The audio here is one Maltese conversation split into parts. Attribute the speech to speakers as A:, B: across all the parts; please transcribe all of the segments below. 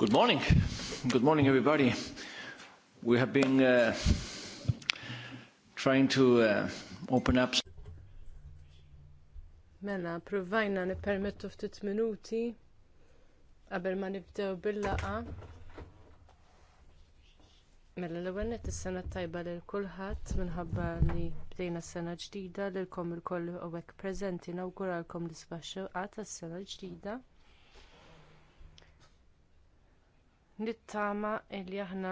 A: Good morning. Good morning, everybody. We have been uh, trying to uh, open
B: up.
C: Mela, provajna nipermettu ftit minuti qabel ma nibdew bil-laqa. Mela l-ewwel nett is-sena tajba lil kulħadd minħabba li bdejna sena ġdida lilkom ilkoll hawnhekk preżenti nawguralkom l-isbaxxewqa tas-sena ġdida. nittama illi aħna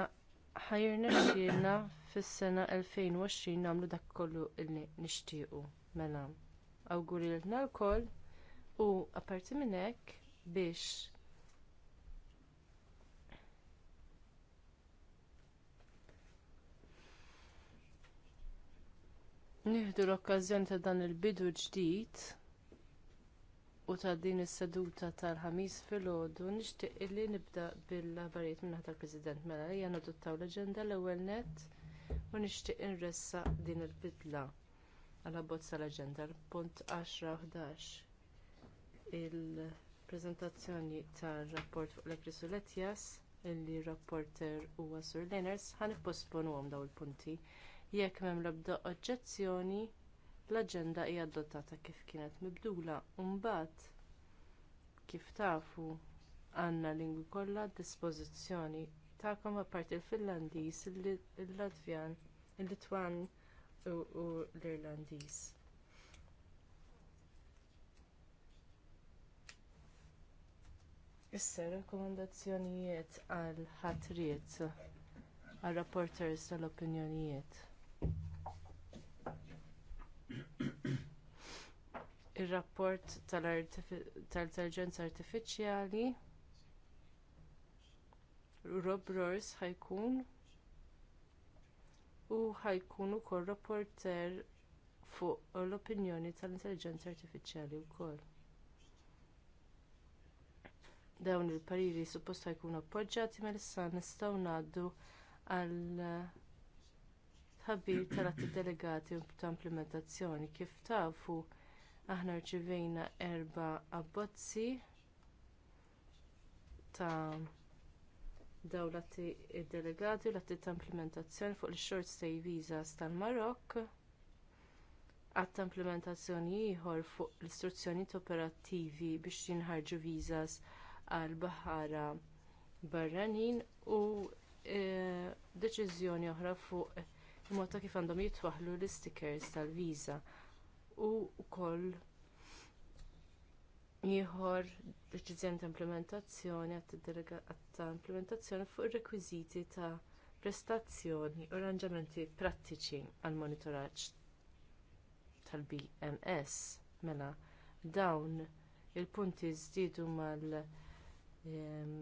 C: ħajrna xilna fis-sena 2020 nagħmlu dak kollu illi nixtiequ mela. Awguri lilna wkoll u apparti minn hekk biex Nieħdu l okkażjoni ta' dan il-bidu ġdid u ta' din is-seduta tal-ħamis filgħodu nixtieq illi nibda bil-avarijiet minn tal-President mela li adottaw l-aġenda l-ewwel nett u nixtieq inressa din il-bidla għal abbozz tal-aġenda punt 10-11 il-preżentazzjoni tar-rapport fuq l-Ekrisu Letjas illi rapporter huwa Sur Leners ħan ipposponu dawn il-punti jekk m'hemm l-ebda oġġezzjoni L-aġenda hija adottata kif kienet mibdula u mbagħad kif tafu għandna lingwi kollha d dispożizzjoni tagħkom apparti l-Finlandiż, il-Latvjan, il-Litwan u l-Irlandiż. Issa rakkomandazzjonijiet għal ħatriet għal rapporters tal-opinjonijiet ir rapport tal-intelligenza artifiċjali Rob Rors ħajkun u ħajkun ukoll rapporter fuq l-opinjoni tal-intelligenza artifiċjali wkoll. Dawn il-pariri suppost ħajkunu appoġġjati mel-issa nistgħu ngħaddu għal tħabbir tal-atti delegati ta' implementazzjoni. Kif tafu aħna rċivejna erba abbozzi ta' dawn l-atti delegati u l-atti ta' implementazzjoni fuq il-short stay visas tal marok għat implementazzjoni ieħor fuq l-istruzzjonijiet operattivi biex jinħarġu visas għal baħara barranin u eh, deċiżjoni oħra fuq Imma ta' kif għandhom jitwaħħlu l-stickers tal-viża u wkoll ieħor deċiżjoni ta' implementazzjoni ta' implementazzjoni fuq ir-rekwiżiti ta' prestazzjoni u arranġamenti prattiċi għall monitoraġġ tal-BMS mela dawn il-punti żdiedu mal ehm,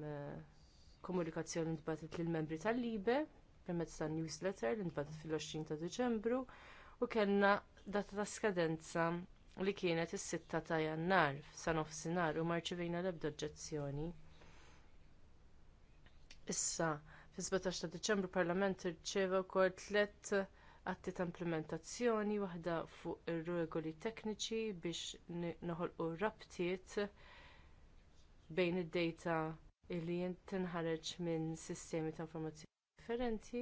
C: komunikazzjoni tbatet lill membri tal-libe permezz ta' newsletter li nbatet fil-20 ta' Diċembru u kellna data ta' skadenza li kienet is-6 ta' Jannar sa nofsinhar u marċivejna l-ebda oġġezzjoni. Issa, fis-17 ta' Diċembru Parlament irċeva wkoll tliet atti ta' implementazzjoni waħda fuq ir-regoli tekniċi biex noħolqu rabtiet bejn id-data li tinħareġ minn sistemi ta' informazzjoni differenti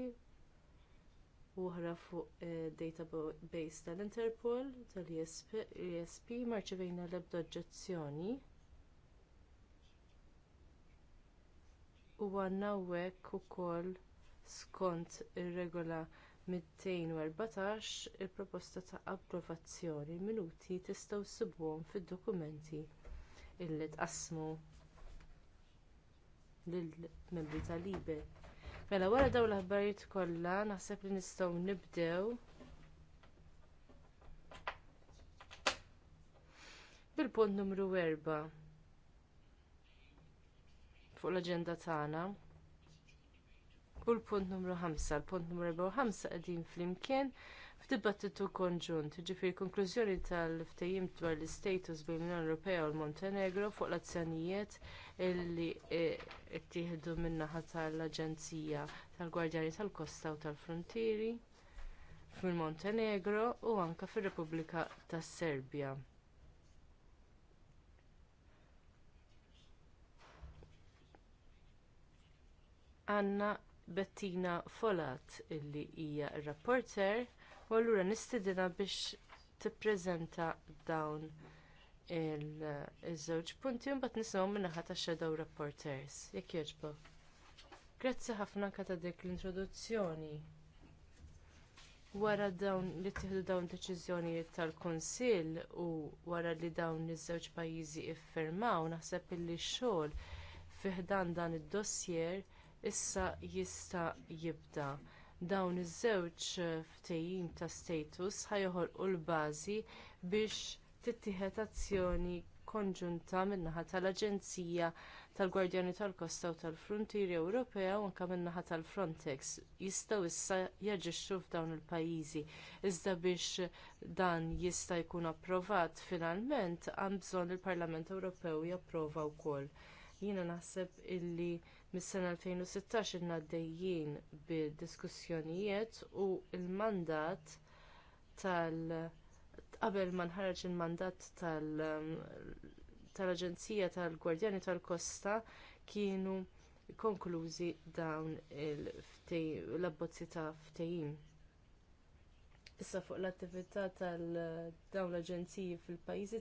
C: uħra fuq eh, database tal-Interpol, tal-ESP, e marċivejna l-ebda oġġezzjoni. U għandna hawnhekk ukoll skont ir regola 214 il-proposta ta' approvazzjoni minuti tistgħu ssibuhom fid-dokumenti illi tqassmu lill-membri tal-Libel. Mela wara dawn l-aħbarijiet kollha naħseb li nistgħu nibdew bil-punt numru 4 fuq l-aġenda tagħna. U l-punt numru 5, l-punt numru 4 5 qegħdin flimkien f'dibattitu konġunt, ġifir konklużjoni tal-ftejim dwar l-istatus bejn l-Unjoni Ewropea u l-Montenegro fuq l-azzjonijiet li e, ttieħdu min-naħa tal-Aġenzija tal-Gwardjani tal-Kosta u tal-Frontieri fil-Montenegro u anke fir-Repubblika tas-Serbja. Anna Bettina Folat illi hija r rapporter U allura nistidina biex tippreżenta dawn il-żewġ punti u mbagħad nisimgħu min-naħa tax shadow reporters. Jekk jogħġbok. Grazzi ħafna anke ta' dik l-introduzzjoni wara dawn li tieħdu dawn deċiżjonijiet tal-Kunsill u wara li dawn iż-żewġ pajjiżi iffirmaw naħseb illi x-xogħol fih dan dan id-dossier issa jista' jibda dawn iż-żewġ ftehim ta' status joħolqu l-bażi biex tittieħed azzjoni konġunta min-naħa tal-Aġenzija tal-Gwardjani tal-Kosta u tal-Frontieri Ewropea u anke min-naħa tal-Frontex jistgħu issa jaġixxu f'dawn il-pajjiżi. Iżda biex dan jista' jkun approvat finalment għand bżonn il-Parlament Ewropew japprova wkoll. Jiena naħseb illi mis-sena 2016 inna dejjin bid-diskussjonijiet u l mandat tal- qabel ma nħarġ il-mandat tal-Aġenzija tal-Gwardjani tal-Kosta kienu konklużi dawn l-abbozzi ta' ftehim. Issa fuq l-attività tal-dawn l-aġenziji fil-pajjiżi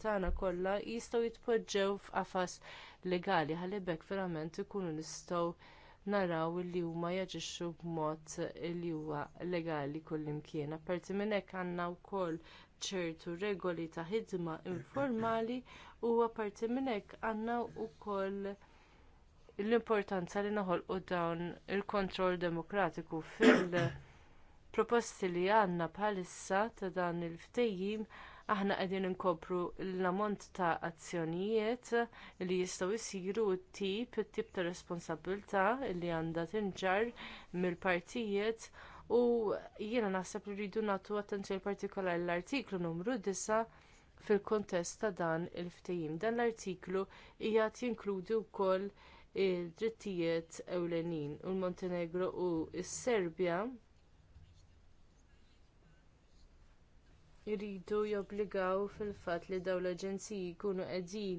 C: tagħna kollha jistgħu jitpoġġew f'qafas legali ħalibek verament ikunu nistgħu naraw li huma jaġixxu b'mod li huwa legali kullimkien. Apparti minn hekk għandna wkoll ċertu regoli ta' ħidma informali u apparti minn hekk għandna wkoll l-importanza li naħolqu dawn il-kontroll demokratiku fil- proposti li għandna bħalissa ta' dan il-ftejjim aħna qegħdin inkopru l-ammont ta' azzjonijiet li jistgħu jsiru t-tip, tip ta' responsabilità li għandha tinġar mill-partijiet u jiena naħseb li rridu nagħtu attenzjoni partikolari l-artiklu numru 9 fil-kontest ta' dan il-ftehim. Dan l-artiklu qiegħed jinkludi wkoll id drittijiet ewlenin u l-Montenegro u s-Serbja Iridu jobbligaw fil-fatt li dawn l-aġenziji jkunu qegħdin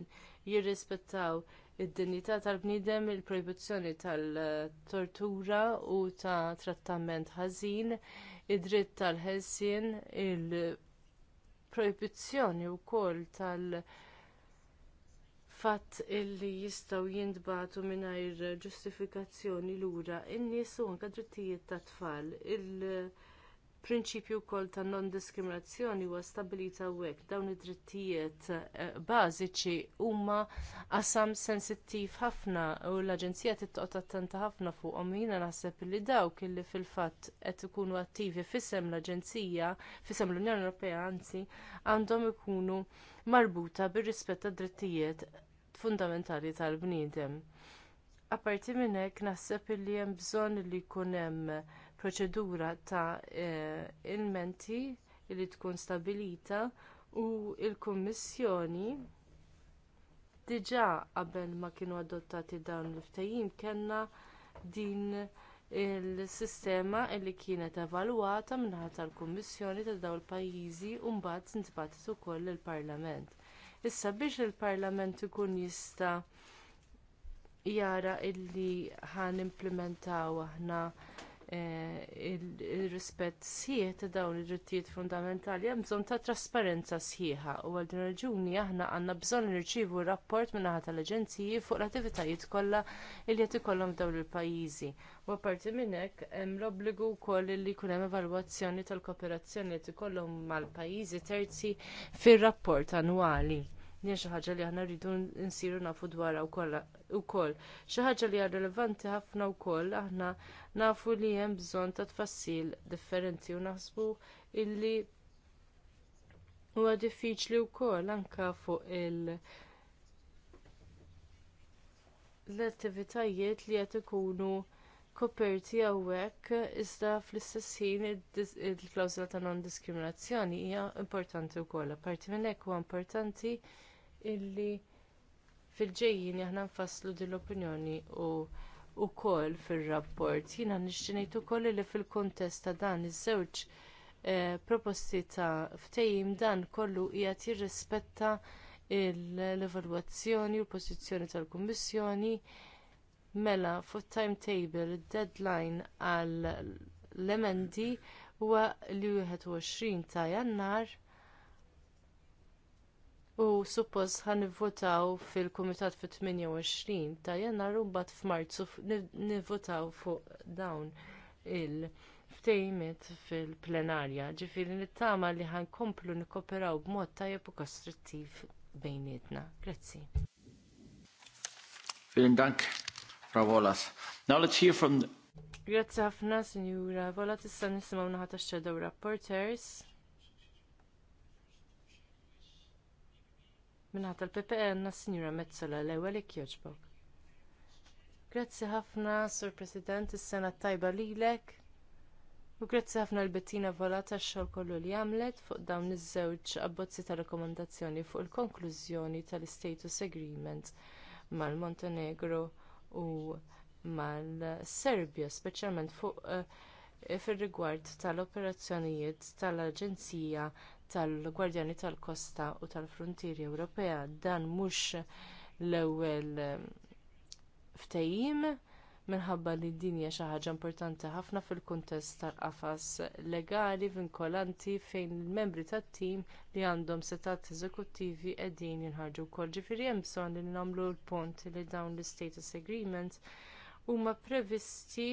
C: jirrispettaw id-dinjità tal-bniedem il projbizzjoni tal-tortura u ta' trattament ħażin, id-dritt tal-ħelsien, il-proibizzjoni wkoll tal- fatt illi jistgħu jintbagħtu mingħajr ġustifikazzjoni lura in-nies u anke drittijiet tat-tfal. il- prinċipju wkoll ta' non-diskriminazzjoni huwa stabilita hekk dawn id-drittijiet eh, bażiċi huma qasam sensittiv ħafna u l-Aġenzija titqgħod attenta ħafna fuqhom jiena naħseb li dawk illi fil-fatt qed ikunu attivi f'isem l-Aġenzija, f'isem l-Unjoni Ewropea anzi, għandhom ikunu marbuta bir-rispett tad drittijiet fundamentali tal-bniedem. Apparti minn hekk naħseb illi hemm bżonn li jkun hemm proċedura ta' eh, ilmenti li tkun stabilita u l kummissjoni diġà qabel ma kienu adottati dawn l-ftajim kellna din il-sistema li kienet evalwata min-naħa tal-Kummissjoni ta' dawn il-pajjiżi u mbagħad intbatet ukoll il-Parlament. Issa biex il-Parlament ikun jista' jara illi ħan implementaw aħna Eh, ir-rispett sħiħ ta' dawn id-drittijiet fundamentali hemm bżonn ta' trasparenza sħiħa u għal din raġuni aħna għandna bżonn nirċievu rapport min naħa tal-aġenziji fuq l-attivitajiet kollha li qed ikollhom dawn il-pajjiżi. U apparti minn hekk hemm l-obbligu wkoll li jkun hemm evalwazzjoni tal-kooperazzjoni li ikollhom mal-pajjiżi terzi fir-rapport annwali nien xi ħaġa li aħna rridu nsiru nafu dwarha wkoll. Xi ħaġa li hija rilevanti ħafna wkoll aħna nafu li hemm bżonn ta' tfassil differenti u naħsbu illi huwa diffiċli wkoll anke fuq il- l-attivitajiet li qed ikunu koperti hawnhekk iżda fl-istess ħin il-klawżla ta' non-diskriminazzjoni hija importanti wkoll. Apparti minn hekk huwa importanti illi fil-ġejjin aħna nfasslu din l-opinjoni u ukoll fir rapport Jiena ngħid ukoll li fil kuntest ta' dan iż-żewġ eh, proposti ta' ftehim dan kollu qiegħed jirrispetta l-evalwazzjoni u l-pożizzjoni tal-Kummissjoni mela fuq timetable deadline għall emendi huwa li 21 ta' Jannar U suppost ħan nivvotaw fil-Kumitat fit-28 ta' jannar u mbagħad f'Marzu nivvotaw fuq dawn il-ftejmet fil-plenarja. Ġifieri nittama li ħankomplu nikkoperaw b'mod tajjeb u kostruttiv bejnietna. Grazzi.
A: Vielen Dank, Frau Now let's hear from
C: Grazzi ħafna, Sinjura Vola, Issa nisimgħu naħa tax-Shadow Rapporters. Minna tal-PPN e na Signora Mezzola l-ewel ikjoġbok. Grazzi ħafna, Sur President, is-sena tajba lilek. U grazzi ħafna l-Bettina Volata x-xogħol kollu li għamlet fuq dawn iż-żewġ abbozzi ta' rakkomandazzjoni fuq il-konklużjoni tal-Status Agreement mal-Montenegro u mal-Serbja, speċjalment fuq uh, eh, fir rigward tal-operazzjonijiet tal-Aġenzija tal-Gwardjani tal-Kosta u tal-Frontieri Ewropea dan mhux l-ewwel ehm, ftehim minħabba li din hija xi ħaġa importanti ħafna fil-kuntest tal-qafas legali vinkolanti fejn il-membri tat-tim li għandhom setat eżekuttivi qegħdin jinħarġu wkoll ġifieri hemm bżonn li nagħmlu l-punt li dawn l-status agreement huma previsti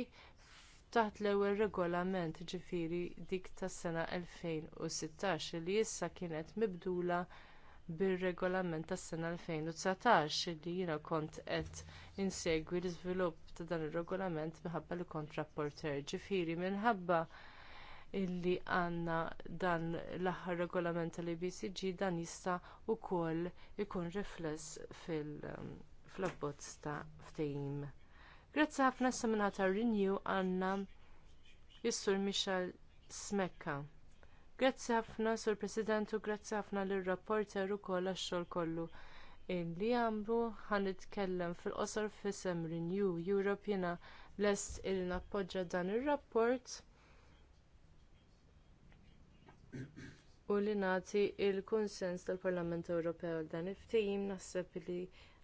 C: taħt l-ewwel regolament ġifieri dik tas-sena 2016 li issa kienet mibdula bir-regolament tas-sena 2019 li jiena kont qed insegwi l-iżvilupp ta' dan ir-regolament minħabba li kont rapporter ġifieri minħabba illi għandna dan l-aħħar regolament tal-ABCG dan jista' wkoll ikun rifless fil-abbozz ta' ftehim Grazzi ħafna seminata Renew għanna jissur Michel Smekka. Grazzi ħafna, Sur President, u grazzi ħafna lir rapporter ukoll għax-xogħol kollu. Li għamlu ħan kellem fil-qosor fisem Renew Europe jiena lest il nappoġġa dan ir rapport u li nati l kunsens tal-Parlament Ewropew dan il-ftehim naħseb li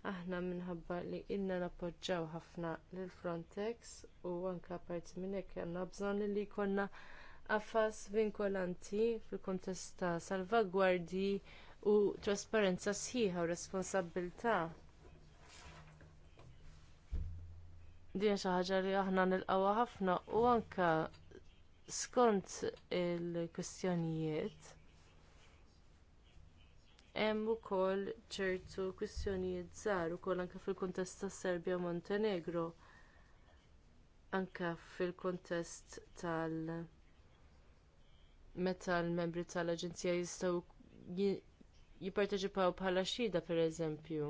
C: Aħna minħabba li inna nappoġġaw ħafna lil Frontex u anke parti minn hekk għandna bżonn li jkollna affas vinkolanti fil-kuntest ta' salvagwardji u trasparenza sħiħa u responsabbiltà. Din xi ħaġa li aħna nilqawha ħafna u anke skont il-kwistjonijiet hemm ukoll ċertu kwistjonijiet żgħar ukoll anke fil-kuntest tas Serbja u Montenegro anke fil-kuntest tal- meta l-membri tal-Aġenzija jistgħu jipparteċipaw bħala xhieda pereżempju.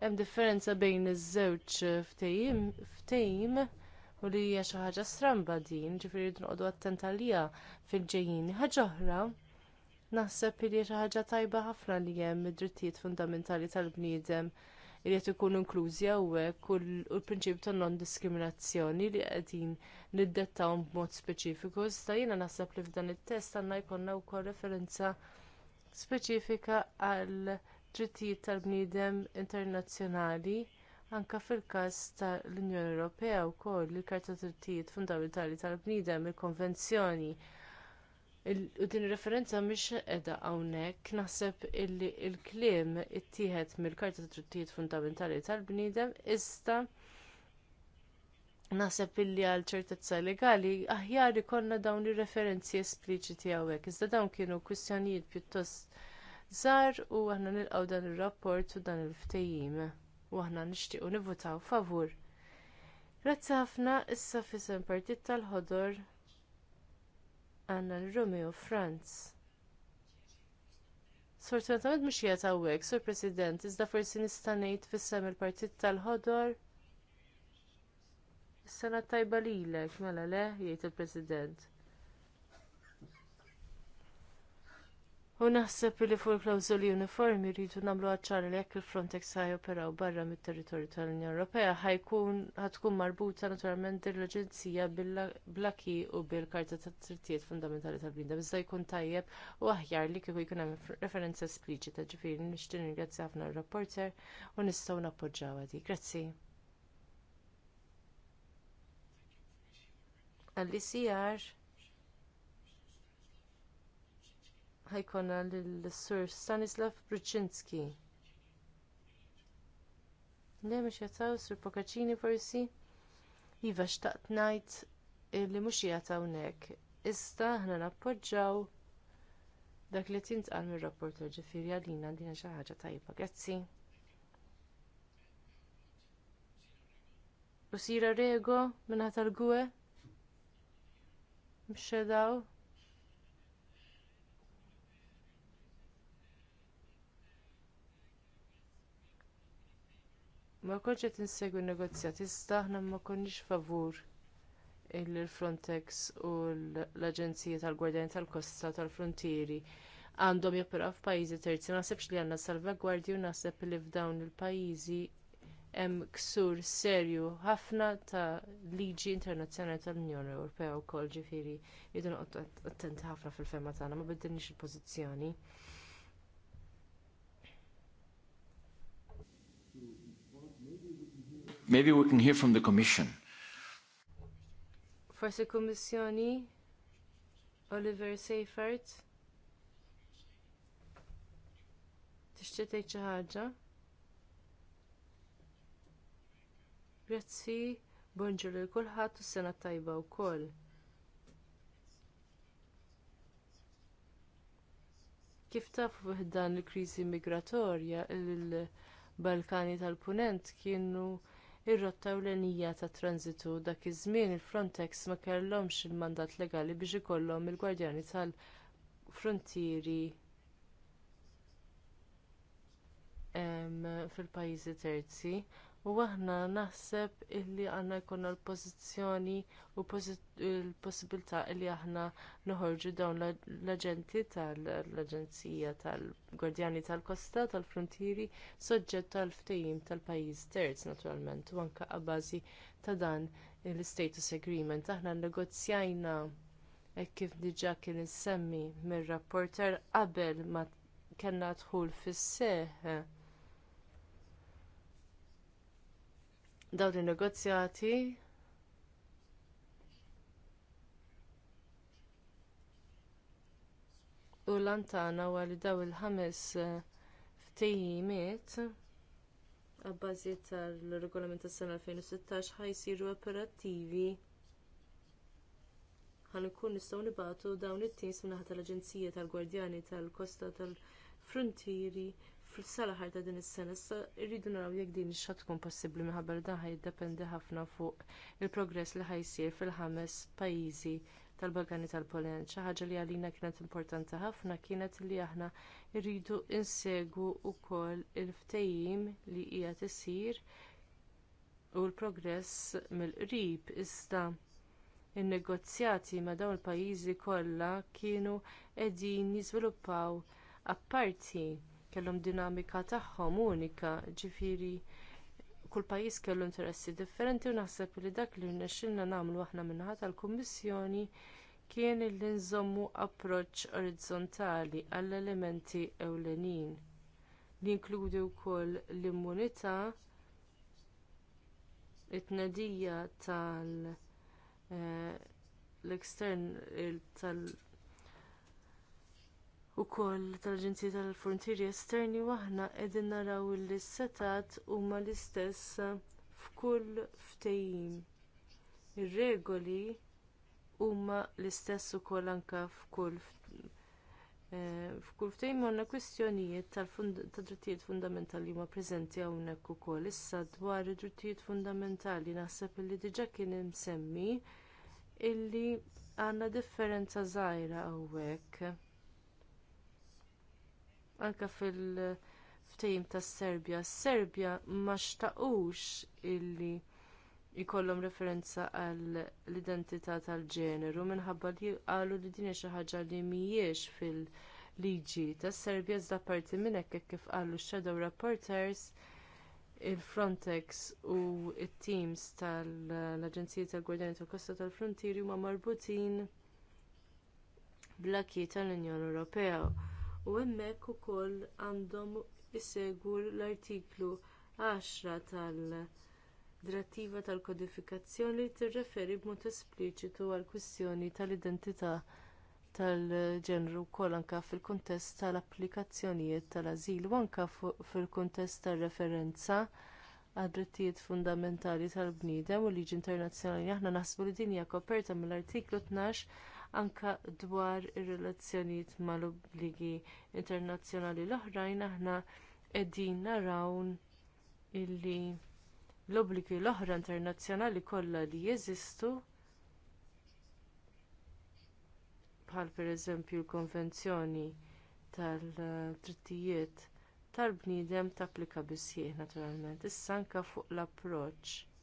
C: Hemm differenza bejn iż-żewġ ftehim u li hija xi ħaġa stramba din, ġifieri nqogħdu attent għaliha fil-ġejjin. Ħaġa oħra Naħseb li xi ħaġa tajba ħafna li hemm id-drittijiet fundamentali tal-bniedem li qed ikunu inklużi hawnhekk u l-prinċipju ta' non-diskriminazzjoni li qegħdin niddettaw b'mod speċifiku. Iżda jiena naħseb li f'dan it-test għandna jkollna wkoll referenza speċifika għal drittijiet tal-bniedem internazzjonali anke fil-każ tal-Unjoni Ewropea wkoll il-Karta Drittijiet Fundamentali tal-Bniedem il-Konvenzjoni U din ir referenza mhix qiegħda hawnhekk naħseb illi l kliem ittieħed mill-Karta ta' Drittijiet Fundamentali tal-Bniedem iżda naħseb illi għal ċertezza legali aħjar ikollna dawn ir-referenzi espliċiti hawnhekk. Iżda dawn kienu kwistjonijiet pjuttost żgħar u aħna nilqgħu dan ir-rapport u dan il-ftehim u aħna nixtiequ nivvotaw favur. Grazzi ħafna issa fisem partit tal-ħodor għandna l-Romeo Franz. Sfortunatament mhux qiegħed hawnhekk, Sur President, iżda forsi nista' ngħid fis il-Partit tal-Ħodor. Is-sena tajba lilek, mela le, jgħid il-President. U naħseb li fuq il-klawżoli uniformi rridu nagħmlu għaċċar li jekk il-Frontex ħajoperaw barra mit-territorju tal-Unjoni Ewropea ħajkun ħatkun marbuta naturalment din l-Aġenzija bil-blaki u bil-Karta tat-Trittijiet Fundamentali tal-Bnida iżda jkun tajjeb u aħjar li kieku jkun hemm referenza spliċita ġifieri nixtieq ringrazzja ħafna r-rapporter u nistgħu nappoġġaw għadi. Grazzi. Għalli icr ħajkonna l-Sur Stanislav Bruczynski. Le mux jataw Sur Pokaċini forsi? Iva xtaqt najt li mhux jataw nek. Ista ħna nappoġġaw dak li tintqal mir rapport ġifiri għalina dina xi ħaġa tajba. Grazzi. U sira rego minn ħatar gwe? Mxedaw? Ma konċ qed n negozjat, iżda aħna ma konniex favur il-Frontex u l-Aġenzija tal-Gwardjani tal-Kosta tal-Frontieri għandhom jopperaw f'pajjiżi terzi. Naħsebx li għandna salvagwardju naħseb li f'dawn il-pajjiżi hemm ksur serju ħafna ta' liġi internazzjonali tal-Unjoni Ewropea wkoll ġifieri jidu noqgħod attenti ħafna fil-fema tagħna ma biddilniex il-pożizzjoni.
A: Maybe we can hear from
B: the
C: Commission. Forse Kummissjoni, Oliver Seifert. Tixtieq tgħid xi ħaġa? Grazzi, bonġur kulħadd u sena tajba wkoll. Kif tafu dan il-kriżi migratorja il-Balkani tal-Punent kienu ir-rotta ewlenija tat transitu dak iż-żmien il-Frontex ma kellhomx il-mandat legali biex ikollhom il-gwardjani tal-frontieri fil-pajjiżi terzi. U aħna naħseb illi għandna jkollna l pożizzjoni u l-possibilità illi aħna noħorġu dawn l-aġenti tal-Aġenzija tal-Gwardjani tal-Kosta tal-Frontieri soġġett tal-ftehim tal-pajjiż terz naturalment u anke abbażi ta' dan l-status agreement. Aħna nnegozjajna hekk kif diġà kien isemmi mir-rapporter qabel ma kellna dħul fis-seħħ dawn in-negozjati u lantana għal daw il-ħames eh, ftejjimiet għabbażi tal-regolament tas sena 2016 ħajsiru operattivi ħan ikun nistgħu nibatu dawn it-teams minnaħa tal-Aġenzija tal-Gwardjani tal-Kosta tal-Frontieri fil-sala ta' din is-sena issa rridu naraw jekk din ix tkun possibbli minħabba li dan jiddependi ħafna fuq il-progress li ħajsir fil-ħames pajjiżi tal-Balkani tal-Polen. Xi ħaġa li għalina kienet importanti ħafna kienet li aħna rridu insegu wkoll il-ftehim li hija isir u l-progress mill-qrib iżda in-negozjati ma' dawn il-pajjiżi kollha kienu qegħdin jiżviluppaw apparti kellhom dinamika tagħhom unika, ġifieri kull pajjiż kellu interessi differenti u naħseb li dak li nexxilna nagħmlu aħna minħa tal-Kummissjoni kien li nżommu approċċ orizzontali għall-elementi ewlenin li inkludi wkoll l-immunità it-tnedija tal- ekstern eh, tal- ukoll tal-Aġenzija tal-Frontieri Esterni waħna qegħdin naraw li s-setat huma l-istess f'kull ftehim. Ir-regoli huma l-istess ukoll anke f'kull eh, F'kull ftehim għandna kwistjonijiet ta' drittijiet fundamentali huma preżenti hawnhekk ukoll. Issa dwar id-drittijiet fundamentali naħseb li diġà kien imsemmi illi għandna differenza żgħira hawnhekk anke fil-ftejim tas Serbja. Serbja ma xtaqux illi jkollhom referenza għall l-identità tal-ġeneru minħabba li qalu li din xi ħaġa li mhijiex fil-liġi tas Serbja iżda parti minn hekk kif qalu x-shadow rapporters il-Frontex u t teams tal-Aġenzija tal-Gwardjani tal-Kosta tal-Frontieri huma marbutin blakki tal-Unjoni Ewropea u hemmhekk ukoll għandhom isegwu l-artiklu 10 tal-Direttiva tal-Kodifikazzjoni li tirreferi b'mod espliċitu għall kwistjoni tal-identità tal-ġenru wkoll anke fil-kuntest tal-applikazzjonijiet tal-ażil u anke fil-kuntest tar-referenza għad-drittijiet fundamentali tal-bniedem u liġi internazzjonali aħna naħsbu li din hija koperta mill-artiklu 12 anke dwar ir-relazzjonijiet mal-obbligi internazzjonali l-oħrajn aħna qegħdin naraw illi l-obbligi l-oħra internazzjonali kollha li jeżistu bħal pereżempju l-konvenzjoni tal-drittijiet tal-bniedem tapplika biss naturalment issa anke fuq l-approċċ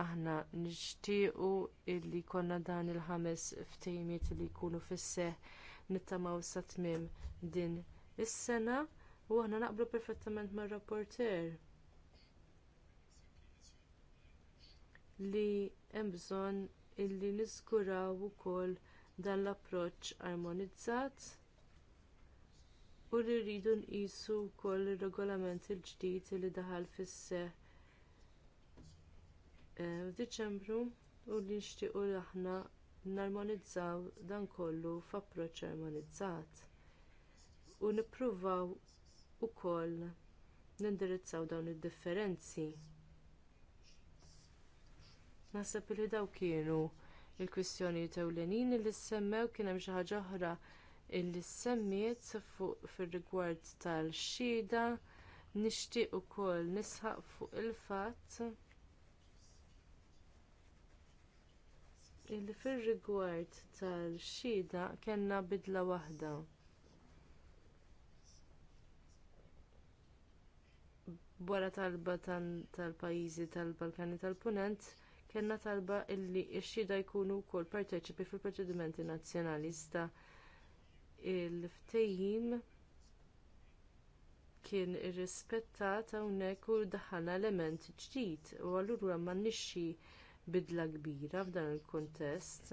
C: aħna nixtiequ illi jkollna dan il-ħames ftejmiet li jkunu fis-seħħ nittamaw sa tmiem din is-sena u aħna naqblu perfettament mar-rapporter li hemm bżonn illi niżguraw ukoll dan l-approċċ armonizzat u li rridu nqisu wkoll ir-regolament il-ġdid li daħal fis-seħħ Eh, f'Diċembru u li nixtiequ li aħna narmonizzaw dan kollu f'approċċ armonizzat u nippruvaw ukoll nindirizzaw dawn id-differenzi. Naħseb li daw kienu l kwistjonijiet ewlenin li semmew kien hemm xi ħaġa oħra illi semmiet fir-rigward tal-xhieda nixtieq ukoll nisħaq fuq il-fatt illi fir-rigward tal-xhieda kellna bidla waħda. Wara talba tal-pajjiżi tal-Balkani tal-Punent kellna talba illi x-xhieda jkunu wkoll parteċipi fil-proċedimenti nazzjonali iżda il-ftehim kien irrispettat hawnhekk u daħħalna element ġdid u allura m'għandniex xi bidla kbira f'dan il-kuntest.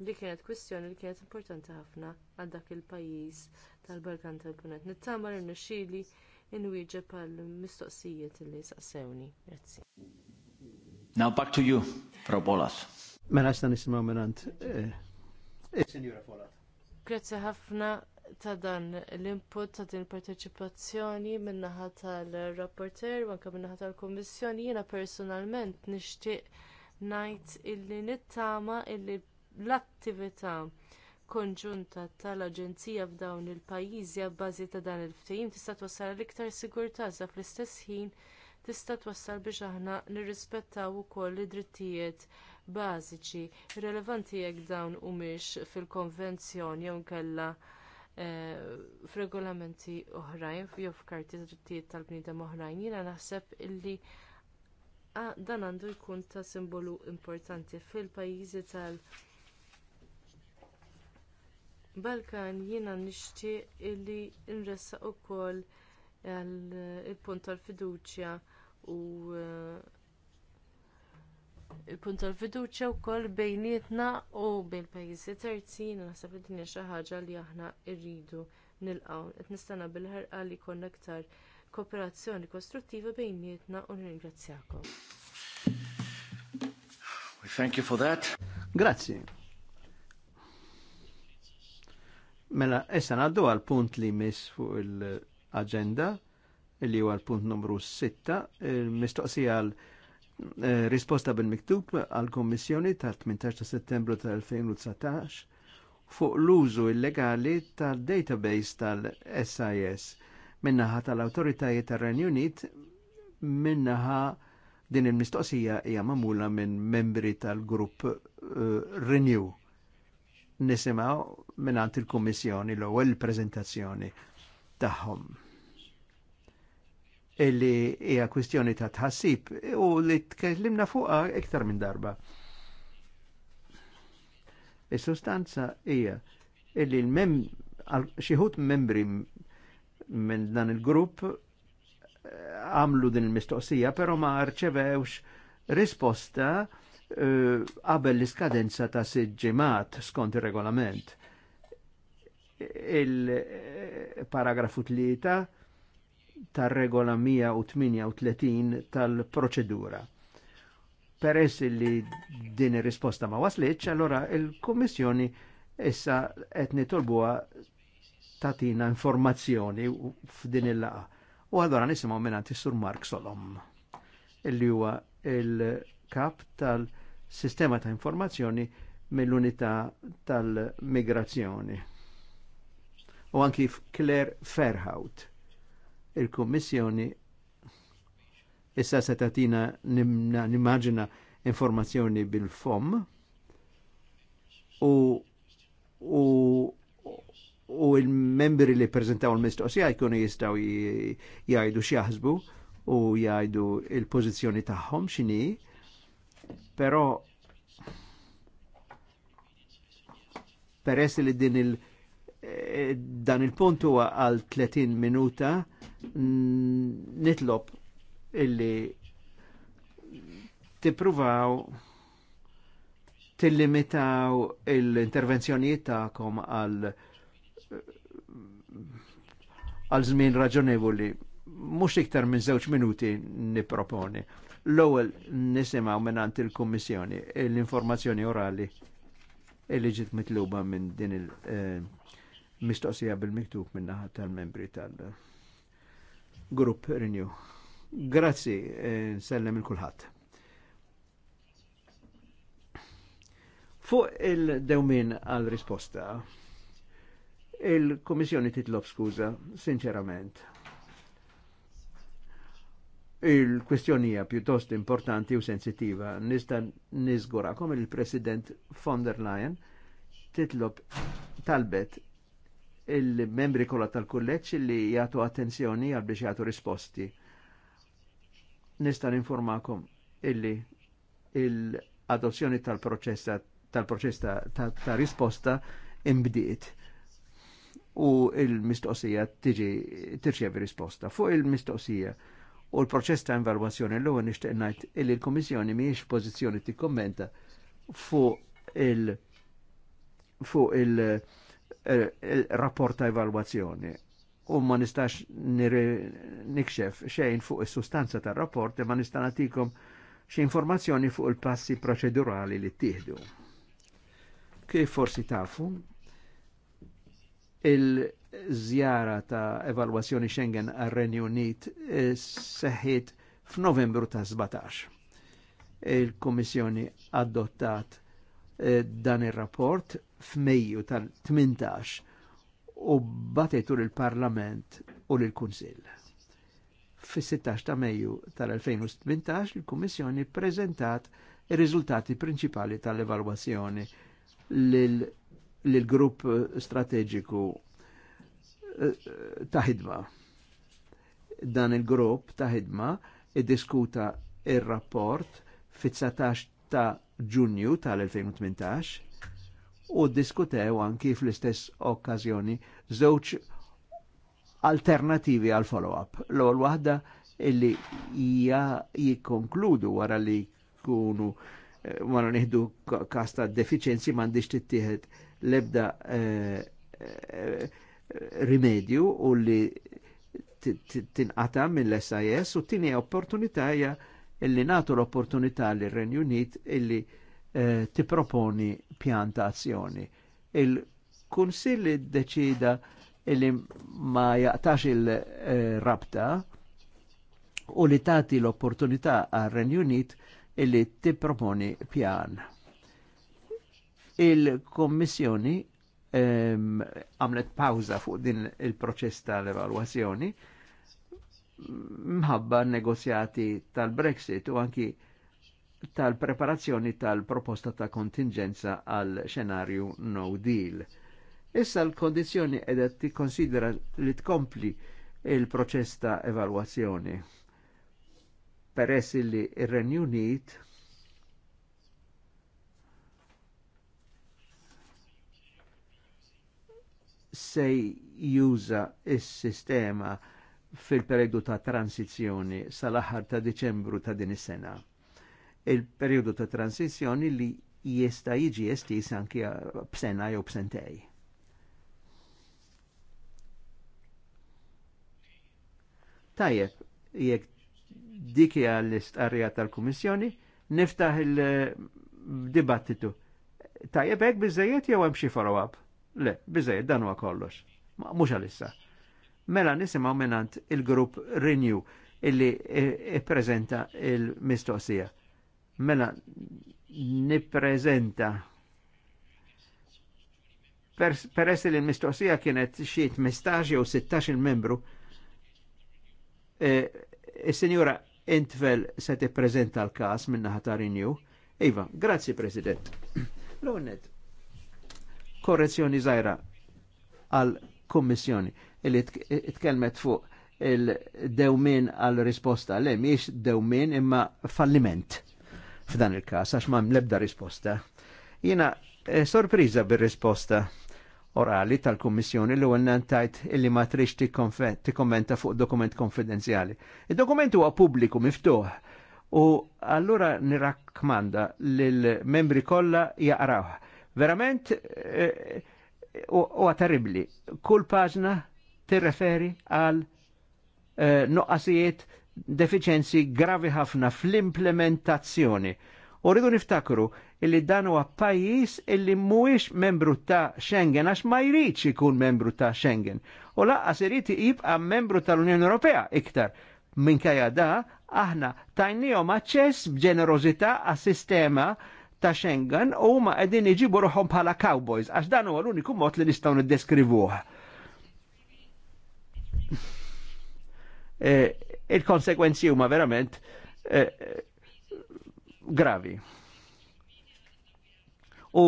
C: Li kienet kwistjoni li kienet importanti ħafna għal dak il-pajjiż tal-Balkan tal-Punent. Nittamar irnexxieli inwieġeb għal mistoqsijiet li saqsewni. Grazzi.
B: Now back to you, Frau Bolas. Mela xta nisimgħu minant. Eh,
C: eh, Grazzi ħafna ta' dan l-input ta' din partecipazzjoni min-naħa tal-rapporter u anke min-naħa tal kummissjoni jiena personalment nixtieq ngħid illi nittama illi l-attività konġunta tal-Aġenzija f'dawn il-pajjiżi abbażi ta' dan il-ftehim tista' twassal l-iktar sigurtà sa fl-istess ħin tista' twassal biex aħna nirrispettaw ukoll id-drittijiet bażiċi rilevanti jekk dawn humiex fil-konvenzjoni jew inkella f'regolamenti eh, oħrajn jew f'karti drittijiet tal-bniedem oħrajn jiena naħseb illi dan għandu jkun ta' simbolu importanti fil-pajjiżi tal- Balkan jiena nixtieq illi nressaq ukoll il-punt tal-fiduċja u uh, il-punt tal-fiduċja wkoll bejnietna u bejn pajjiżi terzi naħseb li din hija xi ħaġa li aħna rridu nilqgħu. Qed nistana bil-ħerqa li jkollna aktar kooperazzjoni kostruttiva bejnietna u nirringrazzjakom.
B: Thank you for that. Grazzi. Mela, issa naddu għal punt li mis fuq il-agenda, li huwa l-punt numru 6, il-mistoqsija għal Eh, risposta bil-miktub għal-Kommissjoni tal-18 settembru tal-2019 fuq l-użu illegali tal-database tal-SIS minnaħa tal-autoritajiet tar-Renju Unit minnaħa din il-mistoqsija hija mamula minn membri tal-grupp uh, Renew. Nisimaw minnant il-Kummissjoni l-ewwel prezentazzjoni tagħhom illi hija kwistjoni ta' tħassib u li tkellimna fuqha iktar minn darba. Is-sustanza hija illi l-mem xieħut membri minn dan il-grupp eh, għamlu din il-mistoqsija, pero ma rċevewx risposta eh, qabel l-iskadenza ta' siġġimat skont il-regolament. Il-paragrafu eh, tlieta tar-regola 138 tal-proċedura. Peress li din ir-risposta ma wasliċ, allora il kommissjoni issa qed nitolbuha tatina informazzjoni f'din il-laqa. U għadora nisimaw minnant sur Mark Solom, illi huwa il-kap tal-sistema ta' informazzjoni mill-unità tal-migrazzjoni. U anki Claire Fairhout il-Kommissjoni issa se tatina nimmaġina informazzjoni bil-fom u u u il-membri li prezentaw l mistoqsija jkunu jistaw jgħidu xjaħsbu u jgħidu il-pozizjoni tagħhom x'inhi, però peress li din il- dan il-punt huwa għal 30 minuta nitlob illi tippruvaw tillimitaw l-intervenzjonijiet tagħkom għal għal żmien raġonevoli mhux iktar minn żewġ minuti nipproponi. L-ewwel nisimgħu mingħand il-Kummissjoni l-informazzjoni orali li ġiet mitluba minn din il- eh, mistoqsija bil-miktub minna tal-membri tal-grupp Renew. Grazzi, eh, nsellem il-kulħadd. Fuq il-dewmin għal-risposta, il-Komissjoni titlob skuża, sinċerament. Il-kwestjonija pjuttost importanti u sensitiva nista kom il-President von der Leyen titlob talbet il-membri kollha tal-kulleġġ li jagħtu attenzjoni għal biex jagħtu risposti. Nista' ninformakom illi il-adozzjoni tal-proċess tal-proċess ta', ta, ta risposta imbdiet u il-mistoqsija tiġi tirċevi risposta. Fuq il-mistoqsija u l-proċess ta' invalwazzjoni l-ewwel nixtieq ngħid illi l-Kummissjoni mhijiex pożizzjoni tikkommenta fuq il- fuq il- il-rapport ta' evalwazzjoni u ma nistax nikxef xejn fuq is-sustanza tar-rapport ma nista' nagħtikom xi informazzjoni fuq il-passi proċedurali li ttieħdu. Kif forsi tafu, il-żjara ta' evalwazzjoni Schengen għar-Renju Unit eh, seħħiet f'Novembru ta' 17. Il-Kummissjoni adottat Eh, dan ir-rapport f'Mejju tal-18 u batetur il-Parlament u l-Kunsill. Fis-16 ta' Mejju tal-2018 il-Kummissjoni prezentat ir-riżultati prinċipali tal-evalwazzjoni l-grupp strategiku eh, ta' ħidma. Dan il-grupp ta' ħidma id-diskuta il-rapport fit-19 ta' ġunju tal-2018 u diskutew anki fl-istess okkazjoni żewġ alternativi għal follow-up. L-ewwel waħda illi hija jikkonkludu wara li jkunu eh, wara nieħdu kasta ta' deficienzi m'għandix tittieħed l-ebda eh, eh, rimedju u li tinqata mill-SIS u tini opportunità hija illi natu l-opportunità li renju Unit illi eh, tiproponi proponi pjanta azzjoni. Il-Kunsill deċida illi ma jaqtax il-rabta u li tati l-opportunità għal renju Unit illi proponi pjan. Il-Kommissjoni ehm, għamlet eh, pawza fuq din il-proċess tal evaluazzjoni mħabba negozjati tal-Brexit u anki tal-preparazzjoni tal-proposta ta' kontingenza għal xenarju no deal. Issa l-kondizjoni ti tikkonsidera li tkompli il-proċess ta' evalwazzjoni. Peress li il-Renjunit sej se juża is-sistema fil-periodu ta' transizjoni sal-aħħar ta' Deċembru ta' din is-sena. Il-periodu ta' transizjoni li jista' jiġi estis anki b'sena jew b'sentej. Tajjeb, jekk dik hija l-istqarrija tal-Kummissjoni, niftaħ il-dibattitu. Tajjeb hekk biżejjed jew hemm xi follow-up? Le, biżejjed dan huwa kollox. Mhux għalissa. Mela nisimaw menant il-grupp Renew illi i-prezenta il-mistoqsija. Mela niprezenta. peress per li l-mistoqsija kienet xi 15 jew 16 membru is-sinjura e, Entvel se tippreżenta l-każ minna ħata ta' Renew. Iva, grazzi President. l korrezzjoni zaħira għal-Kommissjoni illi itkelmet fuq il-dewmin għal risposta le miex dewmin imma falliment f'dan il-kas għax ma mlebda risposta. Jina eh, sorpriża bir-risposta orali tal-Kummissjoni li għanna tajt illi ma trix kommenta fuq dokument konfidenzjali. Il-dokument huwa pubbliku miftuħ u allura nirakmanda lill-membri kollha jaqrawh. Verament eh, eh, huwa terribli. Kull paġna tirreferi għal uh, noqqasijiet deficienzi gravi ħafna fl-implementazzjoni. U rridu niftakru illi dan huwa pajjiż illi mhuwiex membru ta' Schengen għax ma jridx ikun membru ta' Schengen. U laqqas irid jibqa' membru tal-Unjoni Ewropea iktar. Minkajja da aħna tajnihom aċċess b'ġenerożità għas-sistema ta' Schengen u huma qegħdin iġibu ruħhom bħala cowboys għax dan huwa l-uniku mod li nistgħu niddeskrivuha. E, il-konsekwenzi huma verament e, gravi. U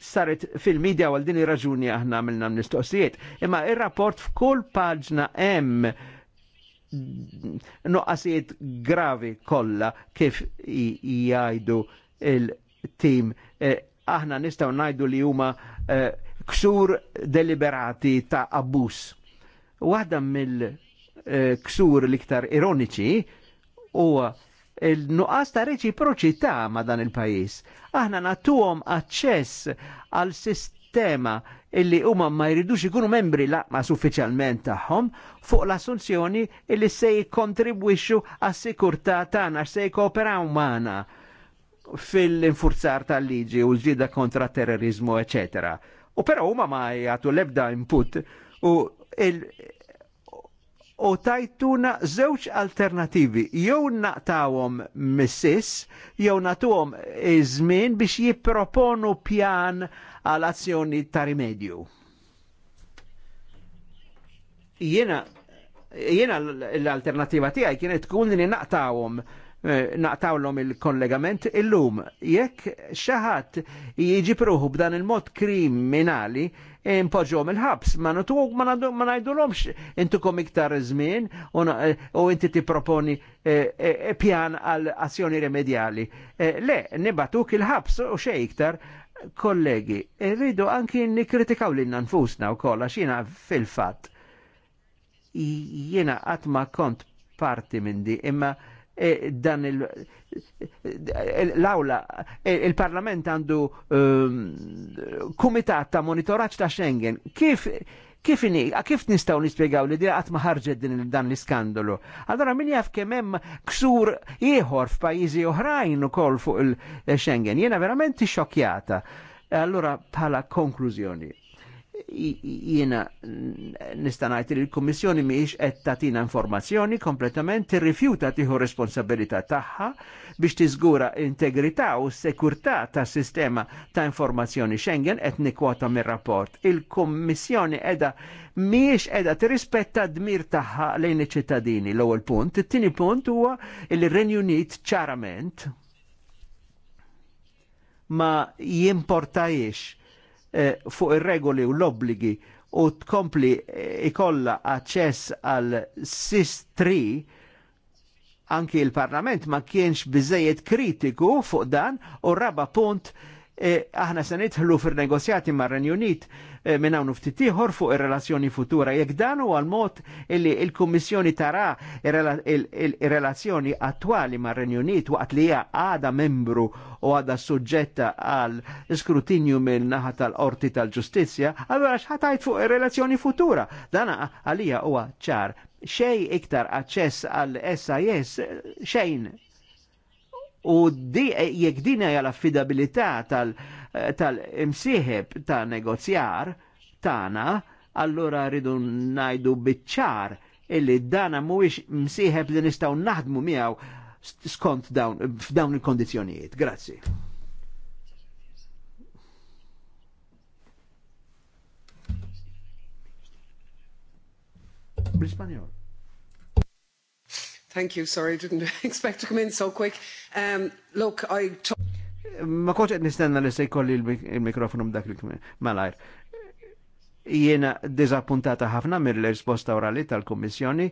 B: saret fil-medja għal din ir-raġuni aħna għamilna mistoqsijiet. Imma ir-rapport f'kull paġna hemm noqqasijiet gravi kollha kif jgħidu il-tim. E, aħna nistgħu ngħidu li huma ksur deliberati ta' abbuż. Waħda mill-ksur l-iktar ironiċi u il-nuqqas ta' reċiproċità ma' dan il-pajis. Aħna natuhom aċċess għal sistema illi huma ma jridux ikunu membri laqmas uffiċjalment tagħhom fuq l-assunzjoni illi se jikkontribwixxu għas-sikurtà tagħna se jkooperaw magħna fil-infurzar tal-liġi u l-ġida kontra terrorizmu, eccetera. U però huma ma jagħtu l-ebda input u u tajtuna żewġ alternativi. Jew naqtawhom missis, jew natuhom iż-żmien biex jipproponu pjan għal azzjoni ta' rimedju. Jiena jiena l-alternativa tiegħi kienet tkun li naqtawhom eh, naqtawlhom il-kollegament illum jekk xi ħadd jiġi pruħu b'dan il-mod kriminali impoġġhom il-ħabs, ma ngħidulhomx kom iktar żmien u inti proponi eh, eh, pjan għal azzjoni remedjali. Eh, le, nibatuk il-ħabs u xejn iktar kollegi, rridu anki nikritikaw li nfusna u kolla xina fil-fat. Jena għatma kont parti minn di, imma E dan il- l-awla, e il-parlament għandu kumitat ehm, ta' monitoraċ ta' Schengen. Kif Kif ini, kif nistaw nispiegaw li di għat maħarġet din dan l-iskandalu? Allora min jaf kemem ksur ieħor f'pajjiżi oħrajn ukoll fuq il-Schengen. Jena verament xokjata. E allora bħala konklużjoni jiena nista' li l-Kummissjoni mhijiex qed tagħtina informazzjoni kompletament tirrifjuta tieħu responsabilità tagħha biex tiżgura integrità u sekurtà tas-sistema ta' informazzjoni Schengen qed nikwota mir-rapport. Il-Kummissjoni qiegħda mhijiex qiegħda tirrispetta d-dmir tagħha lejn iċ-ċittadini l-ewwel punt. It-tieni punt huwa il-Renju ċarament ma jimportajiex Eh, fuq ir-regoli u l-obbligi u tkompli eh, ikolla aċċess għal SIS-3 anki il-Parlament ma kienx biżejjed kritiku fuq dan u raba punt E, aħna se nidħlu fir-negozjati mar-Renju Unit e, minn hawn ftit ieħor fuq ir-relazzjoni futura. Jekk dan huwa l-mod illi l-Kummissjoni tara ir-relazzjoni attwali mar-Renju Unit waqt li hija għada membru u għada suġġetta għal skrutinju minn naħa tal-qorti tal-ġustizzja, allura x'ħatajt fuq ir-relazzjoni futura. Dan għalija huwa ċar xej iktar aċċess għal SIS xejn u di jekk din hija l tal-imsieħeb tal ta' negozjar tagħna, allura rridu ngħidu bitċar illi dana mhuwiex msieħeb li nistgħu naħdmu miegħu skont dawn f'dawn il-kondizzjonijiet. Grazzi.
D: Bl-Ispanjol. Thank you, sorry, didn't expect to come in so quick. Um, look, I...
B: Ma qed nistenna li se jkolli mikrofonu li malajr. Jiena diżappuntata ħafna mill-risposta orali tal-Kummissjoni.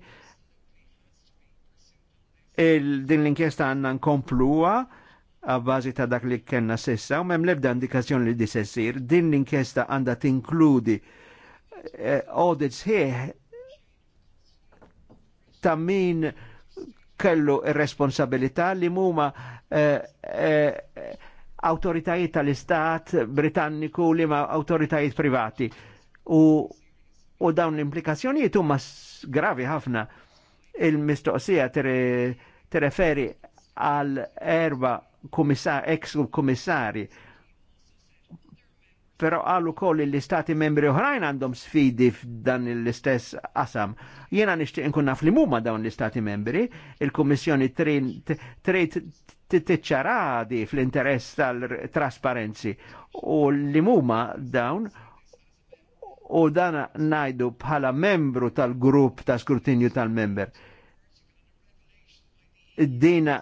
B: Din l-inkjesta għandna nkompluha għabbażi ta' dak li kena sessa, u mem lebda indikazzjoni li disessir. Din l-inkjesta għanda tinkludi eh, audits ħieħ ta' min kellu responsabilità li muma eh, eh, autoritajiet tal-Istat Britanniku li ma autoritajiet privati. U, u dawn l-implikazzjonijiet huma gravi ħafna. Il-mistoqsija tireferi għal erba komissar, ex komissari Pero għallu koll li stati membri oħrajn għandhom sfidi f'dan l-istess qasam. Jena nishtiq nkun naf li mumma dawn l-istati membri, il-Kummissjoni trid tiċċaradi fl-interess tal-trasparenzi u li mumma dawn u dan najdu bħala membru tal-grupp ta' skrutinju tal-member. Dina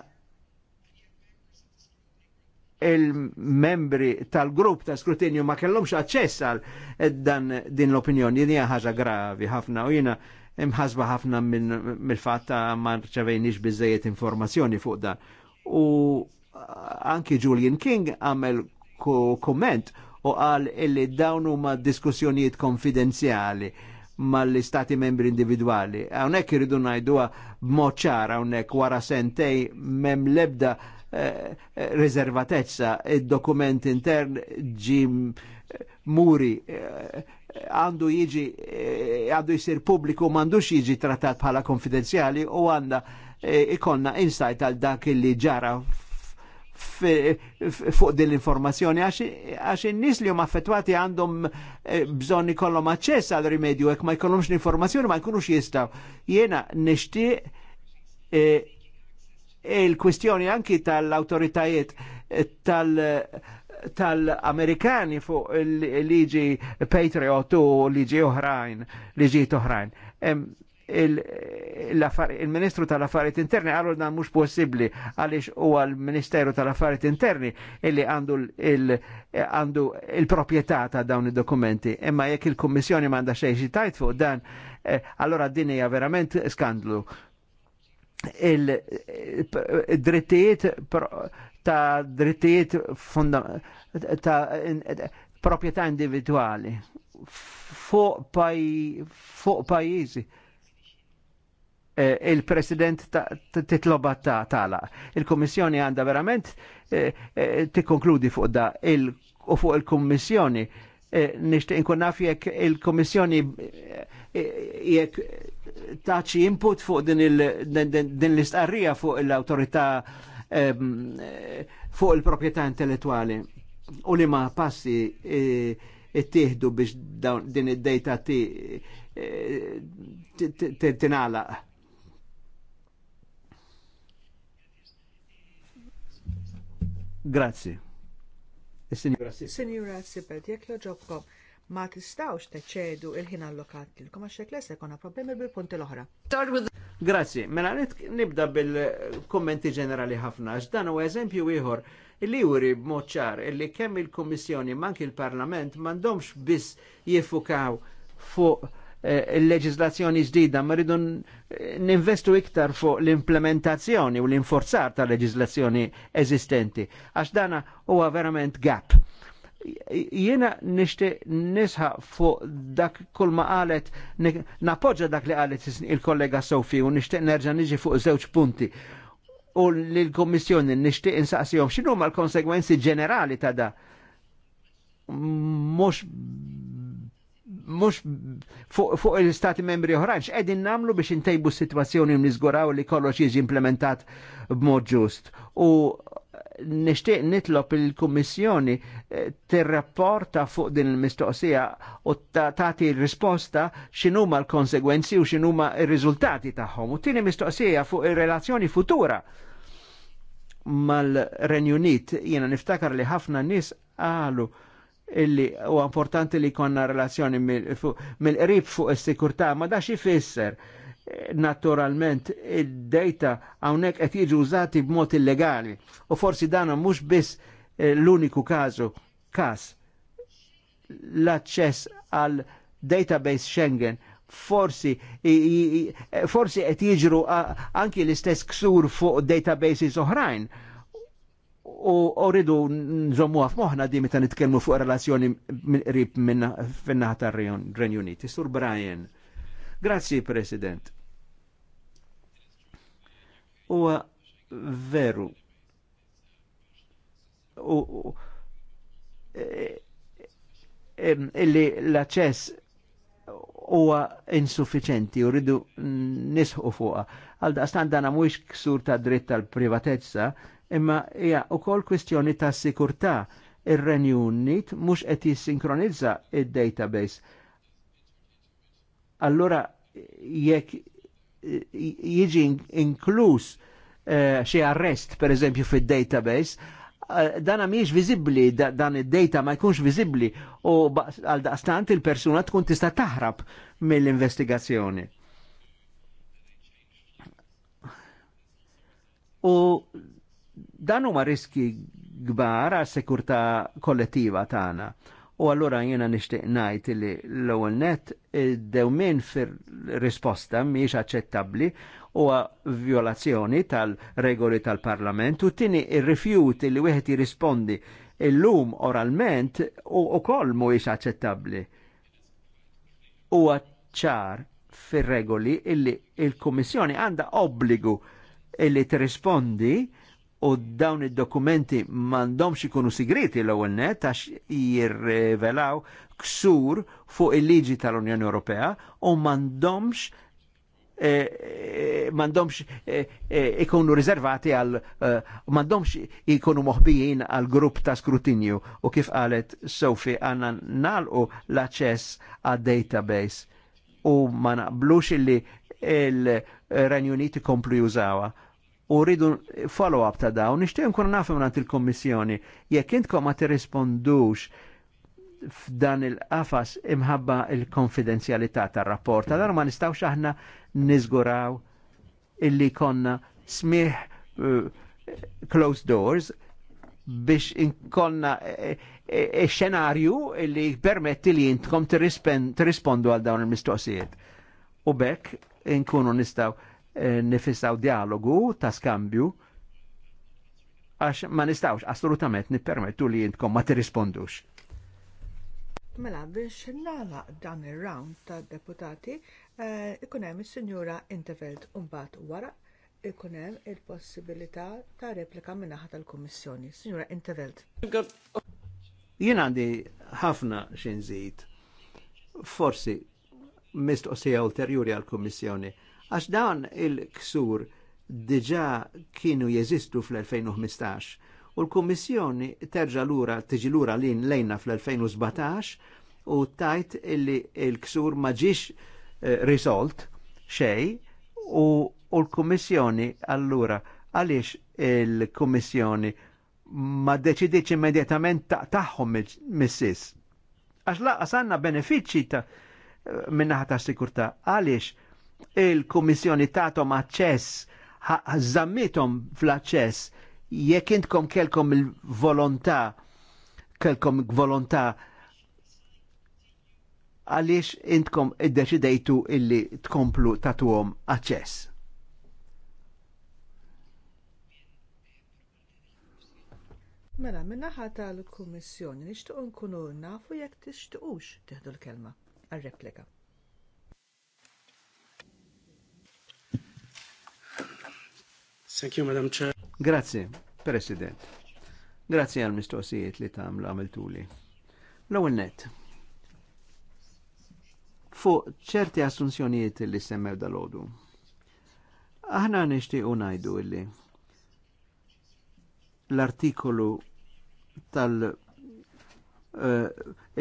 B: il-membri tal-grupp ta' skrutinju ma kellhomx aċċess għal dan din l-opinjoni din hija ħaġa gravi ħafna u jiena imħasba ħafna mill-fatt ta' ma rċevejniex biżejjed informazzjoni fuq dan. U anki Julian King għamel komment u qal illi dawn huma diskussjonijiet konfidenzjali mal-istati membri individuali. Hawnhekk iridu ngħiduha b'mod ċara hawnhekk wara sentej mem lebda riservatezza, il-dokument intern ġim muri għandu jiġi għandu jisir pubbliku m'għandux jiġi trattat bħala konfidenzjali u għandna e, ikonna insight għal dak li ġara fuq din l-informazzjoni għax in li huma affettwati għandhom e, bżonn ikollhom aċċess għal rimedju jekk ma jkollhomx l-informazzjoni ma jkunux jistgħu. Jiena nixtieq e, il-kwistjoni anki tal-autoritajiet tal-Amerikani tal fuq il-liġi Patriot u liġi oħrajn, liġi oħrajn. Il-Ministru il ministru tal affarijiet Interni għallu dan mhux possibbli għaliex huwa l-Ministeru tal-Affarijiet Interni illi għandu għandu il-proprjetà ta' dawn id-dokumenti. Imma jekk il-Kummissjoni m'għandha xejn xi tajt fuq dan, eh, allora din hija verament skandlu il-drittijiet eh, ta' drittijiet ta' proprietà individuali fuq pajjiżi. Eh, Il-President titloba ta' tala. Il-Kommissjoni għanda verament eh, tikkonkludi fuq da u fuq il-Kommissjoni nishtiq nkun naf jekk il-Kommissjoni jekk taċi input fuq din l-istqarrija fuq l-autorità ehm, fuq il propieta intellettuali u li ma passi ittieħdu e, e biex din id-dejta e, tinalaq. Grazzi. Signora
A: Sipet, jek loġobkom ma tistawx teċedu il-ħin allokat tilkom għax xekles ikona problemi bil-punti l-oħra.
B: Grazzi, mela nibda bil-kommenti ġenerali ħafna, Ġdan u eżempju ieħor li juri b'mod ċar li kemm il-Kummissjoni manki il-Parlament m'għandhomx biss jiffukaw fuq eh, il-leġizlazzjoni ġdida, ma rridu ninvestu iktar fuq l-implementazzjoni u l-inforzar tal leġizlazzjoni eżistenti, għax dana huwa verament gap. Jiena nishti nisħa fuq dak kull ma qalet, dak li qalet il-kollega Sofi u nishti nerġa niġi fuq żewġ punti u l-Kommissjoni nishtiq insaqsijom xinu ma l-konsegwenzi ġenerali ta' da. Mux fuq il-Stati membri oħrajn edin namlu biex intejbu s-sitwazzjoni niżguraw li kollox jiġi implementat b'mod ġust. U nishtiq nitlob il-Kummissjoni eh, tirrapporta fuq din il-mistoqsija u tagħti risposta x'inhuma l-konsegwenzi u x'inhuma r-riżultati tagħhom. U tini mistoqsija fuq ir-relazzjoni futura mal-Renju Unit jiena niftakar li ħafna nies għalu illi u importanti li konna relazzjoni mill-qrib fuq is sikurta ma dax ifisser naturalment id-data għawnek qed jiġu użati b'mod illegali u forsi dan mhux biss eh, l-uniku kazu kas l-aċċess għal database Schengen forsi eh, forsi qed jiġru anki l-istess ksur fuq databases oħrajn u rridu nżommu għaf moħna di meta nitkellmu fuq relazzjoni qrib minna fin-naħa tar-Renju Unit. Sur Brian. Grazzi, President. Huwa veru. U, e, e, illi l-aċċess huwa insuffiċenti u rridu nisħu fuqha. Għal daqstan dan mhuwiex ksur ta' dritt tal-privatezza, imma hija wkoll kwistjoni ta' sikurtà ir-Renju Unit mhux qed jissinkronizza id-database allora jekk jiġi inkluż eh, xi arrest per fid-database, eh, dan mhijiex viżibbli, dan id-data ma jkunx viżibbli u għal daqstant il-persuna tkun tista' taħrab mill-investigazzjoni. U dan huma riski kbar għas sekurtà kollettiva tagħna. U allura jena nishtiq najt li l-ewwel net dewmin fir-risposta miex aċċettabbli u violazzjoni tal-regoli tal-Parlament u tini il rifjut li wieħed jirrispondi illum oralment u ukoll mhuwiex aċċettabbli. Huwa ċar fir-regoli illi il-Kummissjoni għandha obbligu illi tirrispondi rispondi u dawn id-dokumenti mandomx ikunu sigriti l-ewwel net għax jirrevelaw ksur fuq il-liġi tal-Unjoni Ewropea u mandomx eh, mandomx ikunu eh, eh, eh, eh riservati għal eh, mandomx ikunu moħbijin għal grupp ta' skrutinju u kif qalet Sofi għanna nalqu l-aċess għad database u ma naqblux illi il renjuniti komplu jużawa u rridu follow-up ta' dawn, nishtiq nkun nafhem minn il-Kommissjoni, jekk intkom ma tirrispondux f'dan il-qafas imħabba il-konfidenzjalità tar-rapport, tal ma nistawx aħna niżguraw illi konna smih eh, closed doors biex inkonna eh, eh, xenarju illi li permetti li jintkom tirrispondu għal dawn il-mistoqsijiet. U bekk inkunu nistaw Eh, nifissaw dialogu ta' skambju għax ma nistawx assolutament nippermettu li jintkom ma tirrispondux.
A: Mela biex nagħlaq dan ir-round ta' deputati eh, ikun hemm is-Sinjura Intervelt mbagħad wara ikun hemm il-possibilità ta' replika minn naħa tal-Kummissjoni. Sinjura Intervelt.
B: Jien għandi ħafna xi nżid. Forsi mistoqsija ulterjuri għall-Kummissjoni Għax dawn il-ksur diġa kienu jeżistu fl-2015 u l-Kummissjoni terġa lura tiġi lura lin lejna fl-2017 u tajt illi il-ksur maġiex eh, risolt xej u, u l-Kummissjoni allura għaliex il-Kummissjoni ma deċidiċ immedjatament taħħom missis. Għax laqas għanna benefiċi ta' eh, minnaħa ta' sikurta għaliex il-Kummissjoni tatom aċċess, zammitom fl-aċċess, jekk intkom kelkom il-volontà, kelkom volontà għaliex intkom id-deċidejtu illi tkomplu tatuhom aċċess.
A: Mela, minnaħa tal-Kummissjoni nixtiequ nkunu nafu jekk tixtiqux tieħdu l-kelma għal-replika.
B: Thank you, Madam Chair. Grazie, President. Grazie għal mistoqsijiet li tam għamiltuli. L-ewwel net. Fuq ċerti assunzjonijiet li semmew dal ħodu Aħna nixtiequ unajdu illi l-artikolu tal uh,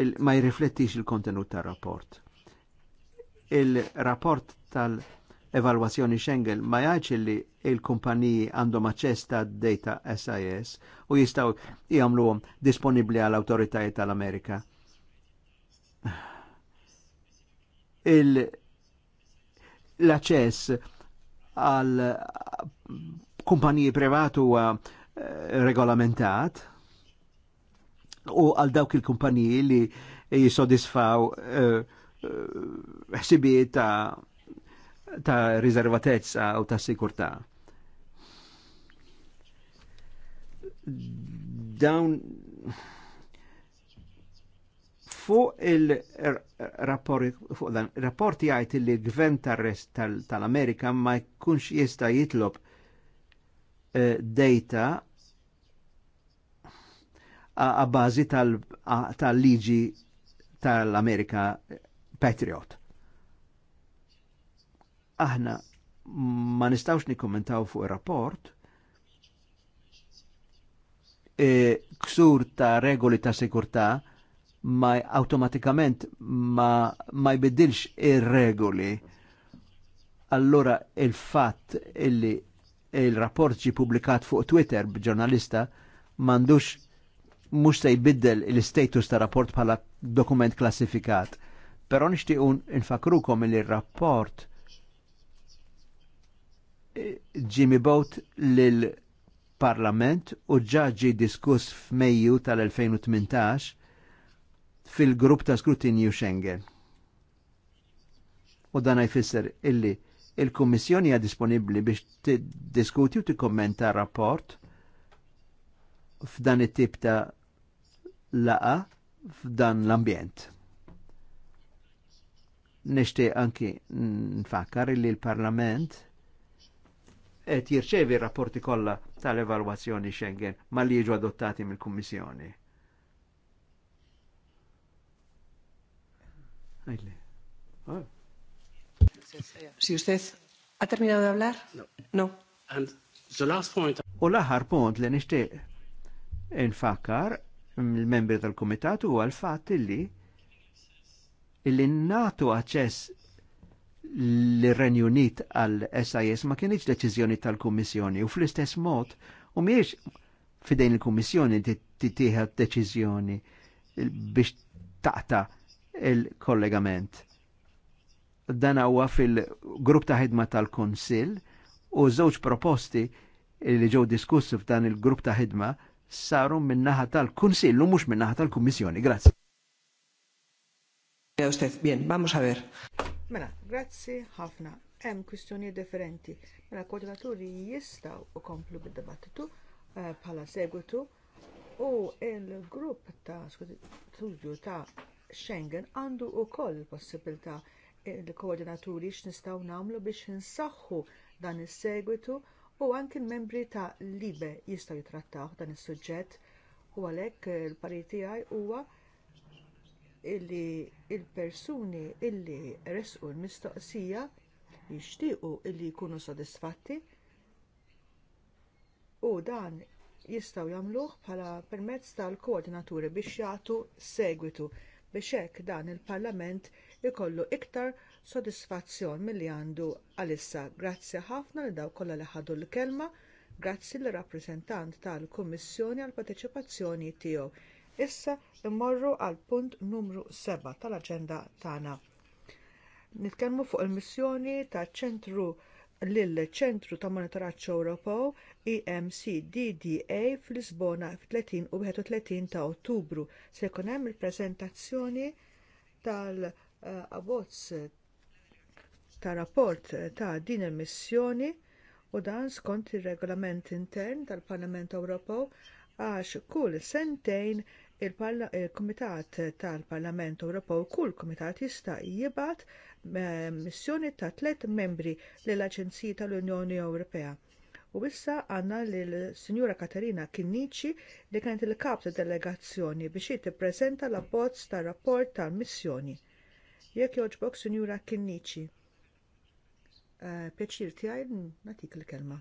B: il, ma jirriflettix il-kontenut tal-rapport. Il-rapport tal-rapport evalwazzjoni Schengen ma jgħidx li il-kumpaniji għandhom aċċess ta' data SIS u jistgħu jagħmluhom disponibbli għall awtoritajiet tal-Amerika. l-aċċess għal kumpaniji privatu huwa eh, regolamentat u għal dawk il-kumpaniji li jisodisfaw eh, eh, ħsibijiet uh, uh, ta' ta' riservatezza u ta' sikurtà. Dawn fuq il-rapporti għajt li gvern tal-Amerika tal ma jkunx jista' jitlob eh, data a, bazi bażi tal-liġi tal-Amerika Patriot. Aħna ma nistawx nikkommentaw fuq ir-rapport, E ksur ta' regoli ta' sikurtà ma automatikament ma, ma jbiddilx ir-regoli. Allora il-fatt illi il-rapport ġi publikat fuq Twitter b'ġurnalista mandux mux se jbiddel il-status ta' rapport bħala dokument klassifikat. Però nixtiequ nfakrukom il-rapport Jimmy Boat lill-Parlament u ġaġi diskuss f'Mejju tal-2018 fil-grupp ta' skrutinju Schengen. U dan jfisser illi il-Kommissjoni hija disponibbli biex tiddiskuti u tikkommenta rapport f'dan it-tip ta' laqa f'dan l-ambjent. Nishtiq anki nfakkar illi l-Parlament il et jirċevi rapporti kolla tal-evalwazzjoni Schengen ma li jiġu adottati mill-Kummissjoni. Oh. Si usted
A: ha terminado de hablar?
B: No. And the last point. U l-aħħar punt li nixtieq infakkar il-membri tal-Kumitat huwa l-fatt illi illi natu aċċess l-Renju Unit għal SIS ma kienieċ deċiżjoni tal-Kummissjoni u fl-istess mod u miex fidejn il-Kummissjoni titieħed deċiżjoni biex taqta il-kollegament. Dan huwa fil-grupp ta' ħidma tal-Konsil u żewġ proposti li ġew diskussi f'dan il-grupp ta' ħidma saru minnaħa tal-Kunsill u mhux minnaħa tal-Kummissjoni. Grazzi. Usted,
A: bien, vamos a ver. Mela, grazzi ħafna. Hemm kwistjoni differenti. Mela, koordinaturi jistgħu ukomplu bid-dibattitu eh, bħala segwitu u l grupp ta' studju ta' Schengen għandu wkoll possibilità il-koordinaturi x'nistgħu nagħmlu biex insaħħu dan is-segwitu u anki l-membri ta' Libe jistgħu jitrattaw dan is-suġġett u għalhekk il-parir tiegħi huwa illi il-persuni illi resqu l-mistoqsija jixtiequ illi jkunu sodisfatti u dan jistgħu jagħmluh bħala permezz tal-koordinaturi biex jagħtu segwitu biex hekk dan il-Parlament ikollu iktar sodisfazzjon milli għandu għalissa. Grazzi ħafna li dawk kollha li ħadu l-kelma, grazzi l rappreżentant tal-Kummissjoni għall parteċipazzjoni tiegħu. Issa immorru għal punt numru 7 tal-aġenda tagħna. Nitkellmu fuq il-missjoni taċ ċentru lill ċentru ta' Monitoraġġ Ewropew EMCDDA fl-Lisbona 30 u 31 ta' Ottubru se jkun hemm il-preżentazzjoni tal-abbozz ta' rapport ta' din il-missjoni u dan skont ir regolament intern tal-Parlament Ewropew għax kull sentejn il-Kumitat tal-Parlament Ewropew kull kumitat jista' jibgħat eh, missjoni ta' tliet membri lill aġenziji tal-Unjoni Ewropea. U issa għandna lill-Sinjura Katerina Kinnici li kienet il-kap tad delegazzjoni biex tippreżenta l-abbozz tar rapport tal-missjoni. Jekk jogħġbok, Sinjura Kinnici. Eh, pjaċir tiegħi nagħtik il-kelma.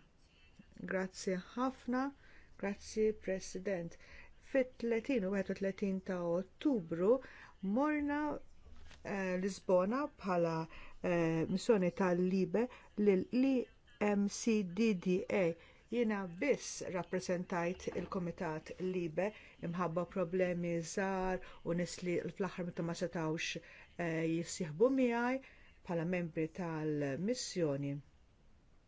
A: Grazzi ħafna. Grazzi, President. Fit-30 31 ta' Ottubru morna eh, Lisbona bħala eh, missjoni tal-Libe l-IMCDDA jiena biss rappresentajt il kumitat Libe imħabba problemi żgħar u nies li fl aħħar meta ma setawx eh, jissieħbu miegħi bħala membri tal-missjoni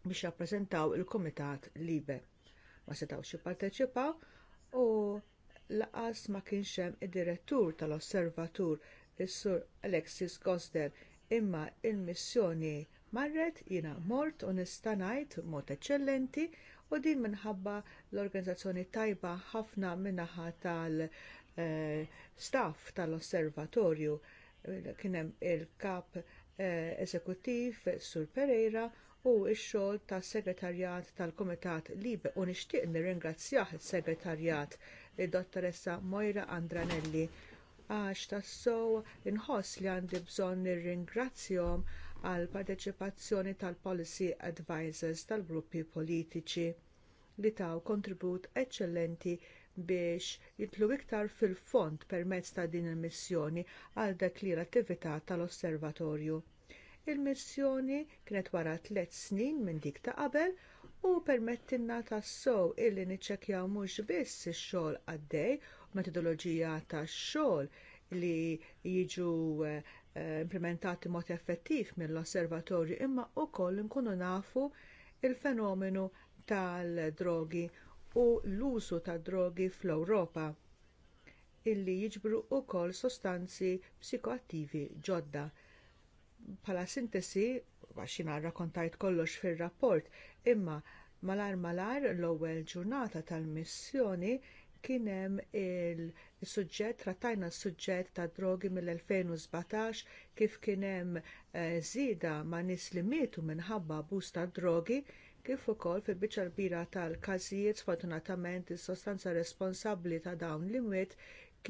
A: biex rappreżentaw il kumitat Libe ma setawx jipparteċipaw u laqas ma kienx hemm id-direttur tal-osservatur is-sur Alexis Gosdel imma l missjoni marret jiena mort u nista' ngħid mod eċċellenti u din minħabba l-organizzazzjoni tajba ħafna min-naħa tal-staff eh, tal-osservatorju kien hemm il-kap eh, eżekuttiv Sur Pereira u x-xogħol tas-Segretarjat tal-Kumitat Libe u nixtieq nirringrazzjah is-Segretarjat id dottoressa Moira Andranelli għax tassew inħoss li għandi bżonn nirringrazzjahom għall parteċipazzjoni tal-Policy Advisers tal-gruppi politiċi li taw kontribut eċċellenti biex jitlu iktar fil fond permezz ta' din il-missjoni għal dak li l-attività tal-osservatorju. Il-missjoni kienet wara tliet snin minn dik ta' qabel u permettilna sow illi niċċekkjaw mhux biss ix-xogħol għaddej u metodoloġija tax-xogħol li jiġu eh, eh, implementati mod effettiv mill-osservatorju imma wkoll nkunu nafu l fenomenu tal-drogi u l-użu tad drogi fl-Ewropa illi jiġbru wkoll sostanzi psikoattivi ġodda pala sintesi, għaxina rrakkontajt kollox fir rapport imma malar malar l-ewwel ġurnata tal-missjoni kien hemm il-suġġett, trattajna s-suġġett tad drogi mill-2017 kif kien hemm żieda eh, ma' nies li mietu minħabba abbuż tad drogi kif ukoll fil-biċċa kbira tal-każijiet sfortunatament is-sostanza responsabbli ta' dawn l-imwiet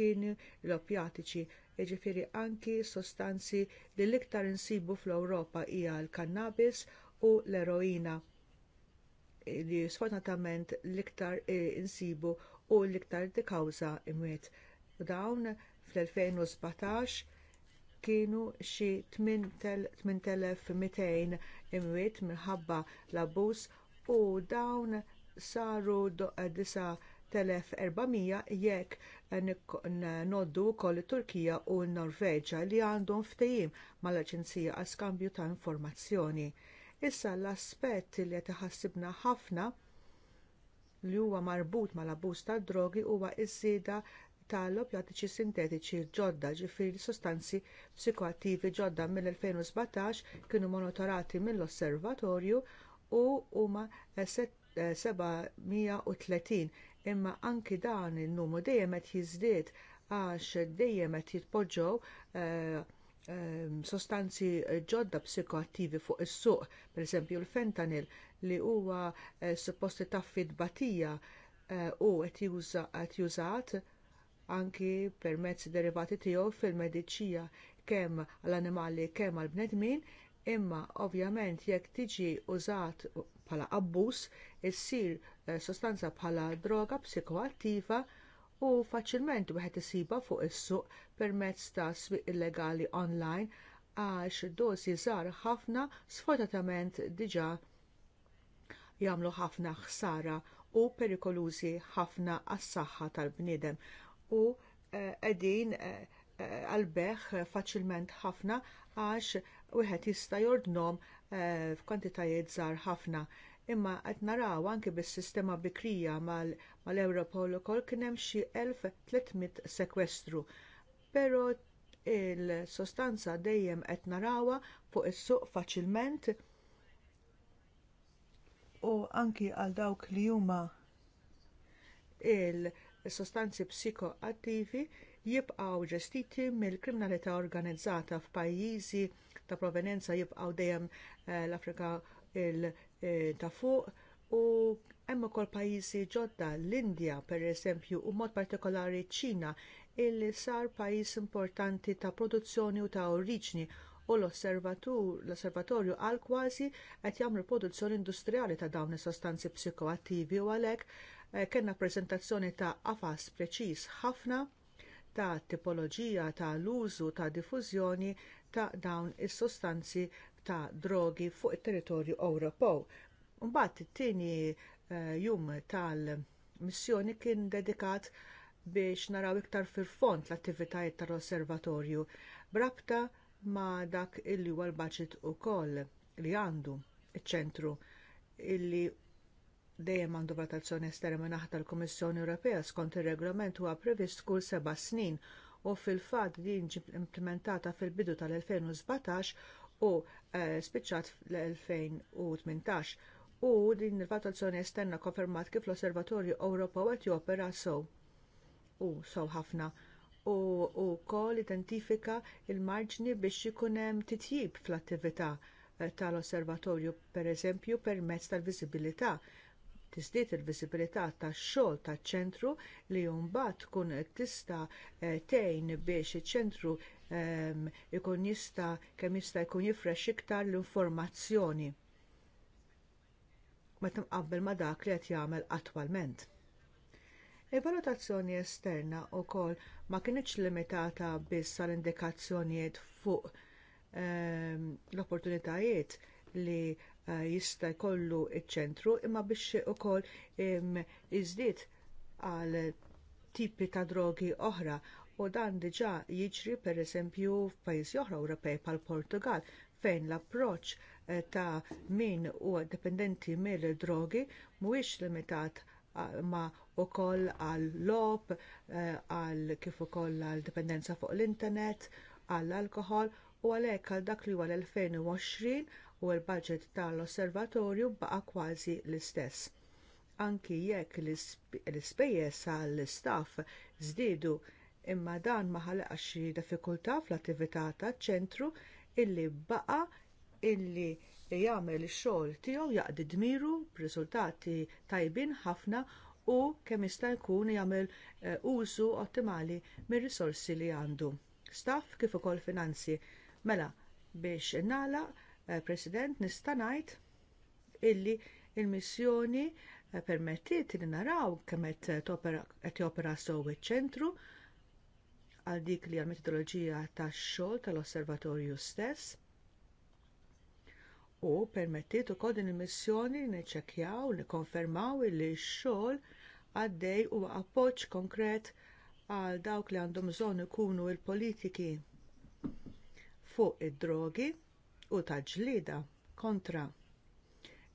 A: kienu l-opjatiċi jiġifieri anki sostanzi li l-iktar insibu fl-Ewropa hija l-kannabis u l-eroina li sfortunatament l-iktar eh, insibu u l-iktar tikkawża imwiet. Dawn fl-2017 kienu xi 8200 imwiet minħabba l-abbuż u dawn saru 9 eh, 3400 jekk noddu wkoll it Turkija u n-Norveġa li għandhom ftehim mal-Aġenzija għal skambju ta' informazzjoni. Issa l-aspett li qed iħassibna ħafna li huwa marbut mal-abbuż tad-drogi huwa iż-żieda tal-opjatiċi sintetiċi ġodda ġifiri sostanzi psikoattivi ġodda mill-2017 kienu monitorati mill-osservatorju u huma 730 eh, imma anki dan in numru dejjem qed jiżdied għax dejjem qed jitpoġġew eh, eh, sostanzi ġodda psikoattivi fuq is-suq, pereżempju l-fentanil li huwa uh, suppost taffi tbatija u qed jużat anki permezz derivati tiegħu fil-mediċija kemm għall-annimali kemm għall-bnedmin, imma ovvjament jekk tiġi użat bħala abbuż issir eh, sostanza bħala droga psikoattiva u faċilment wieħed isiba fuq is-suq permezz ta' swieq illegali online għax dosi żgħar ħafna sfortunatament diġà jagħmlu ħafna ħsara u perikolużi ħafna għas-saħħa tal-bniedem u eh, qegħdin eh, għal-beħ faċilment ħafna għax wieħed jista' jordnhom f'kwantitajiet żgħar ħafna imma qed naraw anke bis-sistema bikrija mal-Europol ukoll kien hemm xi 1300 sekwestru. Però il-sostanza dejjem qed narawha fuq is-suq faċilment u anki għal dawk li huma il-sostanzi psikoattivi jibqgħu ġestiti mill-kriminalità organizzata f'pajjiżi ta' provenenza jibqgħu dejjem eh, l-Afrika l E, ta' fuq u hemm ukoll pajjiżi ġodda l-Indja pereżempju u mod partikolari ċ-Ċina illi sar pajjiż importanti ta' produzzjoni u ta' oriġni u l-osservatorju għal kważi qed jagħmlu produzzjoni industrijali ta' dawn is-sostanzi psikoattivi u għalhekk e, kellna preżentazzjoni ta' afas preċiż ħafna ta' tipoloġija tal użu ta' diffużjoni ta' dawn is-sostanzi ta' drogi fuq it territorju Ewropew. Mbagħad it-tieni eh, jum tal-missjoni kien dedikat biex naraw iktar fil-fond l-attivitajiet tal-osservatorju brabta ma' dak illi huwa l-baġit ukoll li għandu iċ ċentru illi dejjem għandu valutazzjoni esterna naħta l-Kummissjoni Ewropea skont ir-regolament huwa previst kull seba' snin u fil-fatt din ġiet implementata fil-bidu tal-2017 u eh, spiċċat fl-2018 u din il-valutazzjoni esterna konfermat kif l-Osservatorju Ewropew qed jopera sow u sew ħafna u wkoll identifika l marġni biex ikun hemm titjib fl-attività eh, tal-osservatorju pereżempju permezz tal-viżibilità tiżdied il-viżibilità tax-xogħol taċ-ċentru li mbagħad tkun tista' eh, tgħin biex iċ-ċentru ikun jista kemm jista' jkun jifresh iktar l-informazzjoni meta mqabbel ma dak li qed jagħmel attwalment. Il-valutazzjoni esterna wkoll ma kinitx limitata biss għall indikazzjonijiet fuq l-opportunitajiet li eh, jista' jkollu ċ-ċentru imma biex ukoll iżdied għal tipi ta' drogi oħra u dan diġà jiġri pereżempju f'pajjiżi oħra Ewropej bħal Portugal fejn l-approċċ eh, ta' min huwa dipendenti mill-drogi mhuwiex limitat ma wkoll għal logħob eh, għal kif ukoll għal dipendenza fuq l-internet, għall alkoħol u għalhekk għal dak li huwa l-2020 u l-budget tal-osservatorju baqa' kważi l-istess anki jekk l-ispejjeż għall istaff żdiedu imma dan ma ħalaqax xi diffikultà fl-attività taċ-ċentru illi baqa illi jagħmel ix-xogħol tiegħu jaqdi dmiru b'riżultati tajbin ħafna u kemm jista' jkun jagħmel eh, użu ottimali mir-risorsi li għandu. Staff kif ukoll finanzi. Mela, biex nagħlaq, eh, President, nista' ngħid illi l il missjoni eh, permettiet li naraw kemm qed jopera sew iċ-ċentru għal dik li għall metodoloġija tax-xogħol tal-osservatorju stess u permettiet ukoll kodin il-missjoni niċċekkjaw nikkonfermaw li x-xogħol għaddej huwa appoġġ konkret għal dawk li għandhom bżonn ikunu l politiki fuq id-drogi u ġlieda kontra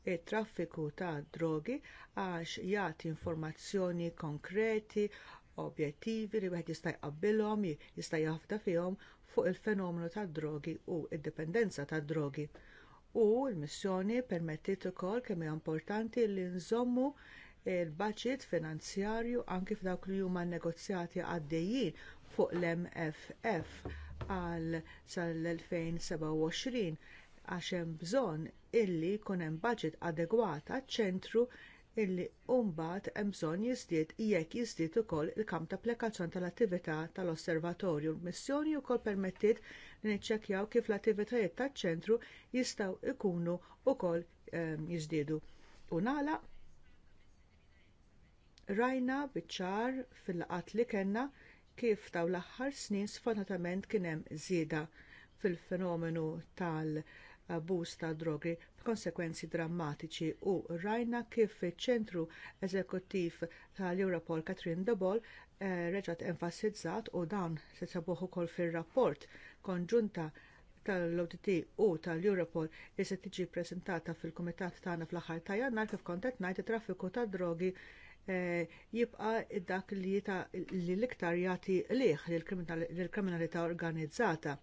A: t traffiku ta' drogi għax jagħti informazzjoni konkreti objettivi li wieħed jista' jqabbilhom, jista' jafda fihom fuq il-fenomenu tad-drogi u d-dipendenza tad-drogi. U l-missjoni permettit ukoll kemm hija importanti li nżommu l budget finanzjarju anki f'dawk li huma negozjati għaddejjin fuq l-MFF għal sal-2027 għax hemm bżonn illi jkun hemm budget adegwat għaċ-ċentru illi mbagħad hemm bżonn jiżdied jekk jiżdied ukoll il-kamp ta' applikazzjoni tal-attività tal-osservatorju. missjoni wkoll permettiet li niċċekkjaw kif l-attivitajiet taċ-ċentru jistgħu jkunu wkoll ehm, jiżdiedu. U nagħlaq rajna biċ-ċar fil qat li kellna kif dawn l-aħħar snin sfortunatament kien hemm żieda fil-fenomenu tal- abbuż ta' drogi konsekwenzi drammatiċi u rajna kif iċ ċentru eżekuttiv tal-Europol Katrin Dobol eh, reġgħet enfasizzat u dan se sabuħ ukoll fir-rapport konġunta tal-ODT u tal-Europol li se tiġi ppreżentata fil-Kumitat tagħna fl-aħħar ta' Jannar kif kont qed ngħid it-traffiku tad drogi eh, jibqa' dak li l-iktar jagħti liħ lill-kriminalità organizzata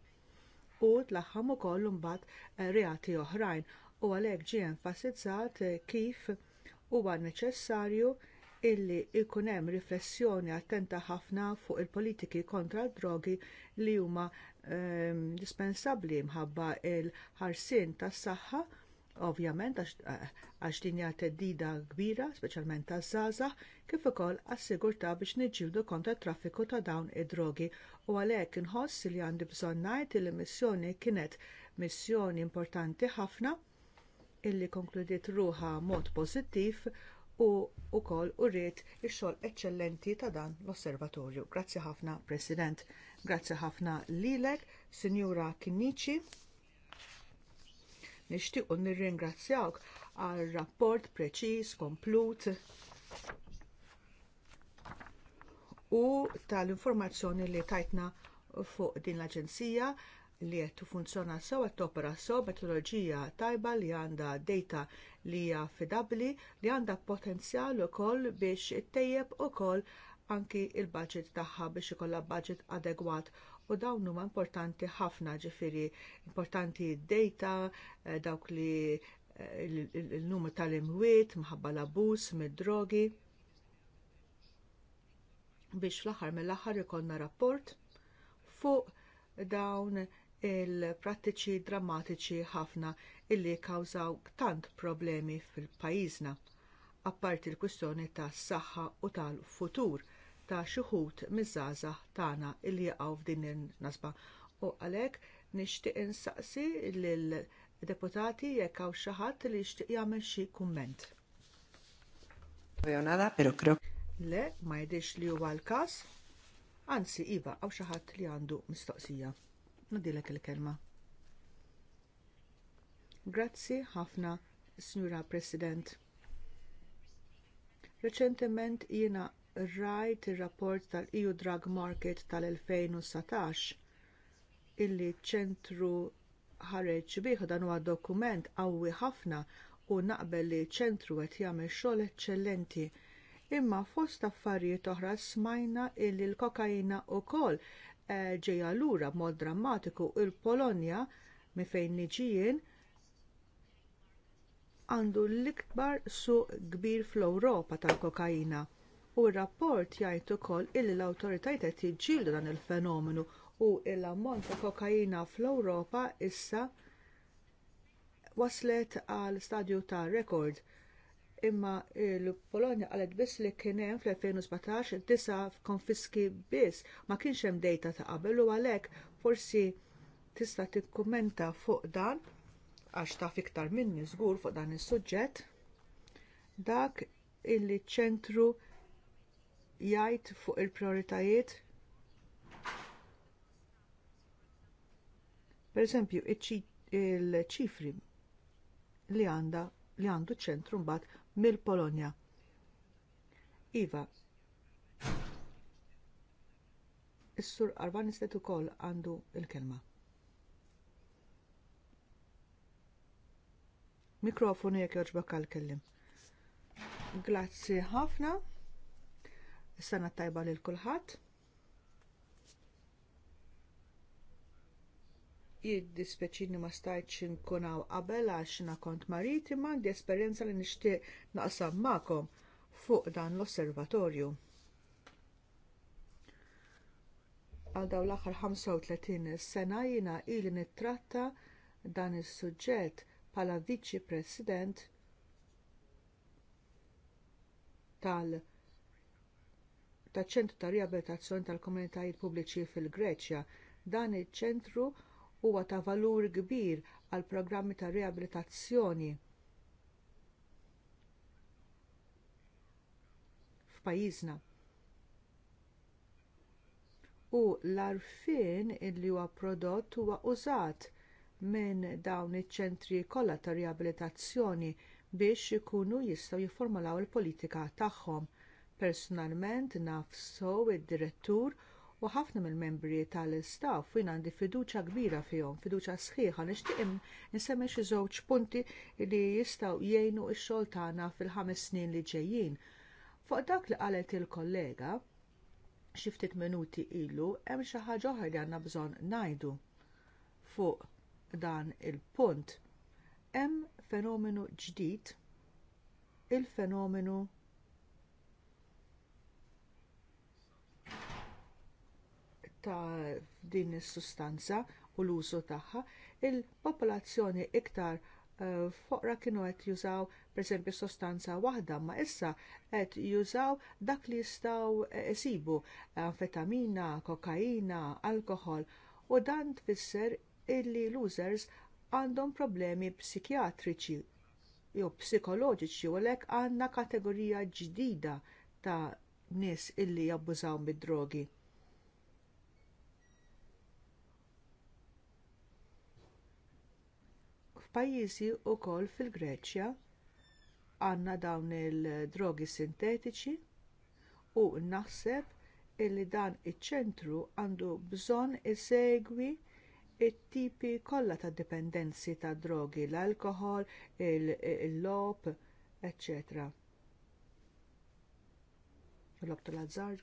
A: u tlaħħam ukoll imbagħad eh, reati oħrajn u għalhekk ġie enfasizzat kif huwa neċessarju illi jkun hemm riflessjoni attenta ħafna fuq il-politiki kontra d-drogi li huma ehm, dispensabbli mħabba l ħarsien tas-saħħa ovvjament għax din hija teddida kbira, speċjalment taż-żgħażagħ, kif ukoll għas-sigurtà biex niġġieldu kontra t traffiku ta' dawn id-drogi u għalhekk inħoss li għandi bżonn ngħid li l missjoni kienet missjoni importanti ħafna illi konkludiet ruħa mod pożittiv u wkoll uriet ix-xogħol eċċellenti ta' dan l-Osservatorju. Grazzi ħafna, President. Grazzi ħafna lilek, Sinjura Kinnici. Nixtieq u nirringrazzjawk għal rapport preċiż, komplut u tal-informazzjoni li tajtna fuq din l-Aġenzija li qed tiffunzjona sew qed topera sew metodoloġija tajba li għandha data li hija fidabbli li għandha potenzjal ukoll biex ittejjeb ukoll anki l budget tagħha biex ikollha budget adegwat u dawn huma importanti ħafna ġifieri importanti d-dejta eh, dawk li eh, il-numru tal-imwiet minħabba l-abus mid-drogi biex fl-aħħar mill-aħħar ikollna rapport fuq dawn il-prattiċi drammatiċi ħafna illi kkawżaw tant problemi fil-pajjiżna, apparti l-kwistjoni tas saħħa u tal-futur ta' xi wħud miż-żgħażagħ tagħna illi jaqgħu f'din in-nasba. U għalhekk nixtieq insaqsi lill deputati jekk hawn xi ħadd li jixtieq jagħmel xi kumment. Le, ma jidhirx li huwa l-każ, anzi iva hawn xi ħadd li għandu mistoqsija nadilek il-kelma. Grazzi ħafna, Signora President. Reċentement jiena rajt ir rapport tal-EU Drug Market tal 2017 illi ċentru ħareġ bih dan huwa dokument qawwi ħafna u naqbel li ċentru qed jagħmel xogħol eċċellenti. Imma fost affarijiet oħra smajna illi l-kokaina wkoll Eh, ġejja lura b'mod drammatiku il-Polonja minn fejn niġijien għandu l-ikbar suq kbir fl-Ewropa tal-kokaina. U r-rapport jgħid ukoll illi l-awtoritajiet qed jiġġieldu dan il-fenomenu u l-ammont ta' kokaina fl-Ewropa issa waslet għal stadju ta' rekord imma l-Polonja qalet biss li kien hemm fl-2017 tisa konfiski biss ma kienx hemm dejta ta' qabel u għalhekk forsi tista' tikkummenta fuq dan għax taf iktar minni żgur fuq dan is-suġġett dak illi ċentru jgħid fuq il-prioritajiet Pereżempju, il-ċifri li għanda li għandu ċentru mbagħad mill-Polonja. Iva, Is-sur Arban istet ukoll għandu l kelma Mikrofonu jekk joġbok għal-kellim. Grazzi ħafna. Sena tajba lil kulħadd. jiddispeċini ma stajtx inkunaw qabel għax na kont marit imma għandi esperjenza li nixtieq naqsam magħkom fuq dan l-osservatorju. Għal dawn l-aħħar 35 sena jiena ili nittratta dan is-suġġett bħala viċi president tal- taċ-ċentru ta' riabilitazzjoni tal-komunitajiet pubbliċi fil-Greċja. Dan iċ-ċentru huwa ta' valur kbir għal programmi ta' riabilitazzjoni f'pajjiżna. U l-arfin illi huwa prodott huwa użat minn dawn iċ-ċentri kollha ta' riabilitazzjoni biex ikunu jistgħu jiffurmulaw il-politika tagħhom. Personalment naf sow id-direttur u ħafna mill-membri tal-istaff jien għandi fiduċja kbira fihom, fiduċja sħiħa nixtieq insemmi xi żewġ punti li jistgħu jgħinu x-xogħol tagħna fil-ħames snin li ġejjin. Fuq dak li qalet il-kollega, xi ftit minuti ilu, hemm xi ħaġa oħra li għandna bżonn ngħidu fuq dan il-punt. Hemm fenomenu ġdid il-fenomenu ta' din is-sustanza u l-użu tagħha, il-popolazzjoni iktar eh, foqra kienu qed jużaw pereżempju sostanza waħda, ma issa qed jużaw dak li jistgħu isibu anfetamina, kokaina, alkoħol u dan tfisser illi l-users għandhom problemi psikjatriċi jew psikoloġiċi u għalhekk għandna kategorija ġdida ta' nies illi jabbużaw mid-drogi. pajjiżi wkoll fil-Greċja għandna dawn il-drogi sintetiċi u naħseb illi dan iċ-ċentru għandu bżonn isegwi t tipi kollha ta' dipendenzi tad drogi, l-alkohol, il-lop, il etc. l tal-azzar.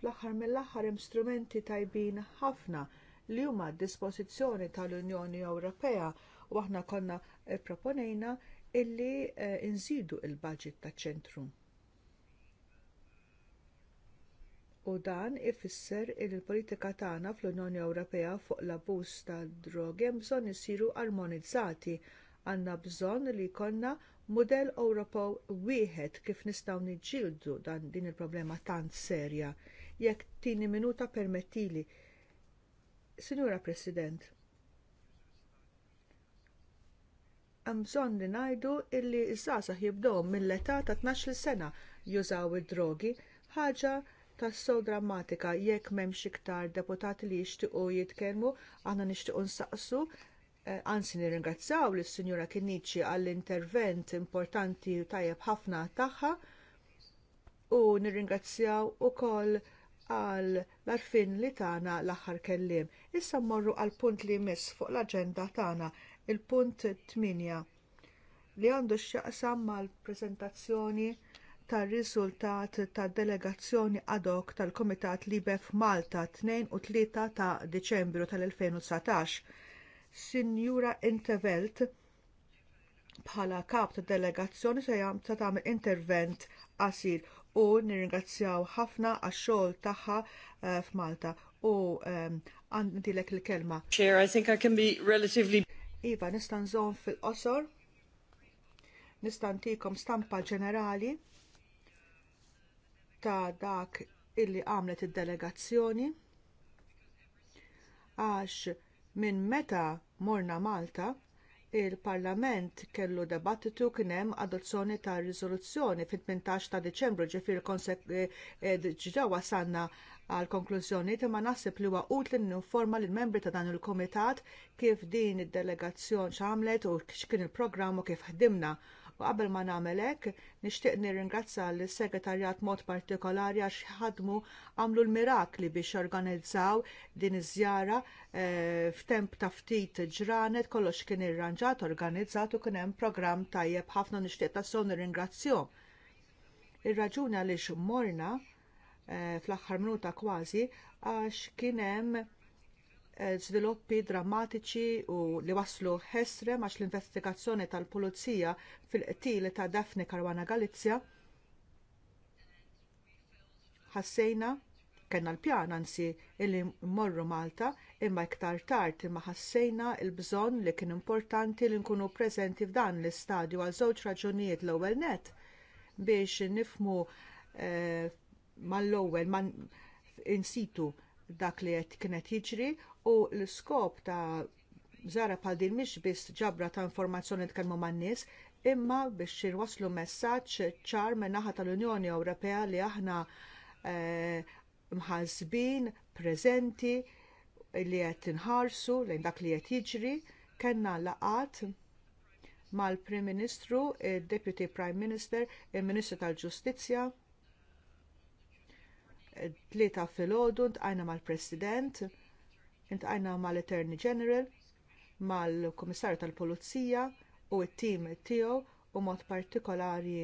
A: Fl-aħħar mill-aħħar hemm strumenti tajbin ħafna li huma d dispożizzjoni tal-Unjoni Ewropea u aħna konna eh, proponejna illi eh, nżidu l il budget taċ ċentru. U dan ifisser li l politika tagħna fl-Unjoni Ewropea fuq l-abbuż tad-drogi hemm bżonn isiru armonizzati għandna bżonn li jkollna mudell Ewropew wieħed kif nistgħu niġġieldu dan din il-problema tant serja. Jekk tieni minuta permettili Sinjura President, hemm bżonn li ngħidu illi ż-żgħażagħ jibdew mill-età ta' 12 sena jużaw id-drogi, ħaġa ta' so drammatika jekk m'hemmx iktar deputati li jixtiequ jitkellmu, aħna nixtiequ nsaqsu eh, Anzi li lis sinjura Kinnici għall-intervent importanti u tajjeb ħafna taħħa u nirringrazzjaw ukoll għal l-arfin li tagħna l-aħħar kelliem. Issa mmorru għal punt li jmiss fuq l-aġenda tagħna, il-punt 8 li għandu x'jaqsam mal-preżentazzjoni tar-riżultat tad delegazzjoni ad hoc tal kumitat Libe f'Malta 2 u 3 ta' Diċembru tal-2019. Sinjura Intervelt bħala kap tad delegazzjoni se tagħmel intervent qasir u nirringrazzjaw ħafna għax-xogħol tagħha eh, f'Malta u ehm, għandilek il-kelma. Chair, I think I can be relatively Iva, nista' nżomm fil-qosor, nista' ntikom stampa ġenerali ta' dak illi għamlet id-delegazzjoni għax minn meta morna Malta il-Parlament kellu debattitu kien hemm adozzjoni ta' riżoluzzjoni fit-18 ta' Diċembru ġifier eh, eh, ġewwa sanna għal konklużjoni imma naħseb li huwa utli ninforma lill membri ta' dan il-kumitat kif din id-delegazzjoni x'għamlet u x'kien il-programm u kif ħdimna U qabel ma nagħmel hekk, nixtieq nirringrazza lis segretarjat mod partikolari għax ħadmu għamlu l-mirakli biex organizzaw din iż-żjara e, f'temp ta' ftit ġranet kollox kien irranġat, organizzat u kien hemm programm tajjeb ħafna nixtieq tassew nirringrazzjahom. Ir-raġuni għaliex morna e, fl-aħħar minuta kważi għax kien hemm Eh, żviluppi drammatiċi u li waslu ħesre għax l-investigazzjoni tal-Pulizija fil-qtil ta' Daphne Karwana Galizja ħassejna kellna l-pjan ansi illi mmorru Malta imma iktar tard imma ħassejna l bżonn li kien importanti li nkunu preżenti f'dan l-istadju għal żewġ raġunijiet l-ewwel nett biex nifhmu eh, mal-ewwel man insitu dak li qed kienet jiġri u l iskop ta' żara bħal din mhix biss ġabra ta' informazzjoni tkellmu man-nies, imma biex jirwasslu messaġġ ċar min naħa tal-Unjoni Ewropea li aħna eh, mħazbin, preżenti, li qed inħarsu lejn dak li qed jiġri, kellna laqat mal-Prim Ministru, il-Deputy Prime Minister, il-Ministru tal-Ġustizzja, tlieta filgħodu ntqajna mal-President, ntqajna mal-Attorney General, mal-Kummissarju tal-Pulizija u t-tim tiegħu u mod partikolari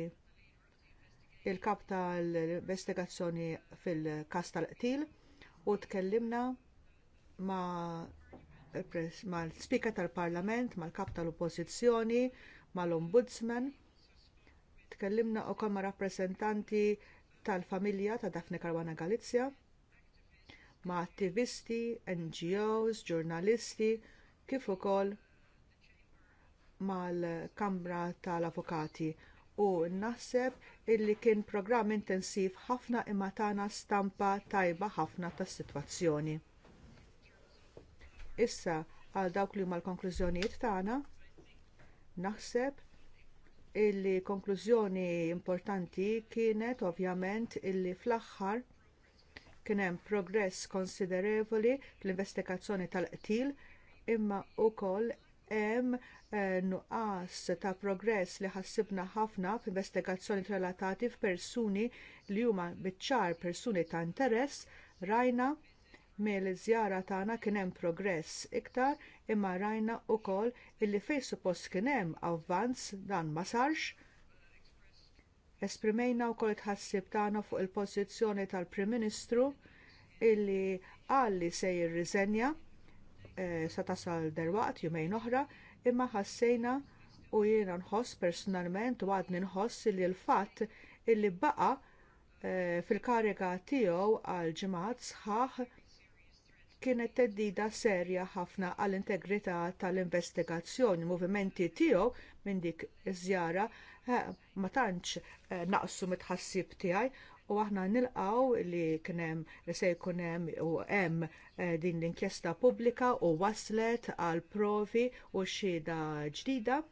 A: il-kap tal-investigazzjoni fil-kas tal-qtil u tkellimna mal-Speaker tal-Parlament, mal-kap tal-Oppożizzjoni, mal-Ombudsman. Tkellimna wkoll komma rappreżentanti tal-familja ta' Dafne Karwana Galizja ma' attivisti, NGOs, ġurnalisti, kif ukoll mal-Kamra tal-Avukati u naħseb illi kien programm intensiv ħafna imma tagħna stampa tajba ħafna tas-sitwazzjoni. Issa għal dawk li huma l konklużjonijiet tagħna naħseb il konklużjoni importanti kienet ovvjament illi fl-aħħar kien hemm progress konsiderevoli fl-investigazzjoni tal-qtil imma wkoll hemm eh, nuqqas ta' progress li ħassibna ħafna f'investigazzjoni relatati f'persuni li huma biċ-ċar persuni ta' interess rajna mill-żjara tagħna kien hemm progress iktar imma rajna wkoll illi fejn suppost kien hemm avvanz dan ma sarx. Esprimejna wkoll it-ħassib tagħna fuq il-pożizzjoni tal-Prim Ministru illi qal li se jirriżenja e, sa tasal derwaqt jumejn oħra imma ħassejna u jiena nħoss personalment u għadni nħoss illi l-fatt illi baqa e, fil-kariga tiegħu għal ġimgħat sħaħ kienet theddida serja ħafna għall integrità tal-investigazzjoni. Movimenti tiegħu minn dik iż-żjara eh, ma tantx eh, naqsu mit-ħassib tiegħi u aħna nilqgħu li kien hemm se jkun hemm u hemm eh, din l-inkjesta pubblika u waslet għal provi u xhieda ġdida.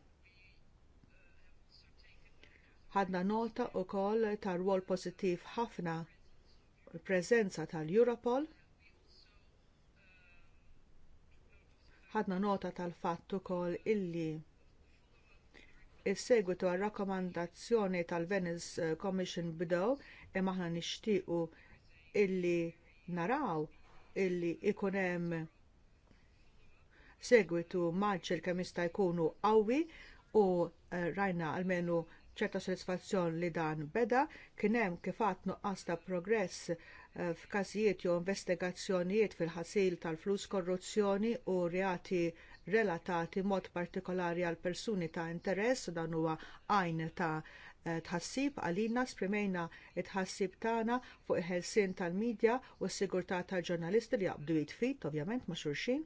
A: Ħadna nota wkoll tar-rwol pożittiv ħafna il preżenza tal-Europol ħadna nota tal-fatt ukoll illi is-segwitu għar għal rakkomandazzjoni tal-Venice eh, Commission bidew imma aħna nixtiequ illi naraw illi ikun hemm segwitu maġġel kemm jista' jkunu qawwi u eh, rajna almenu ċerta sodisfazzjon li dan beda kien hemm kif għad nuqqas ta' progress Eh, f'każijiet jew investigazzjonijiet fil-ħasil tal-flus korruzzjoni u reati relatati mod partikolari għal persuni ta' interess dan huwa għajn ta' eh, tħassib għalina sprimejna t-tħassib tagħna fuq il-ħelsien tal-medja u s-sigurtà tal-ġurnalisti li jaqbdu jitfit, ovvjament, ma' xulxin.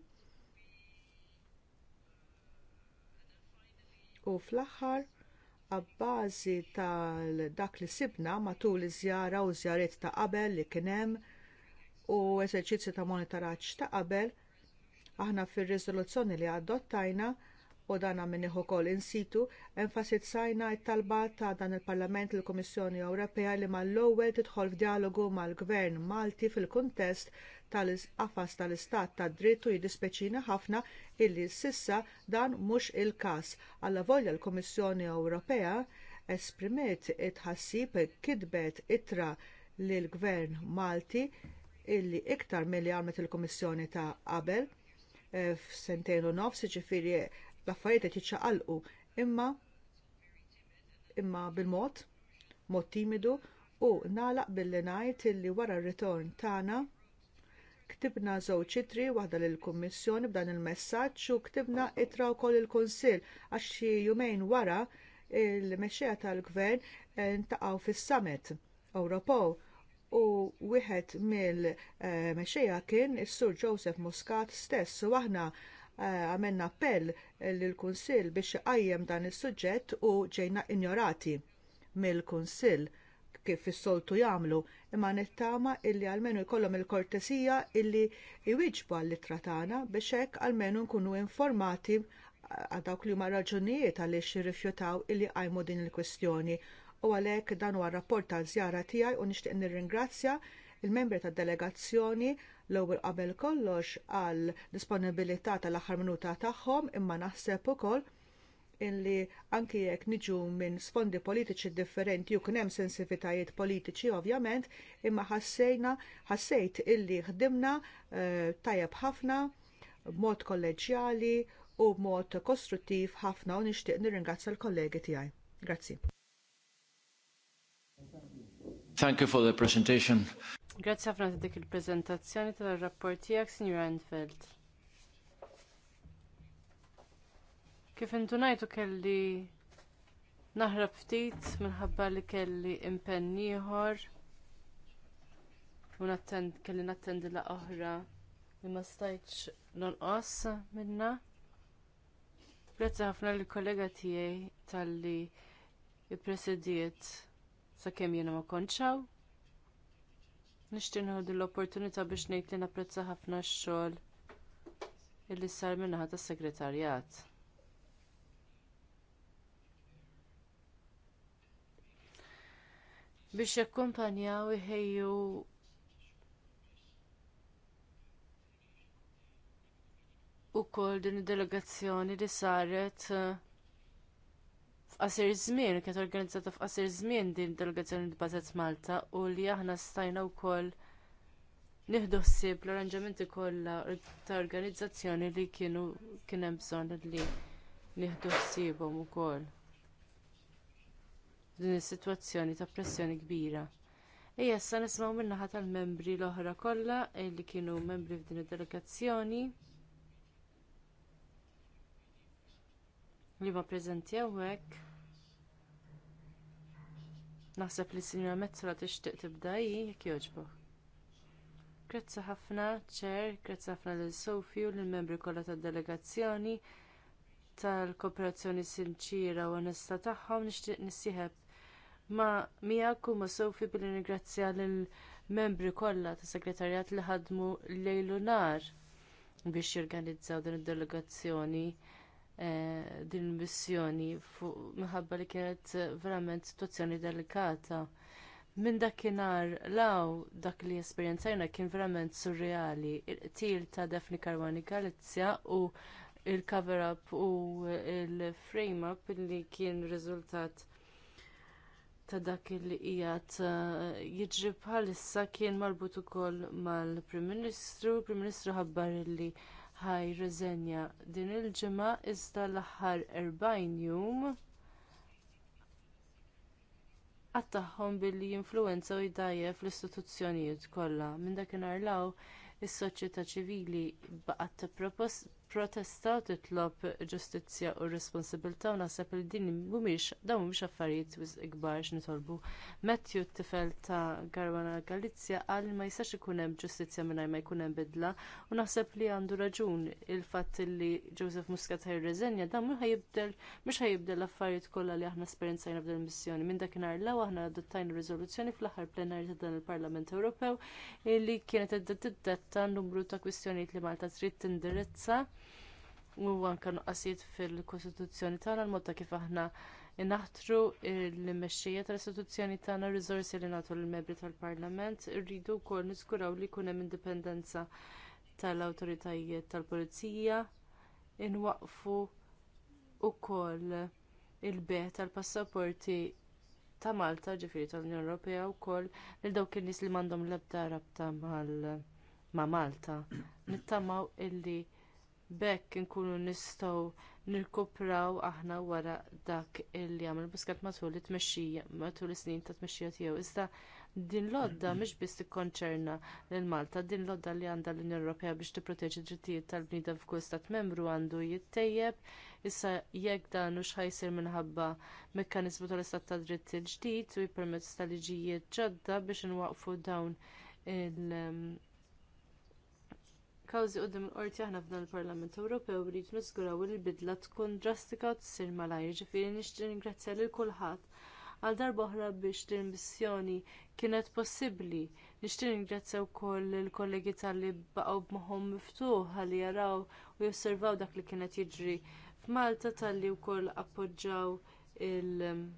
A: U fl-aħħar għabbażi tal-dak li sibna matul iż-żjara u żjariet ta' qabel li kien hemm u eżerċizzju ta' monitoraġġ ta' qabel, aħna fir-riżoluzzjoni li adottajna u dan minn ukoll in situ enfasizzajna t talba ta' dan il-Parlament il kummissjoni Ewropea li mal-ewwel tidħol f'dialogu mal-Gvern Malti fil-kuntest tal-qafas tal-istat tad dritt u jiddispeċina ħafna illi sissa dan mhux il-każ. Alla volja l-Kummissjoni Ewropea esprimiet it-ħassib kitbet ittra lill gvern Malti illi iktar milli għamlet il-Kummissjoni ta' qabel eh, f'sentejn u nofs, ġifiri l-affarijiet qed jiċċaqalqu imma imma bil-mod, mod timidu u nalaq billi ngħid illi wara r-ritorn tagħna Ktibna żewġ itri waħda lill kummissjoni b'dan il-messaġġ u ktibna ittra wkoll il-Kunsill għax xi jumejn wara il-mexxejja tal-Gvern eh, ntaqgħu fis-Summit Ewropew u wieħed mill-mexxejja kien is-Sur Joseph Muscat stess u aħna eh, għamilna appell lill-Kunsill biex iqajjem dan is-suġġett u ġejna injorati mill-Kunsill kif is-soltu jagħmlu, imma nittama illi għalmenu jkollhom il-kortesija illi jwieġbu għall-ittra tagħna biex hekk għalmenu nkunu informati għal dawk li huma raġunijiet għaliex jirrifjutaw illi qajmu din il-kwestjoni. U għalhekk dan huwa rapport tal-żjara tiegħi u nixtieq nirringrazzja il-membri tad-delegazzjoni l-ewwel qabel kollox għal disponibilità tal-aħħar minuta tagħhom imma naħseb ukoll illi anki jekk niġu minn sfondi politiċi differenti u hemm sensivitajiet politiċi ovvjament, imma ħassejna ħassejt illi ħdimna uh, tajjeb ħafna b'mod kolleġjali u b'mod kostruttiv ħafna u nixtieq nirringrazzja l-kollegi tiegħi.
C: Grazzi.
D: Thank you for the presentation.
C: Grazzi ħafna dik il-preżentazzjoni tal-rapport tiegħek, Signor Enfeld. Kif intunajtu kelli naħrab ftit minħabba li kelli impenn ieħor u kelli nattendi la oħra li ma stajtx nonqos minnha. Grazzi ħafna lill kollega tiegħi talli ippresidiet sakemm jiena ma konċaw. Nixtieq nħodu l-opportunità biex ngħid li napprezza ħafna x-xogħol illi sar min-naħa tas-segretarjat. biex jakkumpanjaw iħejju wkoll din id-delegazzjoni li saret eh, f'qasir żmien, kienet organizzata f'qasir żmien din id-delegazzjoni bbażat Malta u li aħna stajna wkoll nieħdu ħsieb l-arranġamenti kollha ta' organizzazzjoni li kienu kien hemm bżonn li nieħdu ħsiebhom ukoll f'din is-sitwazzjoni ta' pressjoni kbira. Ejja issa nisimgħu min-naħa tal-membri l-oħra kollha li kienu membri f'din id-delegazzjoni li ma preżenti hawnhekk. Naħseb li s-sinjora Mezzola tixtieq tibda hi, jekk jogħġbok. Grazzi ħafna, ċer, grazzi ħafna lil Sofi u lill membri kollha tad-delegazzjoni tal-kooperazzjoni sinċira u onesta tagħhom nixtieq nissieħeb ma miegħek huma Sofi billi ningrazzja lill-membri kollha tas segretarjat li ħadmu lejlu nar biex jorganizzaw din id-delegazzjoni eh, din il-missjoni minħabba li kienet verament sitwazzjoni delikata. Minn dakinhar law dak li esperjenzajna kien verament surreali. Il-qtil ta' Daphne Karwani Galizja u il-cover-up u l frame up li kien riżultat ta' dak li qiegħed eh, jiġri bħalissa kien marbut ukoll mal-Prim Ministru, prim Ministru ħabbar li ħaj reżenja din il-ġimgħa iżda l-aħħar 40 jum għattaħħom billi jinfluwenzaw u jdajjef l-istituzzjonijiet kollha. Minn dakinhar law is-soċjetà ċivili baqgħet protesta u titlob ġustizzja u responsabilità u naħseb li din mhumiex dawn mhumiex affarijiet wis ikbar x'nitolbu. Matthew t-tifel ta' Garwana Galizja qal ma jistax ikun hemm ġustizzja mingħajr ma jkun hemm bidla u naħseb li għandu raġun il-fatt li Joseph Muscat ħajreżenja dan mhux ħajibdel mhux ħajibdel l-affarijiet kollha li aħna esperjenzajna f'dan il-missjoni. Minn dakinhar l aħna adottajna riżoluzzjoni fl-aħħar plenarju ta' dan il-Parlament Ewropew li kienet tiddetta numru ta' kwistjonijiet li Malta trid tindirizza u anke nuqqasijiet fil-Kostituzzjoni tagħna l modda kif aħna naħtru l-mexxejja tal-istituzzjoni tagħna r-riżorsi li nagħtu lill-membri tal-Parlament irridu wkoll niskuraw li jkun hemm indipendenza tal-awtoritajiet tal-Pulizija inwaqfu wkoll il-beħ tal-passaporti ta' Malta ġifiri tal-Unjoni Ewropea wkoll lil dawk in-nies li m'għandhom l-ebda rabta ma' Malta. Nittamaw illi bekk inkunu nistgħu nirkupraw aħna wara dak illi għamil biskat matul it-tmexxija matul is-snin ta' tmexxija tiegħu. Iżda din lodda mhix biss tikkonċerna lil Malta, din lodda li għandha l-Unjoni Ewropea biex tipproteġi d-drittijiet tal bnida f'kull stat membru għandu jittejjeb, issa jekk dan hux ħajsir minħabba mekkaniżmu tal-istat ta' dritt il-ġdid u jippermezz tal-liġijiet ġodda biex inwaqfu dawn il- kawżi quddiem il-qorti aħna f'dan il-Parlament Ewropew rrid nisguraw li l-bidla tkun drastika u tsir malajr, ġifieri nixtieq ningrazzja lil kulħadd għal darba oħra biex din missjoni kienet possibbli. Nixtieq ningrazzja wkoll il-kollegi tal-li baqgħu b'moħħhom miftuħ għal jaraw u josservaw dak li kienet jiġri f'Malta tal-li wkoll appoġġjaw il-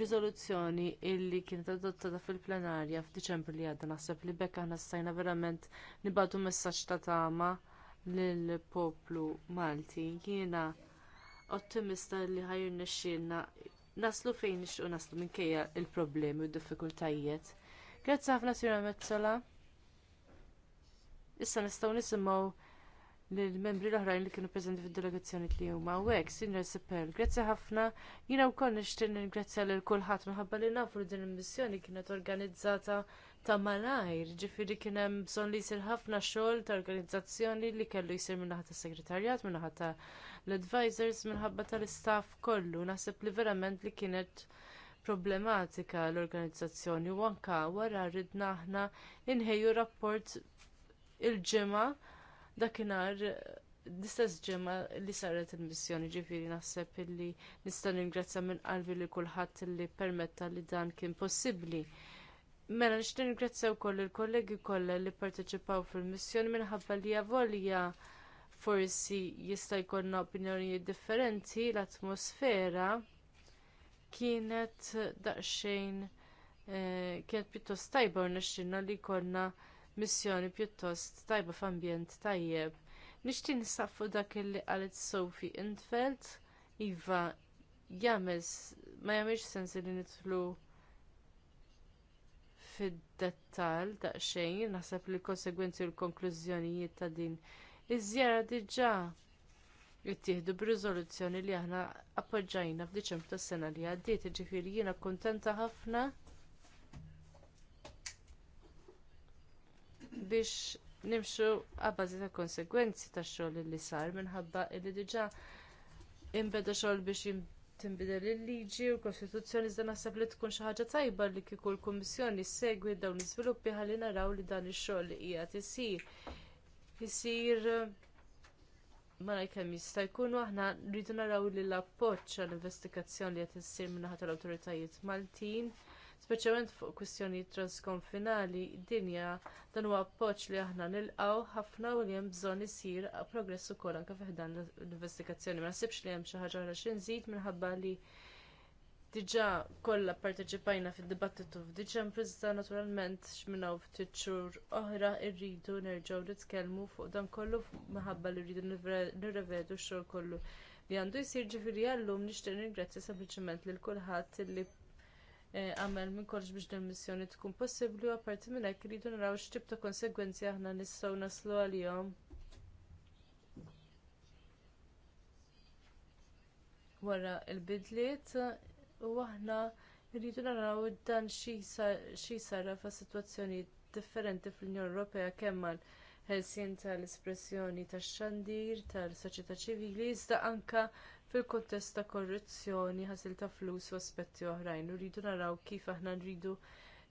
C: riżoluzzjoni illi kienet adottata fil-plenarja f'Diċembru li għadda naħseb li bekk aħna stajna verament nibadu messaġġ ta' tama lill poplu Malti. Jiena ottimista li ħajr nixxilna naslu fejn nixtiequ naslu minkejja l problemi u d-diffikultajiet. Grazzi ħafna Sira Mezzola. Issa nistgħu nisimgħu l membri l-oħrajn li kienu preżenti fid-delegazzjoni li huma hawnhekk, Sinjor Sipel. Grazzi ħafna. Jiena wkoll nixtieq ningrazzja lil kulħadd minħabba li nafu li din il-missjoni kienet organizzata ta' malajr, ġifieri kien hemm bżonn li jsir ħafna xogħol ta' organizzazzjoni li kellu jsir minnaħa tas segretarjat, minnaħa ta' l-advisors, minħabba tal-istaff kollu. Naħseb li verament li kienet problematika l-organizzazzjoni u anke wara rridna aħna inħejju rapport il-ġimgħa dakinhar l-istess ġemma li saret il-missjoni ġifiri naħseb illi nista' ningrazzja minn qalbi li kulħadd li permetta li dan kien possibbli. Mela nix ningrazzja wkoll il-kollegi kollha li parteċipaw fil-missjoni minħabba li avolja forsi jista' jkollna opinjonijiet differenti l-atmosfera kienet daqsxejn eh, kienet pjuttost tajba u li jkollna missjoni pjuttost tajba f'ambjent tajjeb. Nixtieq nistaqfu dak li qalet Sophie Intfeld, Iva jagħmel ma jagħmilx sens li nidħlu fid-dettall daqsxejn, naħseb li l-konsegwenzi u l-konklużjonijiet ta' din iż-żjara diġà jittieħdu b'riżoluzzjoni li aħna appoġġajna f'Diċembru tas-sena li għaddiet, jiġifieri jiena kuntenta ħafna biex nimxu għabbażi ta' konsegwenzi tax xogħol li sar minħabba li diġà inbeda xogħol biex tinbidel il-liġi u l-Kostituzzjoni iżda naħseb li tkun xi ħaġa tajba li kieku l-Kummissjoni ssegwi dawn l-iżviluppi ħalli naraw li dan ix-xogħol li qiegħed isir isir Mara kemm jista' jkun aħna rridu naraw li l-appoġġ għall investigazzjoni li qed issir min-naħa tal-awtoritajiet Maltin speċjalment fuq kwistjonijiet transkonfinali dinja dan huwa appoġġ li aħna nilqgħu ħafna u li hemm bżonn isir progress ukoll anke dan l-investigazzjoni. Ma nasibx li hemm xi ħaġa oħra xi nżid minħabba li diġà kollha pparteċipajna fid-dibattitu f'Diċembru iżda naturalment x'minna ftit xhur oħra rridu nerġgħu nitkellmu fuq dan kollu minħabba li rridu nirrevedu x-xogħol kollu li għandu jsir ġifieri għallum nixtieq ningrazzja sempliċement lil kulħadd li Eh, għamel minn kollox biex dan missjoni tkun possibbli u apparti minn hekk iridu naraw x'tib ta' konsegwenzi aħna nistgħu naslu għalihom. Wara l-bidliet u aħna rridu naraw dan xi sarra fa' sitwazzjonijiet differenti fl-Unjoni Ewropea kemm għal ħelsien tal-espressjoni tax-xandir tal-soċjetà ċivili iżda anke fil-kuntest ta' korruzzjoni, ħasil ta' flus u aspetti oħrajn. Uridu naraw kif aħna rridu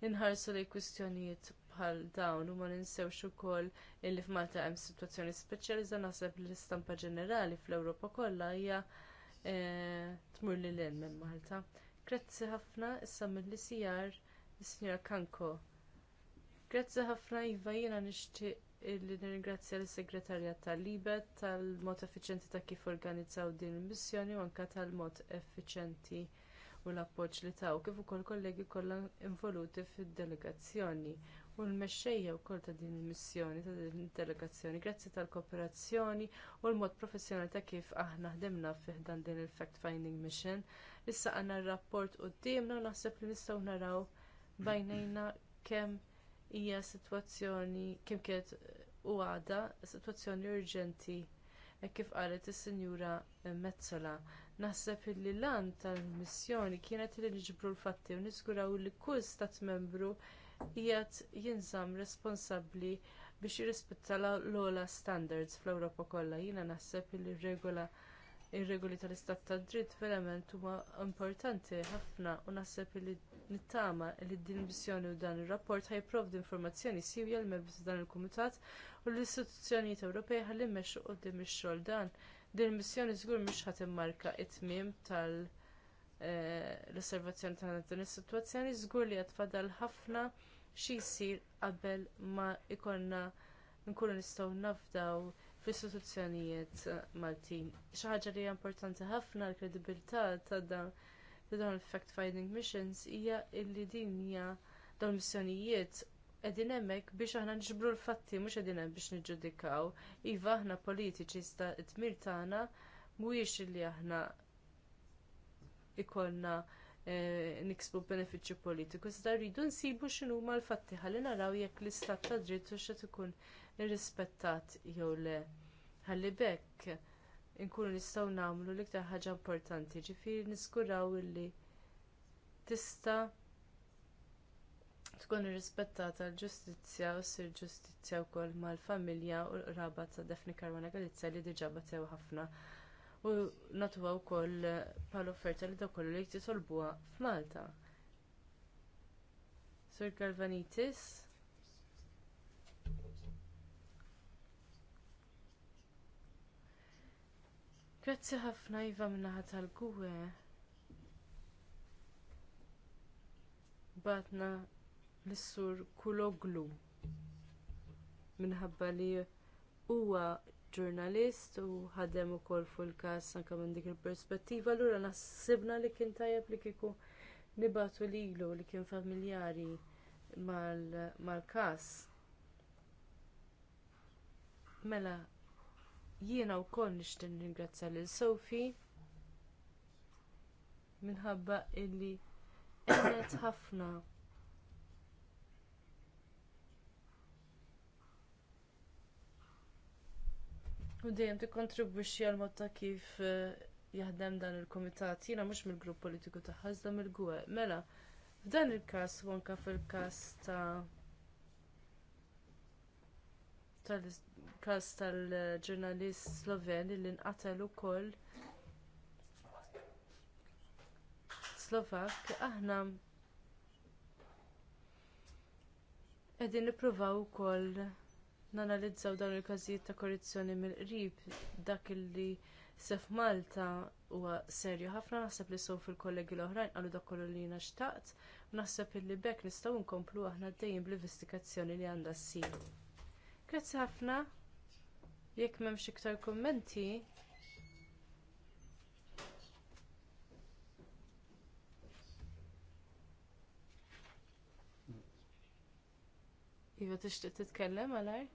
C: inħarsu lejn kwistjonijiet bħal dawn u ma ninsewx ukoll illi f'Malta hemm sitwazzjoni speċjalizza naħseb li l-istampa ġenerali fl-Ewropa kollha hija e, tmur lil hemm minn Malta. Grazzi ħafna issa mill-li sijar is-Sinjora Kanko. Grazzi ħafna Iva jiena nixtieq illi nirringrazzja lis segretarjat tal-Libet tal-mod effiċjenti ta' kif organizzaw din il-missjoni u anke tal-mod effiċjenti u l-appoġġ li taw kif ukoll kollegi kollha involuti fid-delegazzjoni u l-mexxejja wkoll ta' din il-missjoni ta' din id-delegazzjoni grazzi tal-kooperazzjoni u l-mod professjonali ta' kif aħna ħdimna fih dan din il-fact finding mission. Issa għandna r-rapport qudiemna u naħseb li nistgħu naraw bajnejna kemm hija sitwazzjoni kemm kienet u għada sitwazzjoni urġenti e kif qalet is-Sinjura Mezzola. Naħseb li l-lan tal-missjoni kienet li niġbru l-fatti u niżguraw li kull stat membru qiegħed jinżamm responsabbli biex jirrispetta l ogħla standards fl-Ewropa kollha. Jiena naħseb li r regola ir-regoli tal-istat tad dritt verament huma importanti ħafna u naħseb li nittama li din missjoni u dan ir-rapport ħajprovdi informazzjoni sivja l membri ta' dan il-kumitat u l-istituzzjonijiet Ewropej ħalli jmexxu quddiem ix-xogħol dan. Din missjoni żgur mhix ħadd immarka t-tmiem tal-osservazzjoni eh, ta' din is-sitwazzjoni żgur li qed fadal ħafna xi jsir qabel ma jkollna nkunu nistgħu nafdaw fl-istituzzjonijiet eh, Maltin. Xi ħaġa li hija importanti ħafna l-kredibilità ta' dawn il-fact finding missions hija li din hija dawn missjonijiet qegħdin hemmhekk biex aħna niġbru l-fatti mhux qegħdin hemm biex niġġudikaw. Iva aħna politiċi sta t-tmir tagħna mhuwiex li aħna ikollna eh, niksbu benefiċċju politiku, iżda rridu nsibu x'inhuma l-fatti ħalli naraw jekk l-istat ta' dritt u x'qed ikun irrispettat jew le. Ħalli bekk inkunu nistgħu nagħmlu l-iktar ħaġa importanti, ġifieri niskuraw illi tista' tkun irrispettata l-ġustizzja u ssir ġustizzja wkoll mal-familja u l-qraba ta' Defni Karwana Galizza li diġà batew ħafna u natuwa wkoll bħala offerta li dakollu li jtitolbuha f'Malta. Sur Galvanitis, Grazzi ħafna Iva minnaħa tal-gwe. Batna l-sur Kuloglu minħabba li huwa ġurnalist u ħadem ukoll fuq il-każ anke minn dik il-perspettiva, allura naħsibna li kien tajjeb li kieku nibatu lilu li kien familjari mal-każ. mela, Jiena wkoll nixtieq ningrazzja lil Sofi minħabba illi għenet ħafna U dejjem tikkontribwixxi għal mod ta' kif eh, jaħdem dan il-kumitat. Jiena mhux mill-grupp politiku ta' iżda mill-gwe. Mela, f'dan il-każ u anke fil-każ ta' każ tal-ġurnalist Sloven li nqatel ukoll Slovak aħna qegħdin nippruvaw ukoll nanalizzaw dawn il-każijiet ta' korruzzjoni mill-qrib dak illi sef Malta huwa serju ħafna naħseb li sew fil-kollegi l-oħrajn qalu dak kollu li jiena xtaqt naħseb illi bekk nistgħu nkomplu aħna dejjem bl-investigazzjoni li għandha ssir. Grazzi ħafna. Jekk m'hemmx iktar kummenti. Iva tixtieq titkellem għalaj?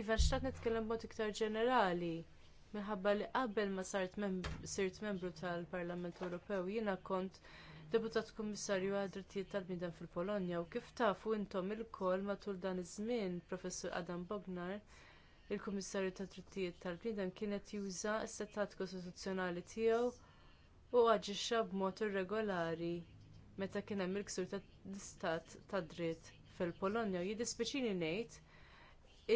C: Iva, xtaqt nitkellem b'mod iktar ġenerali. Minħabba li qabel ma sirt membru tal-Parlament Ewropew jiena kont deputat kummissarju għad-drittijiet tal-bniedem fil-Polonja u kif tafu intom ilkoll matul dan iż-żmien professur Adam Bognar il-Kummissarju tad-Drittijiet tal-Bniedem kienet juża s-settat kostituzzjonali tiegħu u aġixxa b'mod irregolari meta kien hemm il-ksur tal-istat tad dritt fil-Polonja u jiddispiċini ngħid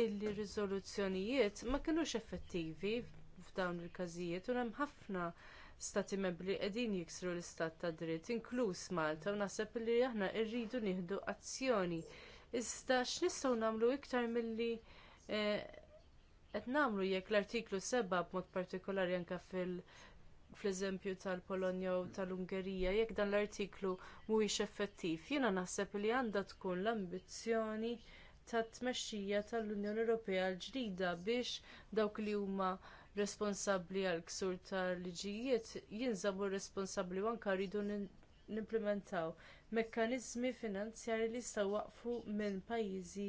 C: r riżoluzzjonijiet ma kinux effettivi f'dawn il-każijiet u hemm ħafna stati membri qegħdin jiksru l-istat ta' dritt, inkluż Malta, u naħseb li aħna rridu nieħdu azzjoni. Iżda x'nistgħu nagħmlu iktar milli eh, qed nagħmlu jekk l-artiklu 7 b'mod partikolari anke fil- fl-eżempju tal-Polonja u tal-Ungerija, jekk dan l-artiklu mhuwiex effettiv, jiena naħseb li għandha tkun l-ambizzjoni ta' tmexxija tal-Unjoni Ewropea l-ġdida biex dawk li huma responsabbli għal ksur tal-liġijiet jinżabu responsabbli anke rridu nimplementaw mekkaniżmi finanzjarji li jistgħu waqfu minn pajjiżi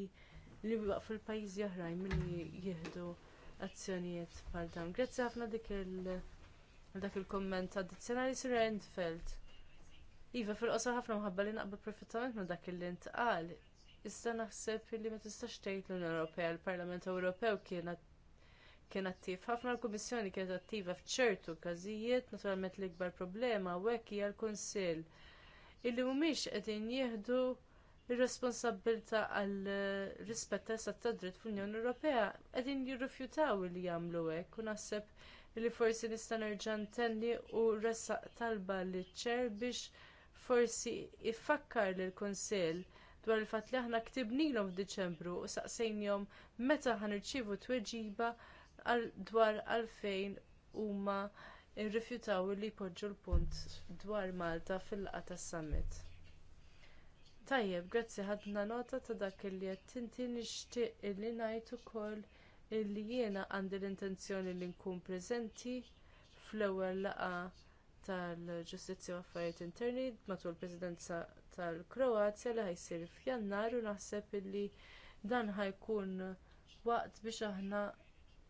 C: li waqfu l-pajjiżi oħrajn milli jieħdu azzjonijiet bħal dawn. Grazzi ħafna dik dak il-komment addizzjonali sur Endfeld. Iva fil-qosor ħafna mħabba li naqbel perfettament ma' dak li ntqal. Issa naħseb li ma tistax tgħid l-Unjoni Ewropea, l-Parlament Ewropew kienet kien attiv ħafna l-Kummissjoni kienet attiva f'ċertu każijiet, naturalment l-ikbar problema hekk hija l-Kunsill illi mhumiex qegħdin jieħdu r-responsabbilta għal rispett tas tad dritt fl-Unjoni Ewropea qegħdin jirrifjutaw li jagħmlu hekk u naħseb li forsi nista' nerġa' ntenni u ressaq talba li ċer biex forsi jfakkar lill kunsill dwar il-fatt li aħna ktibnilhom f'Diċembru u saqsejnhom meta ħanirċievu tweġiba tweġiba Għal dwar għalfejn huma rrifjutaw li jpoġġu l-punt dwar Malta fil-laqgħa tas-summit. Tajjeb, grazzi ħadna nota ta' dak li qed inti nixtieq illi ngħid ukoll li jiena għandi l-intenzjoni li nkun preżenti fl-ewwel laqgħa tal-Ġustizzja u Affarijiet Interni matul presidenza tal-Kroazja li ħajsir f'Jannar u naħseb illi dan ħajkun waqt biex aħna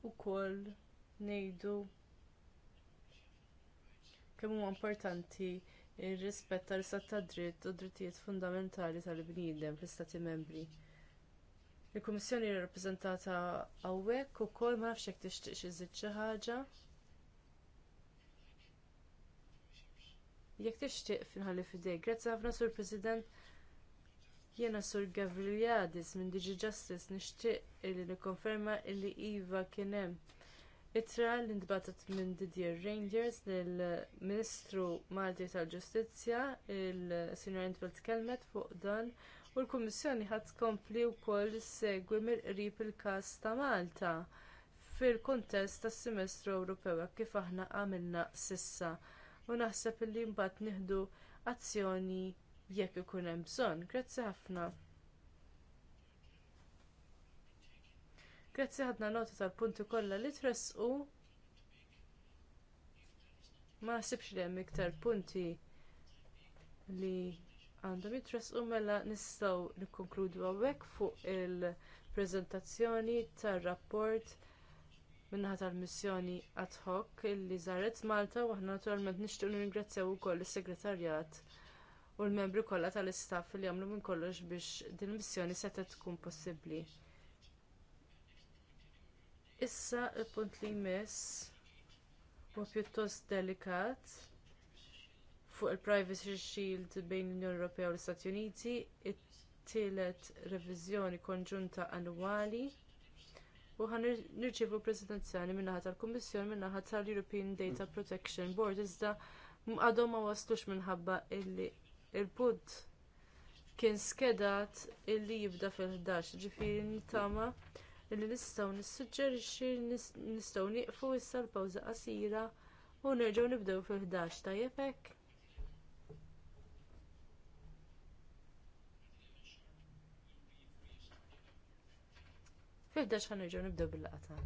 C: ukoll ngħidu kemm huwa importanti ir-rispett tal-istat ta' dritt u d drittijiet fundamentali tal-bniedem fl-istati membri. Il-Kummissjoni rrappreżentata hawnhekk ukoll ma nafx hekk tixtieq iżid xi ħaġa. Jekk tixtieq finħalli fidejk. Grazzi ħafna sur President Jiena sur Gavriljadis minn Digi Justice nixtieq li nikkonferma li Iva kien hemm Itra li ntbatet minn Didier Rangers lill-Ministru Malti tal-Ġustizzja, il-Sinjor Entfeld tkellmet fuq dan u l-Kummissjoni ħadd tkompli wkoll segwi mill-qrib il-każ ta' Malta fil-kuntest tas-Semestru Ewropew kif aħna għamilna sissa u naħseb li mbagħad nieħdu azzjoni jekk ikun hemm bżonn. Grazzi ħafna. Grazzi ħadna nota tal-punti kollha li tresqu. Ma nasibx li hemm iktar punti li għandhom jitresqu mela nistgħu nikkonkludu hawnhekk fuq il-preżentazzjoni tar-rapport minnaħat tal-missjoni ad hoc li żaret Malta u aħna naturalment nixtiequ ningrazzjaw ukoll is-segretarjat u l-membri kollha tal-istaff li jagħmlu minn kollox biex din il-missjoni seta tkun possibbli. Issa l punt li jmiss huwa pjuttost delikat fuq il-Privacy Shield bejn l-Unjoni Ewropea u l-Istati Uniti, it-tielet reviżjoni konġunta annwali u ħan nirċivu presidenzjali min-naħa tal-Kummissjoni min-naħa tal-European Data Protection Board iżda għadhom ma waslux minħabba illi Il-punt kien skedat illi jibda fil-11, ġifiri nittama illi nistgħu nissuġġerixxi nistgħu nieqfu issa l-pawża qasira u nerġgħu nibdew fil-11 tajjeb hekk. Fil-11 ħanerġgħu nibdew bil-laqgħa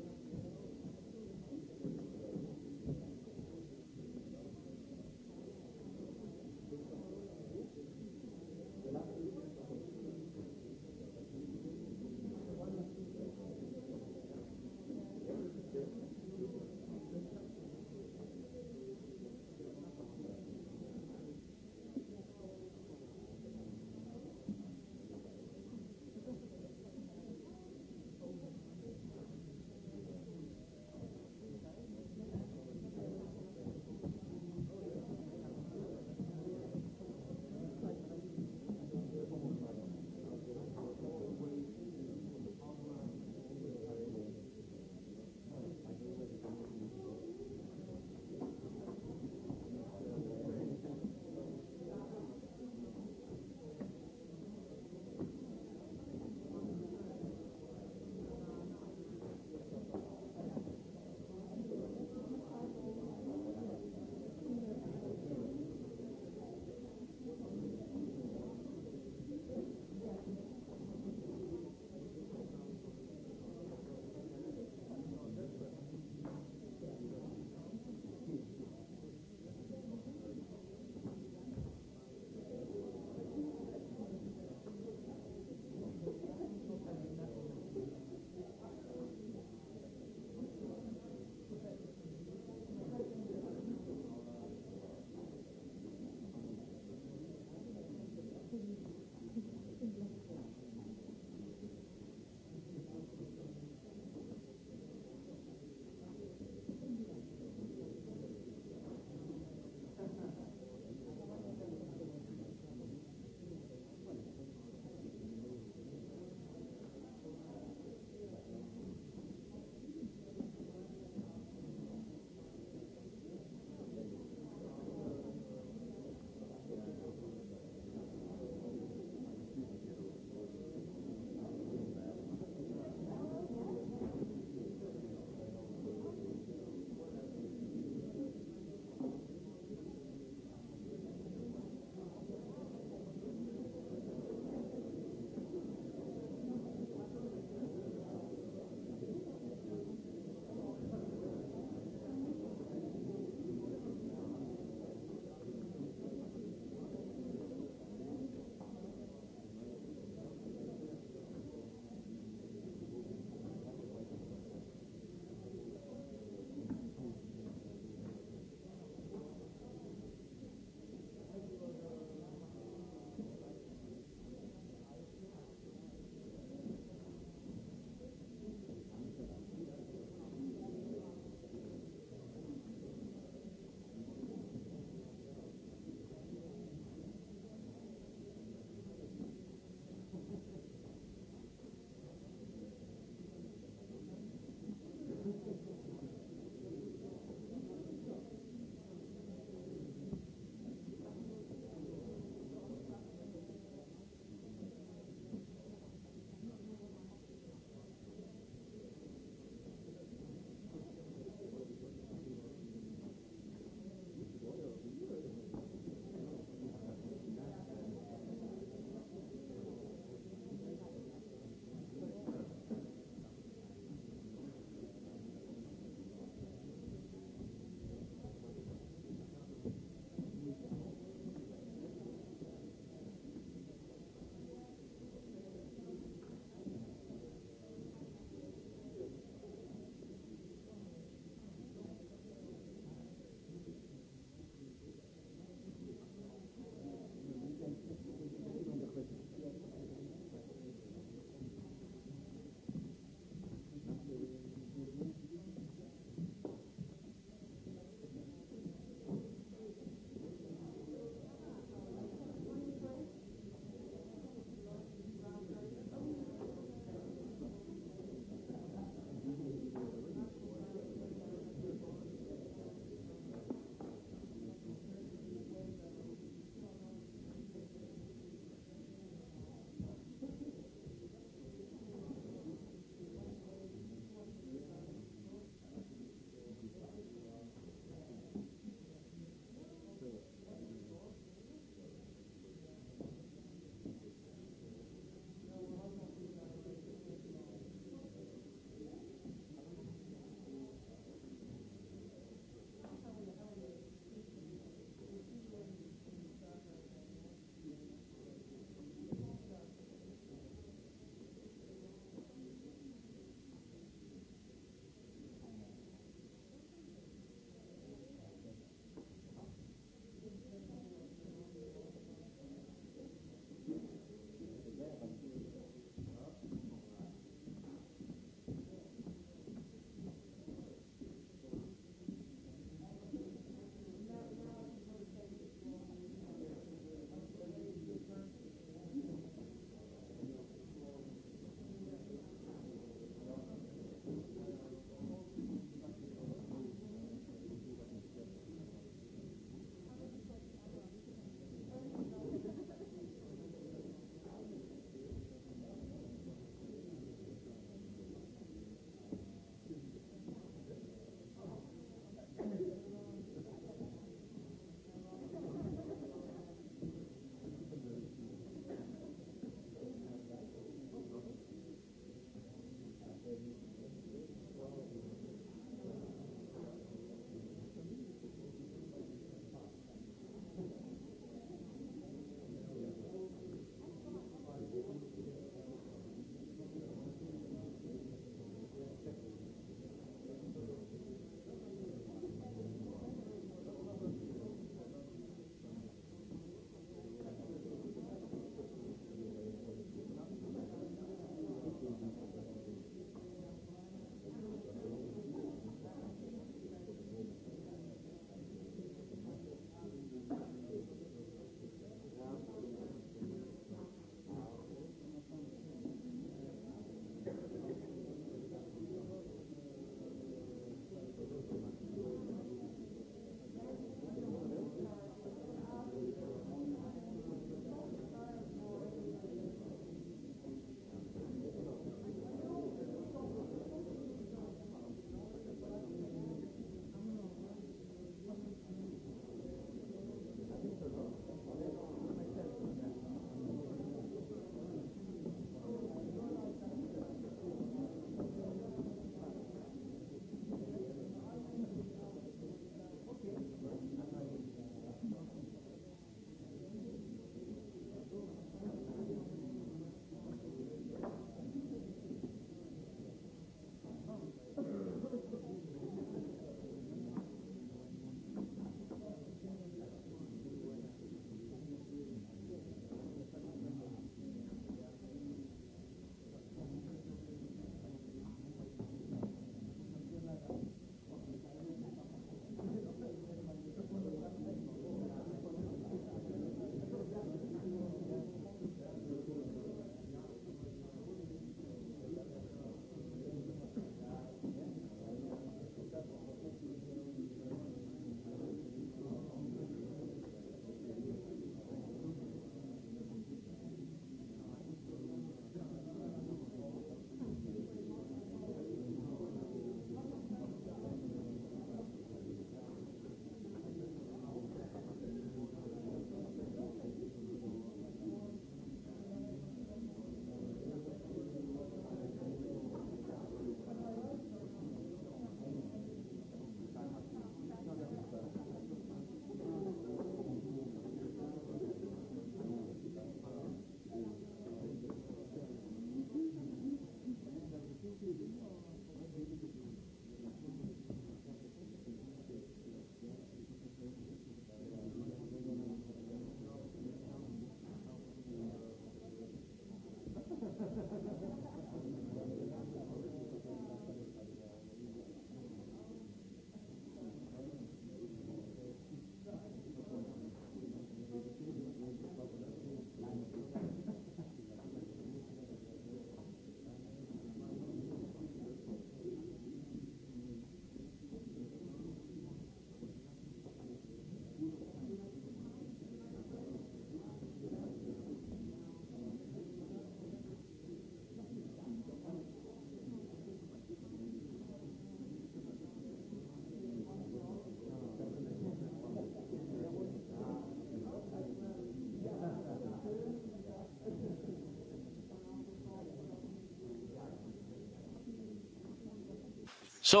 D: So.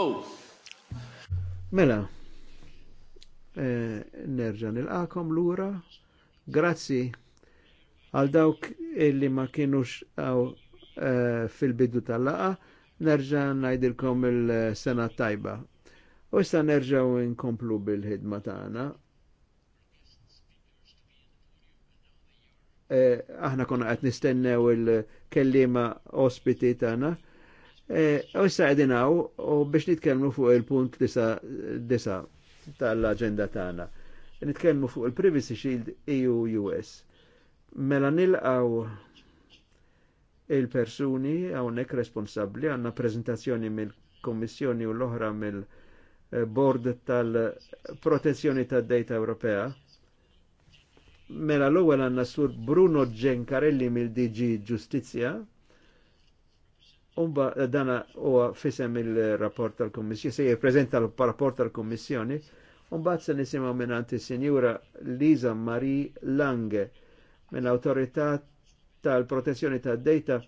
B: Mela, eh, nerġa nil-għakom l-ura, grazzi għal dawk illi ma kienux għaw eh, fil-bidu tal-laqa, nerġa najdilkom il-sena tajba. U issa nerġaw inkomplu bil-ħidma tagħna. Eh, aħna konna qed nistennew il-kellima ospiti tagħna E, u issa għedinaw u biex nitkellmu fuq il-punt disa tal-agenda tagħna. Nitkellmu fuq il-Privacy Shield EU-US. Mela nilqaw il-persuni hawnhekk responsabbli għandna prezentazzjoni mill-Kommissjoni u l-oħra mill-Bord tal-Protezzjoni tad-Data Ewropea. Mela l-ewwel għandna sur Bruno Gencarelli mill-DG Ġustizzja, Umba eh, dana huwa fisem il-rapport tal-Kummissjoni, se jippreżenta l-rapport tal-Kummissjoni, umba se nisimaw minn il-Sinjura Liza Marie Lange minn autorità tal-protezzjoni tad data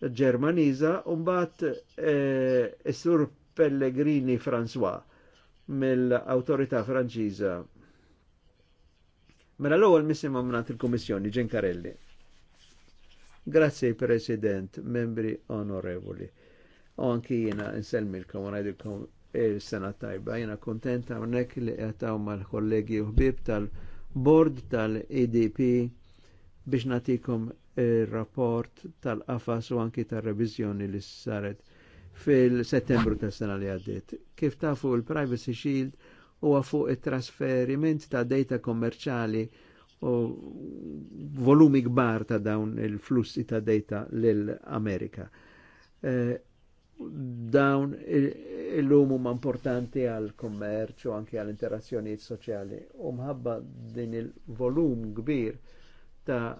B: ġermaniza umbat eh, Sur e, Pellegrini François mill-autorità franċiża. Mela l-ewwel minn minnant il-Kummissjoni Ġenkarelli. Grazzi President, membri onorevoli. Anki jina nselmilkom u e najdilkom il-sena tajba. Jina kontenta unnek li għataw mal-kollegi uħbib tal-bord tal-EDP biex natikom il-rapport tal-qafas u anki tal-revizjoni li saret fil-settembru tal sena li għaddit. Kif tafu il-Privacy Shield huwa fuq it-trasferiment ta' data kommerċali volumi kbar ta' dawn il-flussi ta' data l-Amerika. Eh, dawn il-lum huma importanti għal kommerċ u anke għal interazzjonijiet soċjali. U mħabba din il-volum kbir ta'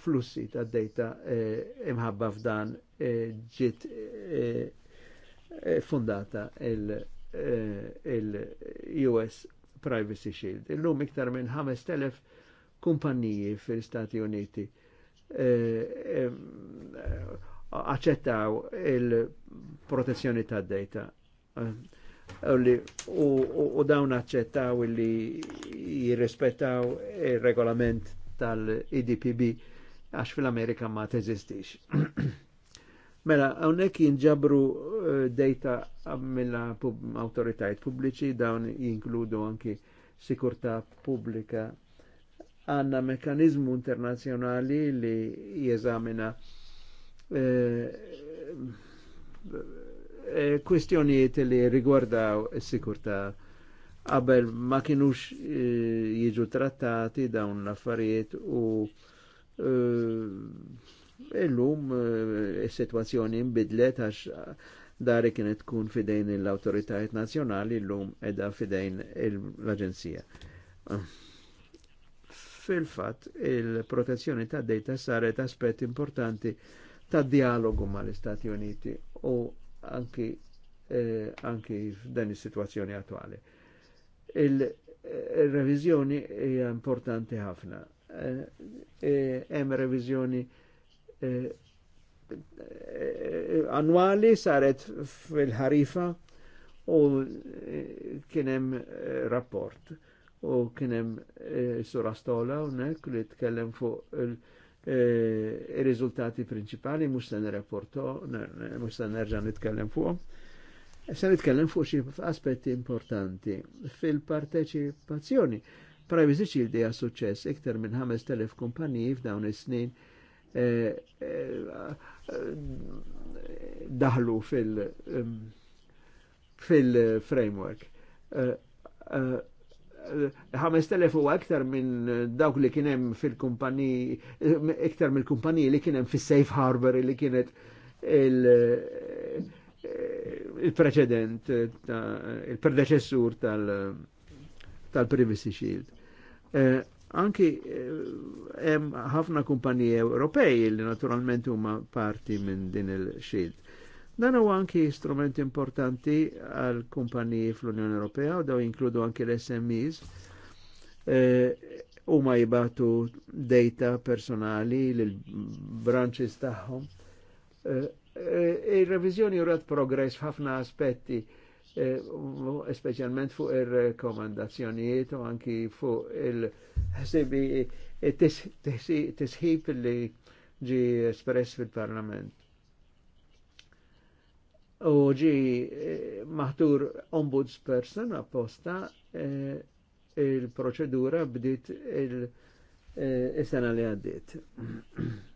B: flussi ta' data eh, imħabba f'dan eh, ġit fundata il-US Privacy Shield. Il-lum iktar minn 5000 kumpanniji fil-Stati Uniti eh, eh, aċċettaw il-protezzjoni ta' data eh, u dawn aċċettaw li jirrispettaw il-regolament tal-IDPB għax fil-Amerika ma teżistix. mela, għonek jinġabru data mill autoritajt pubbliċi, dawn jinkludu anki sikurta pubblika għanna mekanizmu internazjonali li jeżamina eh, eh, kwistjonijiet li rigwardaw is-sikurtà qabel ma kienux eh, jiġu trattati dawn l-affarijiet u illum is-sitwazzjoni nbidlet għax dari kienet tkun fidejn l-autoritajiet nazjonali l-lum edha fidejn l-Aġenzija. Fil-fat, il-protezzjoni ta' data saret aspett importanti ta' dialogu ma' l-Istati Uniti u anki, eh, anki f'dan is-sitwazzjoni attuali. Il-revizjoni il eh, hija importanti ħafna. Eh, eh, hemm eh, revizjoni eh, annwali saret fil-ħarifa u kien hemm rapport u kienem e, sura stola unnek li tkellem fuq il-rizultati e, principali mux se nirreporto, mux se nerġa nitkellem fuq. Se nitkellem fuq xie aspetti importanti. Fil-parteċipazzjoni, Private Shield hija suċċess iktar minn 5000 kumpaniji f'dawn is-snin e, daħlu fil- fil-framework. Uh, 5000 u iktar minn dawk li kienem fil-kumpaniji, iktar minn kumpaniji li kienem fil safe harbor li kienet eh, il-preċedent, il-predeċessur tal-Privacy Shield. Eh, anki eh, hemm ħafna kumpaniji Ewropej li naturalment huma parti minn din il-Shield. Dan huwa anki strument importanti għal kumpaniji fl-Unjoni Ewropea u daw jinkludu anki l-SMEs e, u ma jibatu data personali l-branches tagħhom. E, e, il-revizjoni urat progress ħafna aspetti specialment fuq il-rekomandazzjonijiet u anki fuq il-ħsibi tisħib li ġi espress fil-parlament uġi ġi eh, maħtur ombudsperson apposta eh, il-proċedura bdiet il-sena eh, li għaddit.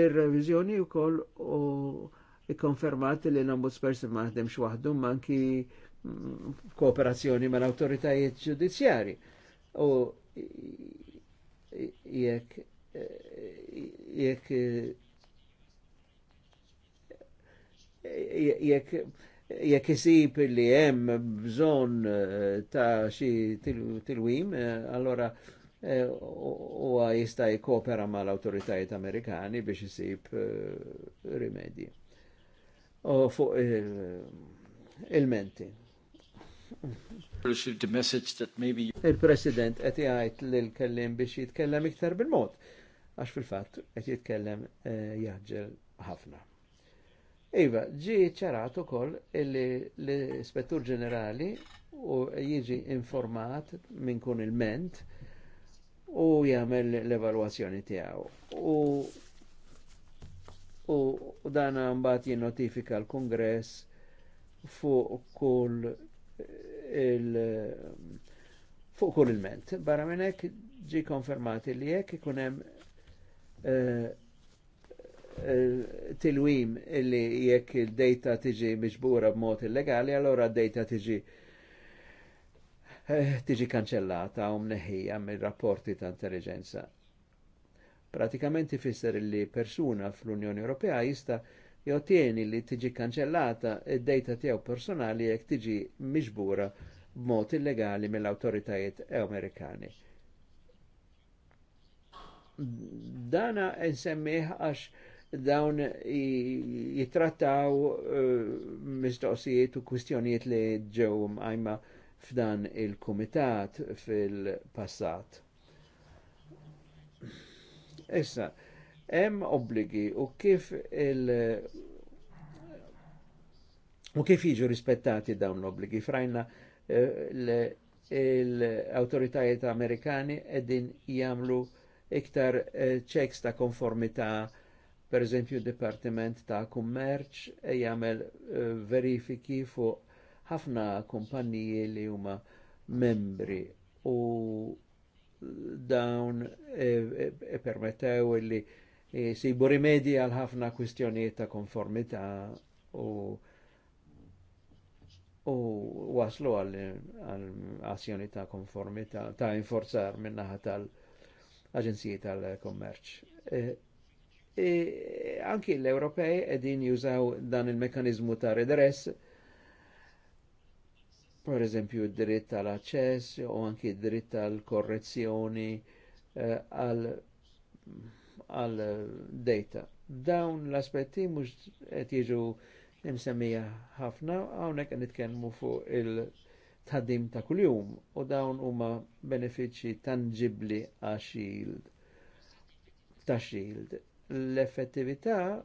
B: Il-revizjoni u koll u konfermat li l-ombudsperson maħdem xwaħdu manki mm, kooperazzjoni mal autoritajiet ġudizzjari. U jekk jekk jekk jekk isib li hemm bżonn eh, ta' xi tilwim, eh, allora huwa eh, jista' jkopera mal-awtoritajiet Amerikani biex isib rimedji. U fuq il-menti. Il-President qed jgħid lil kellim biex jitkellem iktar bil-mod, għax fil-fatt qed jitkellem jaġġel ħafna. Iva, ġi ċarat koll illi l-Ispettur Ġenerali u jiġi informat minn kun il-ment u jgħamil l evaluazzjoni tijaw. U u, u dan mbagħad jinnotifika l-Kongress fuq kull il fuq kull il-ment. Barra minnek ġi konfermati li jek ikunem Eh, tilwim illi jekk il-data tiġi miġbura b'mod illegali, allora d-data tiġi eh, tiġi kanċellata u mneħija mill-rapporti ta' intelligenza. Pratikament ifisser li persuna fl-Unjoni Ewropea jista' jottieni li tiġi kanċellata id-data tiegħu personali jekk tiġi miġbura b'mod illegali mill-awtoritajiet Amerikani dana nsemmiħ għax dawn jitrattaw eh, mistoqsijiet u kwistjonijiet li ġew għajma f'dan il-kumitat fil-passat. Issa, hemm obbligi u kif il- u kif jiġu rispettati dawn l-obbligi. Frajna eh, l-autoritajiet amerikani edin jamlu iktar eh, checks ta' konformita' Per eżempju, Dipartiment ta' Kummerċ e jagħmel eh, verifiki fuq ħafna kumpaniji li huma membri u dawn e, e, e permettew li e, sibu rimedi għal ħafna kwistjonijiet ta' konformità u u waslu għal azzjoni ta' konformità ta' inforzar minnaħa tal-Aġenziji tal-Kommerċ. E, E, anki l-Ewropej edin jużaw dan il-mekanizmu ta' redress, per eżempju id-dritt tal-aċċess u anki id-dritt tal-korrezzjoni e, għal data. Dawn l-aspetti mhux qed jiġu imsemmija ħafna hawnhekk qed nitkellmu fuq il tadim ta' kuljum u dawn huma benefiċċji tangibbli għax ta' shield L-effettività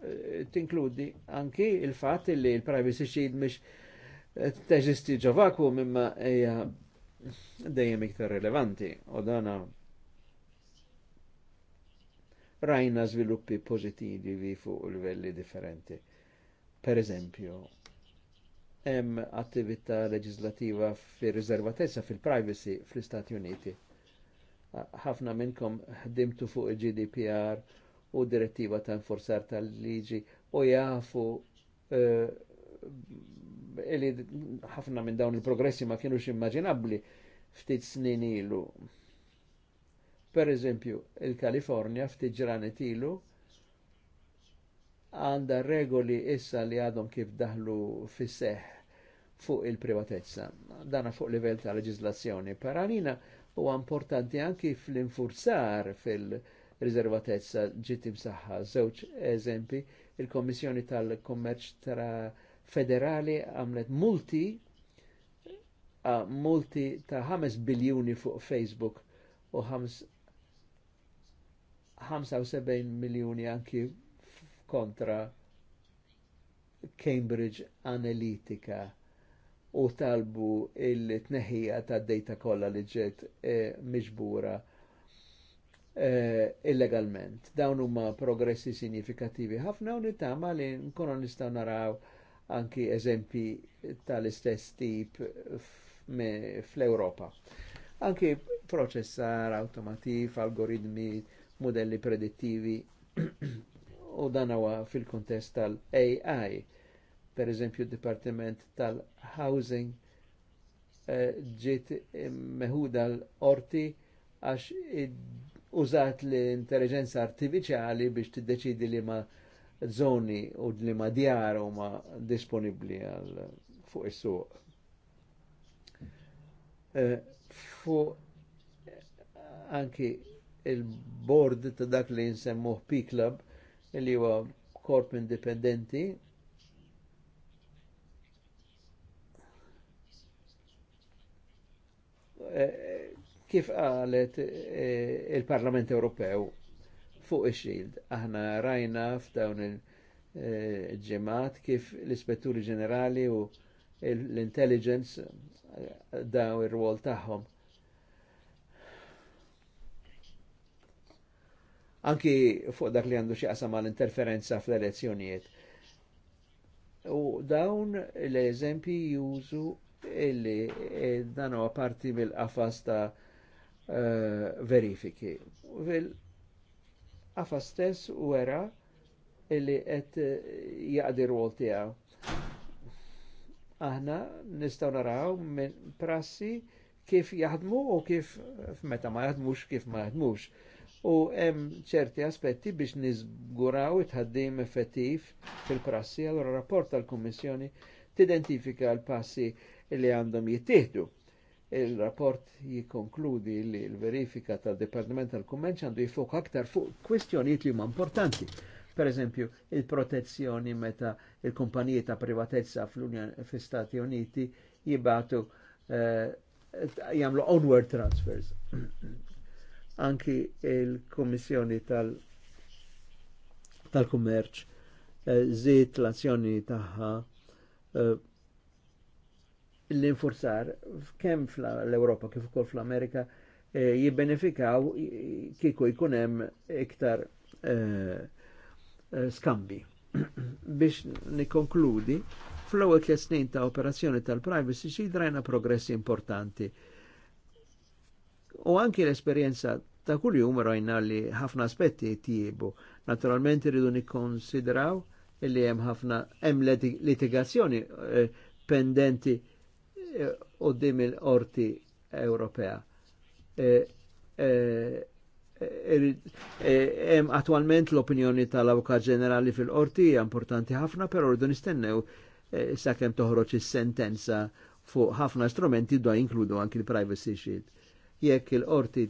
B: eh, tinkludi anki il fat li l-privacy shield mish teġisti ġovaku mimma imma dejjem iktar relevanti u dana rajna sviluppi pozittivi fuq livelli differenti. Per eżempju, hemm attività leġislativa fir riservatezza fil-privacy fl-Istati Uniti ħafna minnkom ħdimtu fuq il-GDPR u direttiva ta' enforzar tal-liġi u jafu eh, illi ħafna minn dawn il-progressi ma kienux immaġinabbli ftit snin ilu. Per eżempju, il kalifornia ftit ġranet ilu għanda regoli issa li għadhom kif daħlu fis-seħ fuq il-privatezza, dana fuq livell ta' leġislazzjoni. Paranina u importanti anki fl-infurzar fil-riservatezza ġitim saħħa. Żewġ eżempi, il-Kommissjoni tal-Kommerċ tra Federali għamlet multi multi ta' 5 biljuni fuq Facebook u 75 miljoni anki kontra Cambridge Analytica u talbu il-tneħija ta' dejta kolla li ġiet eh, miġbura eh, illegalment. Dawn huma progressi sinifikativi ħafna u nitama li nkunu nistgħu naraw anki eżempi tal-istess tip fl-Ewropa. Anki proċessar automatif algoritmi, modelli predittivi u dan huwa fil-kontest tal-AI per eżempju Dipartiment tal-Housing eh, ġiet meħuda l-orti għax użat l-intelligenza artificiali biex t-deċidi li ma zoni u li ma djar u ma disponibli għal fuq is-suq. Eh, fuq anki il-board ta' dak li nsemmuh P-Club li huwa korp indipendenti kif qalet eh, il-Parlament Ewropew fuq il xild Aħna rajna f'dawn il-ġemat eh, kif l-Ispetturi Ġenerali u l-intelligence eh, daw ir-rwol tagħhom. Anki fuq dak li għandu ma mal interferenza fl-elezzjonijiet. U dawn l-eżempi jużu illi e, dan huwa parti mill-qafas ta' e, verifiki. Fil-qafas stess wera illi qed e, jaqdi rwol tiegħu. Aħna nistgħu naraw minn prassi kif jaħdmu u kif meta ma jaħdmux kif ma jaħdmux. U hemm ċerti aspetti biex niżguraw it-ħaddim effettiv fil-prassi, allora rapport tal-Kummissjoni tidentifika l-passi li għandhom jittieħdu. Il-rapport jikonkludi li l-verifika tal Departiment tal kummenċ għandu jifok aktar fuq kwestjonijiet li huma importanti. Per eżempju, il-protezzjoni meta il-kumpaniji ta' privatezza fl-Stati fl Uniti jibatu jagħmlu eh, jamlu onward transfers. Anki il kommissjoni tal-Kummerċ eh, tal l-azzjoni taħħa eh, l-infurzar kemm fl-Europa kif ukoll fl-Amerika eh, jibbenefikaw kieku jkun hemm iktar eh, eh, skambi. Biex nikonkludi, fl-ewwel tliet snin ta' operazzjoni tal-privacy xi drajna progressi importanti. U anki l-esperjenza ta' kuljum rajna li ħafna aspetti tjiebu. Naturalment irridu nikkonsidraw li hemm ħafna hemm litigazzjoni pendenti dim il-qorti Ewropea. E, e, e, hemm attualment l-opinjoni tal-Avukat Ġenerali fil-qorti hija importanti ħafna, però rridu nistennew sakemm toħroġ is-sentenza fuq ħafna strumenti dwa inkludu anki l-privacy shield. Jekk il-qorti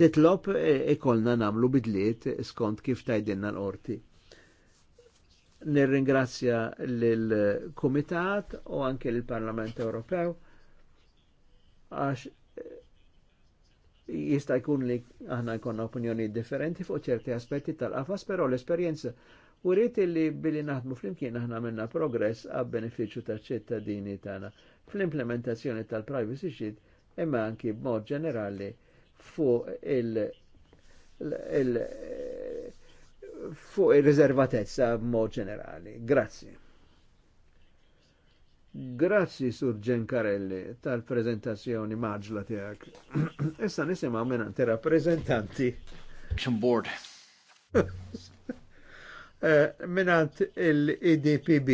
B: titlob ikollna namlu bidliet skont kif tajdinna l-qorti nirringrazzja l-Kumitat u anke l-Parlament Ewropew għax eh, jista' jkun li aħna jkollna opinjoni differenti fuq ċerti aspetti tal-qafas, però l-esperjenza Uriet li billi naħdmu flimkien aħna minna progress għab beneficju ta' ċittadini tagħna fl-implementazzjoni tal-privacy sheet imma anki b'mod ġenerali fuq il-, il, il fuq ir-riservatezza mod ġenerali. Grazzi. Grazzi Sur Ġenkarelli tal-prezentazzjoni maġla tijak. Issa nisimgħu minn rappreżentanti. Board. Eh, Minant il-IDPB.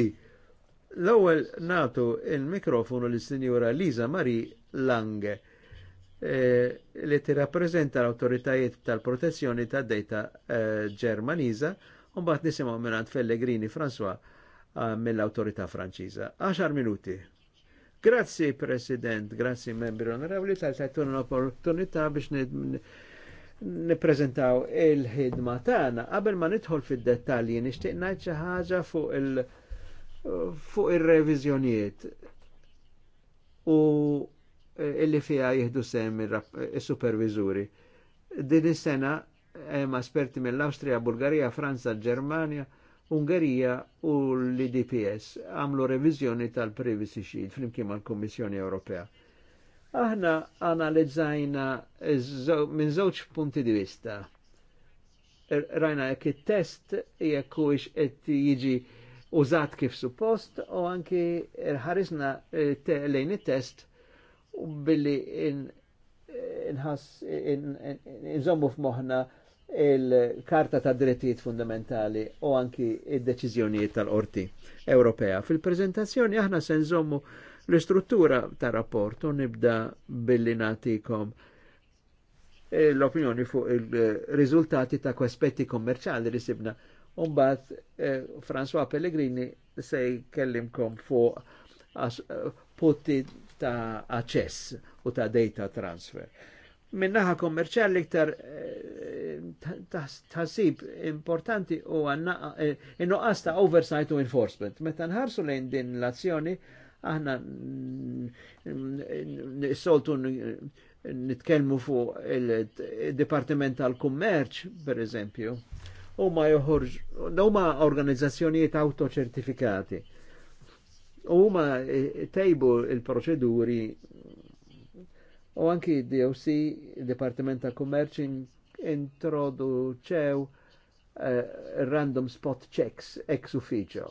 B: l ewel natu il-mikrofonu l sinjura Lisa Marie Lange Eh, li tirrappreżenta l-autoritajiet tal-protezzjoni tad data eh, ġermaniża u mbagħad nisimgħu mingħand Pellegrini François eh, mill-autorità Franċiża. 10 minuti. Grazzi President, grazzi membri onorabli, tal-tajtun l-opportunità biex nippreżentaw il-ħidma tagħna. Qabel ma nidħol fid-dettalji nixtieq ngħid xi ħaġa fuq il- fuq ir-reviżjonijiet. U Eh, illi fija jihdu sem eh, il-supervizuri. Din is-sena hemm esperti mill-Awstrija, Bulgarija, Franza, Germania, Ungerija u l-IDPS għamlu revizjoni tal-Privacy Shield flimkien mal-Kommissjoni Ewropea. Aħna analizzajna minn żewġ punti di vista. Er- rajna jekk it-test jekk huwiex qed jiġi użat kif suppost u anki ħarisna eh, lejn it-test u billi inżommu f'moħna il-karta ta' drittijiet fundamentali u anki id-deċiżjonijiet tal-qorti Ewropea. Fil-prezentazzjoni aħna se nżommu l-istruttura ta' rapport u nibda billi natikom eh, l-opinjoni fuq il-riżultati ta' kwaspetti kommerċali li sibna. Umbat, eh, François Pellegrini se jkellimkom fuq eh, putti ta' access u ta' data transfer. Minnaħa kommerċjali iktar eh, tasib importanti u eh, innoqqas ta' oversight u enforcement. Meta nħarsu lejn din l-azzjoni, aħna soltu nitkelmu fuq il-Dipartiment tal-Kummerċ, per eżempju, u ma joħorġ, u ma organizzazzjonijiet autoċertifikati U huma eh, tejbu il-proċeduri u anki DOC, Departiment ta' Kummerċ, introduċew eh, random spot checks ex ufficio.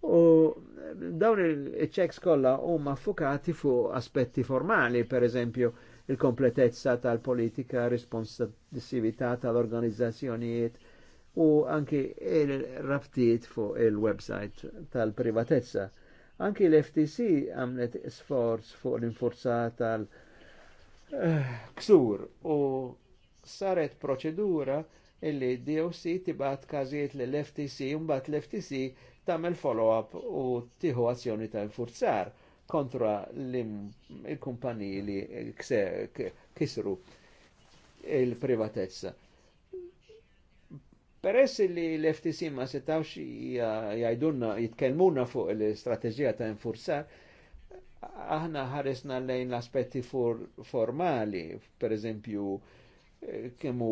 B: U eh, dawn il-checks kolla huma fukati fu aspetti formali, per eżempju il-kompletezza tal-politika, responsabilità tal-organizzazzjonijiet u anki il-raftiet fu il-website tal-privatezza. Anki l-FTC għamlet sforz fuq l-infurzat tal eh, ksur u saret proċedura illi DOC tibat kazijiet l-FTC un bat l-FTC tamel follow-up u tiħu azzjoni ta' infurzar kontra l-kumpaniji li kisru il-privatezza. Peress li l-FTC ma setawx jajdunna, jitkelmuna fuq l-strategija ta' infursar, aħna ħaresna lejn l-aspetti for, formali, per eżempju, eh, kemmu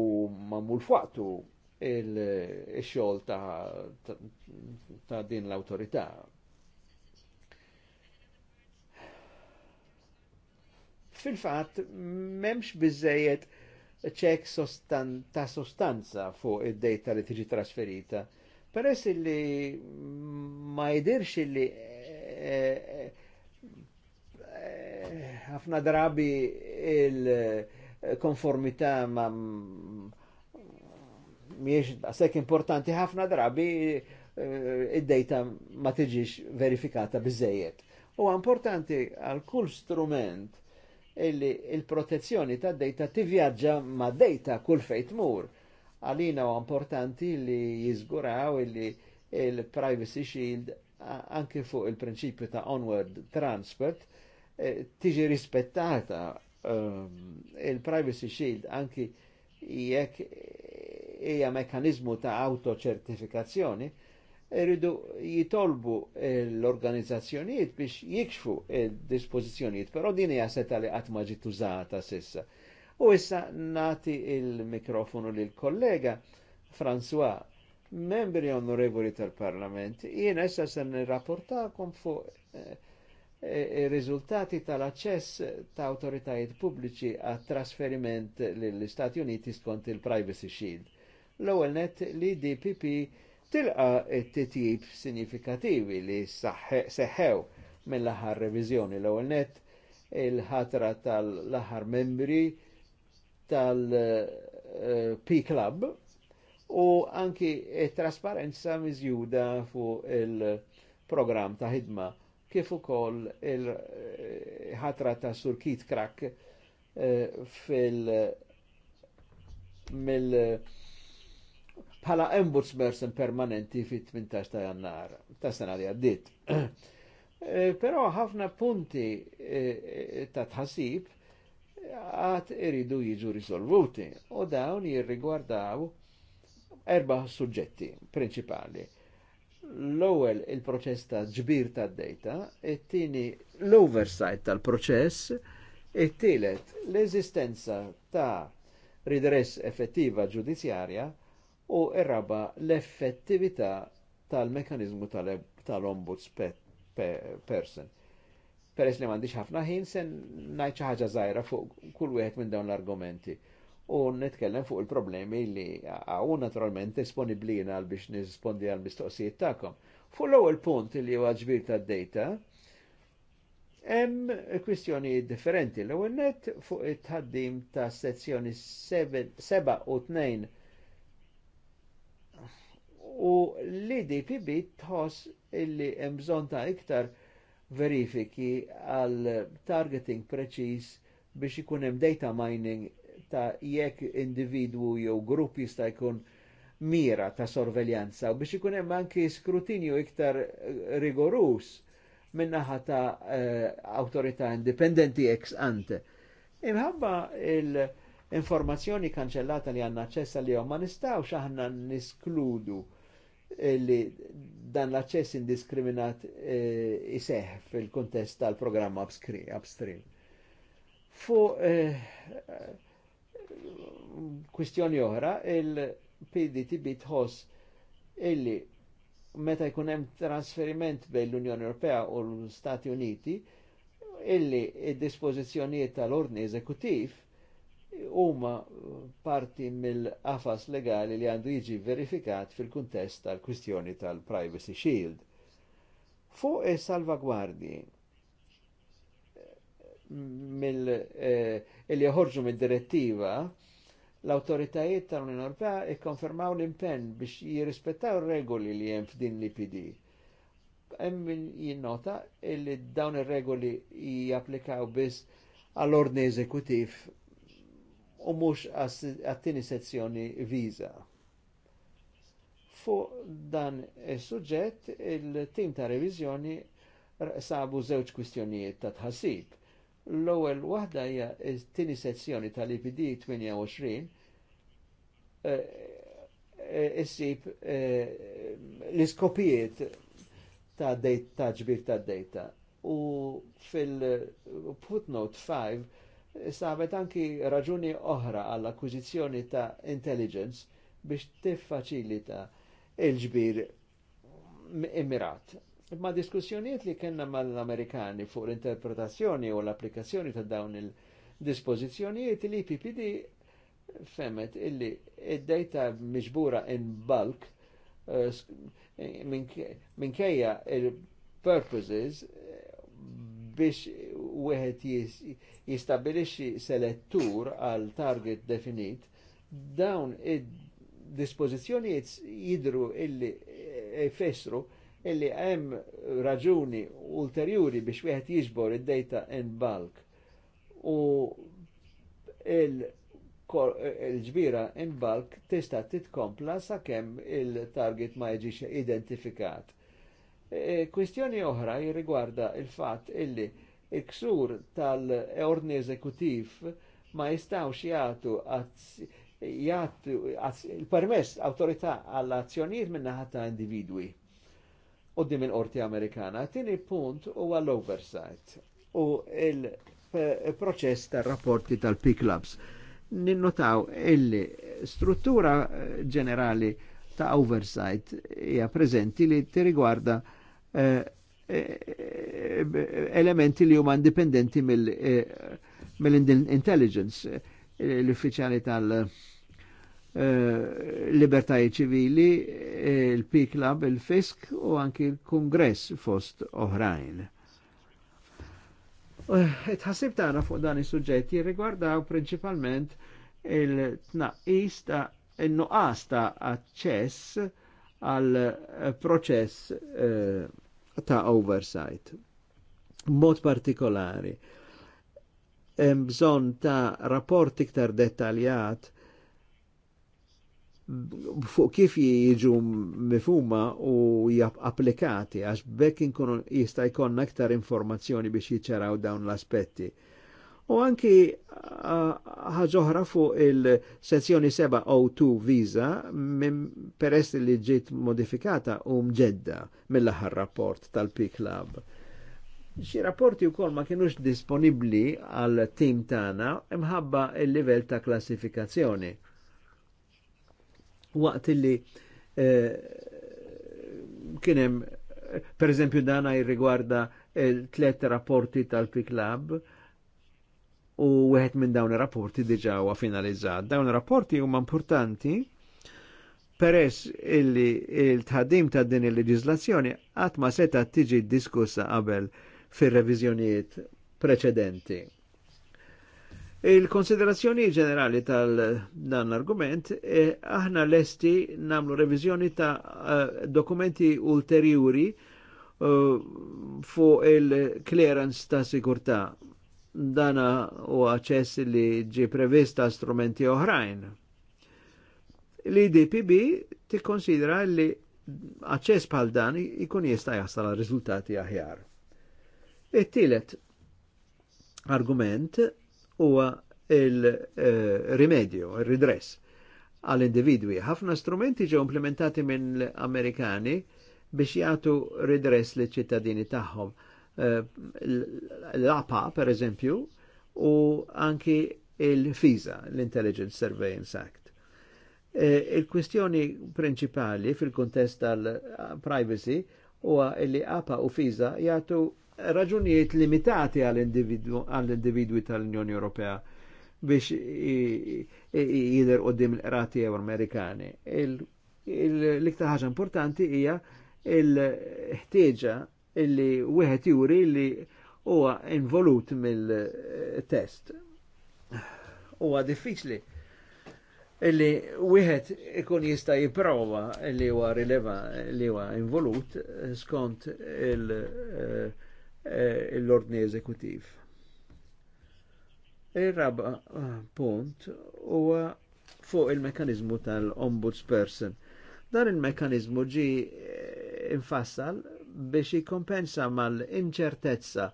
B: mamul fuqtu il-xol ta, ta, ta' din l-autorità. Fil-fat, memx bizzejet, ċek sostan ta' sostanza fuq id-data li tiġi trasferita. Peress li ma jidirx li ħafna eh, eh, drabi il-konformità ma miex sekk importanti ħafna drabi eh, id-data ma tiġix verifikata bizzejiet. U importanti għal kull strument il-protezzjoni ta' data tivjaġġa ma' data kull fejn tmur. Għalina u importanti li jizguraw li il-Privacy Shield anke fuq il-prinċipju ta' onward transport eh, tiġi rispettata ehm, il-Privacy Shield anke jekk hija mekanizmu ta' autoċertifikazzjoni, irridu jitolbu l-organizzazzjonijiet biex jikxfu il-dispozizjonijiet, però din hija seta li qatt ma ġiet użata sissa. U issa nati il-mikrofonu lil kollega François, membri onorevoli tal-Parlament, jiena issa se nirrapportakom fuq il-riżultati eh, eh, tal-aċċess ta' autoritajiet pubbliċi għat trasferiment lill istati Uniti skont il-Privacy Shield. L-ewwel net li DPP tilqa t-titjib sinifikativi li seħew mill-aħħar revizjoni l-ewwel net il-ħatra tal laħar membri tal-P-Club u anki trasparenza miżjuda fu il program ta' ħidma kif ukoll il-ħatra ta' surkit krak eh, fil- mill- bħala ombudsperson permanenti fit-18 ta' jannar ta' sena li għaddit. Eh, però ħafna punti eh, ta' tħasib għat iridu jiġu risolvuti u dawn jirrigwardaw erba suġġetti principali. L-ewwel il-proċess ta' ġbir ta' data, it-tieni l-oversight tal-proċess, it-tielet l-eżistenza ta' ridress effettiva ġudizzjarja, u erraba l-effettività tal-mekanizmu tal-ombuds pe person. Peress li mandiċ ħafna ħin se ngħid xi ħaġa żgħira fuq kull wieħed minn dawn l-argumenti u nitkellem fuq il-problemi li għaw naturalment disponiblina għal biex nispondi għal mistoqsijiet tagħkom. Fu l-ewwel punt li huwa ġbir tad-data, hemm kwistjoni differenti. L-ewwel net fuq it-tħaddim ta' sezzjoni 7 u 2 u l-IDPB tħoss illi hemm bżonn ta' iktar verifiki għal targeting preċis biex ikun hemm data mining ta' jekk individwu jew grupp jista' jkun mira ta' sorveljanza u biex ikun hemm anki skrutinju iktar eh, rigorus minnaħa ta' uh, eh, autorità indipendenti ex ante. Imħabba il- informazzjoni kanċellata li għanna ċessa li ma nistawx aħna niskludu li dan l-aċċess indiskriminat jiseħ eh, fil-kontest tal-programm upstream. Fu eh, kwistjoni oħra, il-PDTB tħoss illi meta jkun hemm trasferiment bejn l-Unjoni Ewropea u l-Stati Uniti, illi id-dispożizzjonijiet tal-ordni eżekutiv huma parti mill-qafas legali li għandu jiġi verifikat fil-kuntest tal-kwistjoni tal-Privacy Shield. Fuq e salvagwardji mill eh, il joħorġu mid-direttiva l-autoritajiet tal-Unjoni Ewropea ikkonfermaw l-impenn biex jirrispettaw regoli li hemm f'din l-IPD. Hemm jinnota li dawn ir-regoli japplikaw biss għall-ordni eżekutiv u mux għattini sezzjoni viza. Fuq dan il sujġet il-tim ta' revizjoni sabu żewġ kwistjonijiet ta' tħassib. L-ewwel waħda hija t-tieni sezzjoni tal-IPD 28 eh, eh, issib eh, l-iskopijiet ta' ta' ġbir ta' data. U fil-footnote 5 sabet anki raġuni oħra għall-akkużizzjoni ta' intelligence biex tiffaċilita il-ġbir immirat. Ma diskussjoniet li kena mal-Amerikani fuq l-interpretazzjoni u l-applikazzjoni ta' dawn il dispozizjoniet li PPD femet illi id-dejta miġbura in bulk eh, minkejja il-purposes biex wieħed jistabilixxi selettur għal target definit, dawn id-dispożizzjonijiet jidru illi eh, jfessru illi hemm raġuni ulterjuri biex wieħed jiġbor id-data in bulk u il-ġbira in bulk tista' titkompla sakemm il-target ma jiġix identifikat. Eh, kwistjoni oħra jirrigwarda il-fatt illi iksur tal-ordni eżekutif ma jistawx jgħatu jgħatu il-permess autorità għall-azzjonijiet minnaħa ta' individwi u dim il orti amerikana. Tini punt u għall-oversight u il-proċess eh, tal-rapporti tal-P-Clubs. Ninnotaw illi struttura eh, ġenerali ta' oversight hija preżenti li tirrigwarda eh, elementi li huma indipendenti mill-intelligence eh, eh, l-uffiċjali tal-libertajiet eh, ċivili, il-P-Club, il-Fisk u anki l kongress fost oħrajn. Tħassib tagħna fuq dan il-sujġetti rigwardaw principalment il tnaqis ta' il nuqas ta' aċċess għal proċess ta' oversight. Mod partikolari, hemm bżonn ta' rapport iktar dettaljat fuq kif jiġu mifuma u applikati għax bekk jista' jkollna aktar informazzjoni biex jiċċaraw dawn l-aspetti u anki ħagħoħra fuq il-sezzjoni 702 visa minn peress li ġiet modifikata u um mġedda mill-aħħar rapport tal-P Club. Xi rapporti wkoll ma kienux disponibbli għal tim tagħna imħabba il-livell ta' klassifikazzjoni. Waqt li e, kien hemm per dana jirrigwarda il-tlet rapporti tal-P Club, u wieħed minn dawn ir-rapporti diġà huwa finalizzat. Dawn ir-rapporti huma importanti peress illi il-tħaddim ta' din il-leġislazzjoni qatt ma seta' tiġi diskussa qabel fir-reviżjonijiet preċedenti. Il-konsiderazzjoni ġenerali tal dan l-argument eh, aħna lesti namlu reviżjoni ta' eh, dokumenti ulterjuri eh, fuq il-clearance ta' sigurtà dana u għacess li ġi prevista strumenti oħrajn. L-IDPB ti konsidra li għacess pal dan ikun jista' jasal għal aħjar. It-tielet argument huwa il-rimedju, il-redress għall-individwi. Ħafna strumenti ġew implementati minn l Amerikani biex jagħtu redress li ċittadini tagħhom Eh, l-APA per eżempju u anki il-FISA, l-Intelligence Surveillance Act. Eh, il-kwistjoni principali fil-kontest tal-privacy u li APA u FISA jgħatu raġunijiet limitati għall-individwi tal-Unjoni Ewropea biex jider u dim l-qrati Amerikani. L-iktar ħaġa importanti hija il-ħtieġa illi wieħed juri li huwa involut mill-test. Huwa diffiċli illi wieħed ikun jista' jipprova li huwa rileva li huwa involut skont eh, l-ordni eżekutiv. Ir-raba punt huwa fuq il-mekanizmu tal-ombudsperson. Dan il-mekanizmu ġi infassal biex jikkompensa mal-inċertezza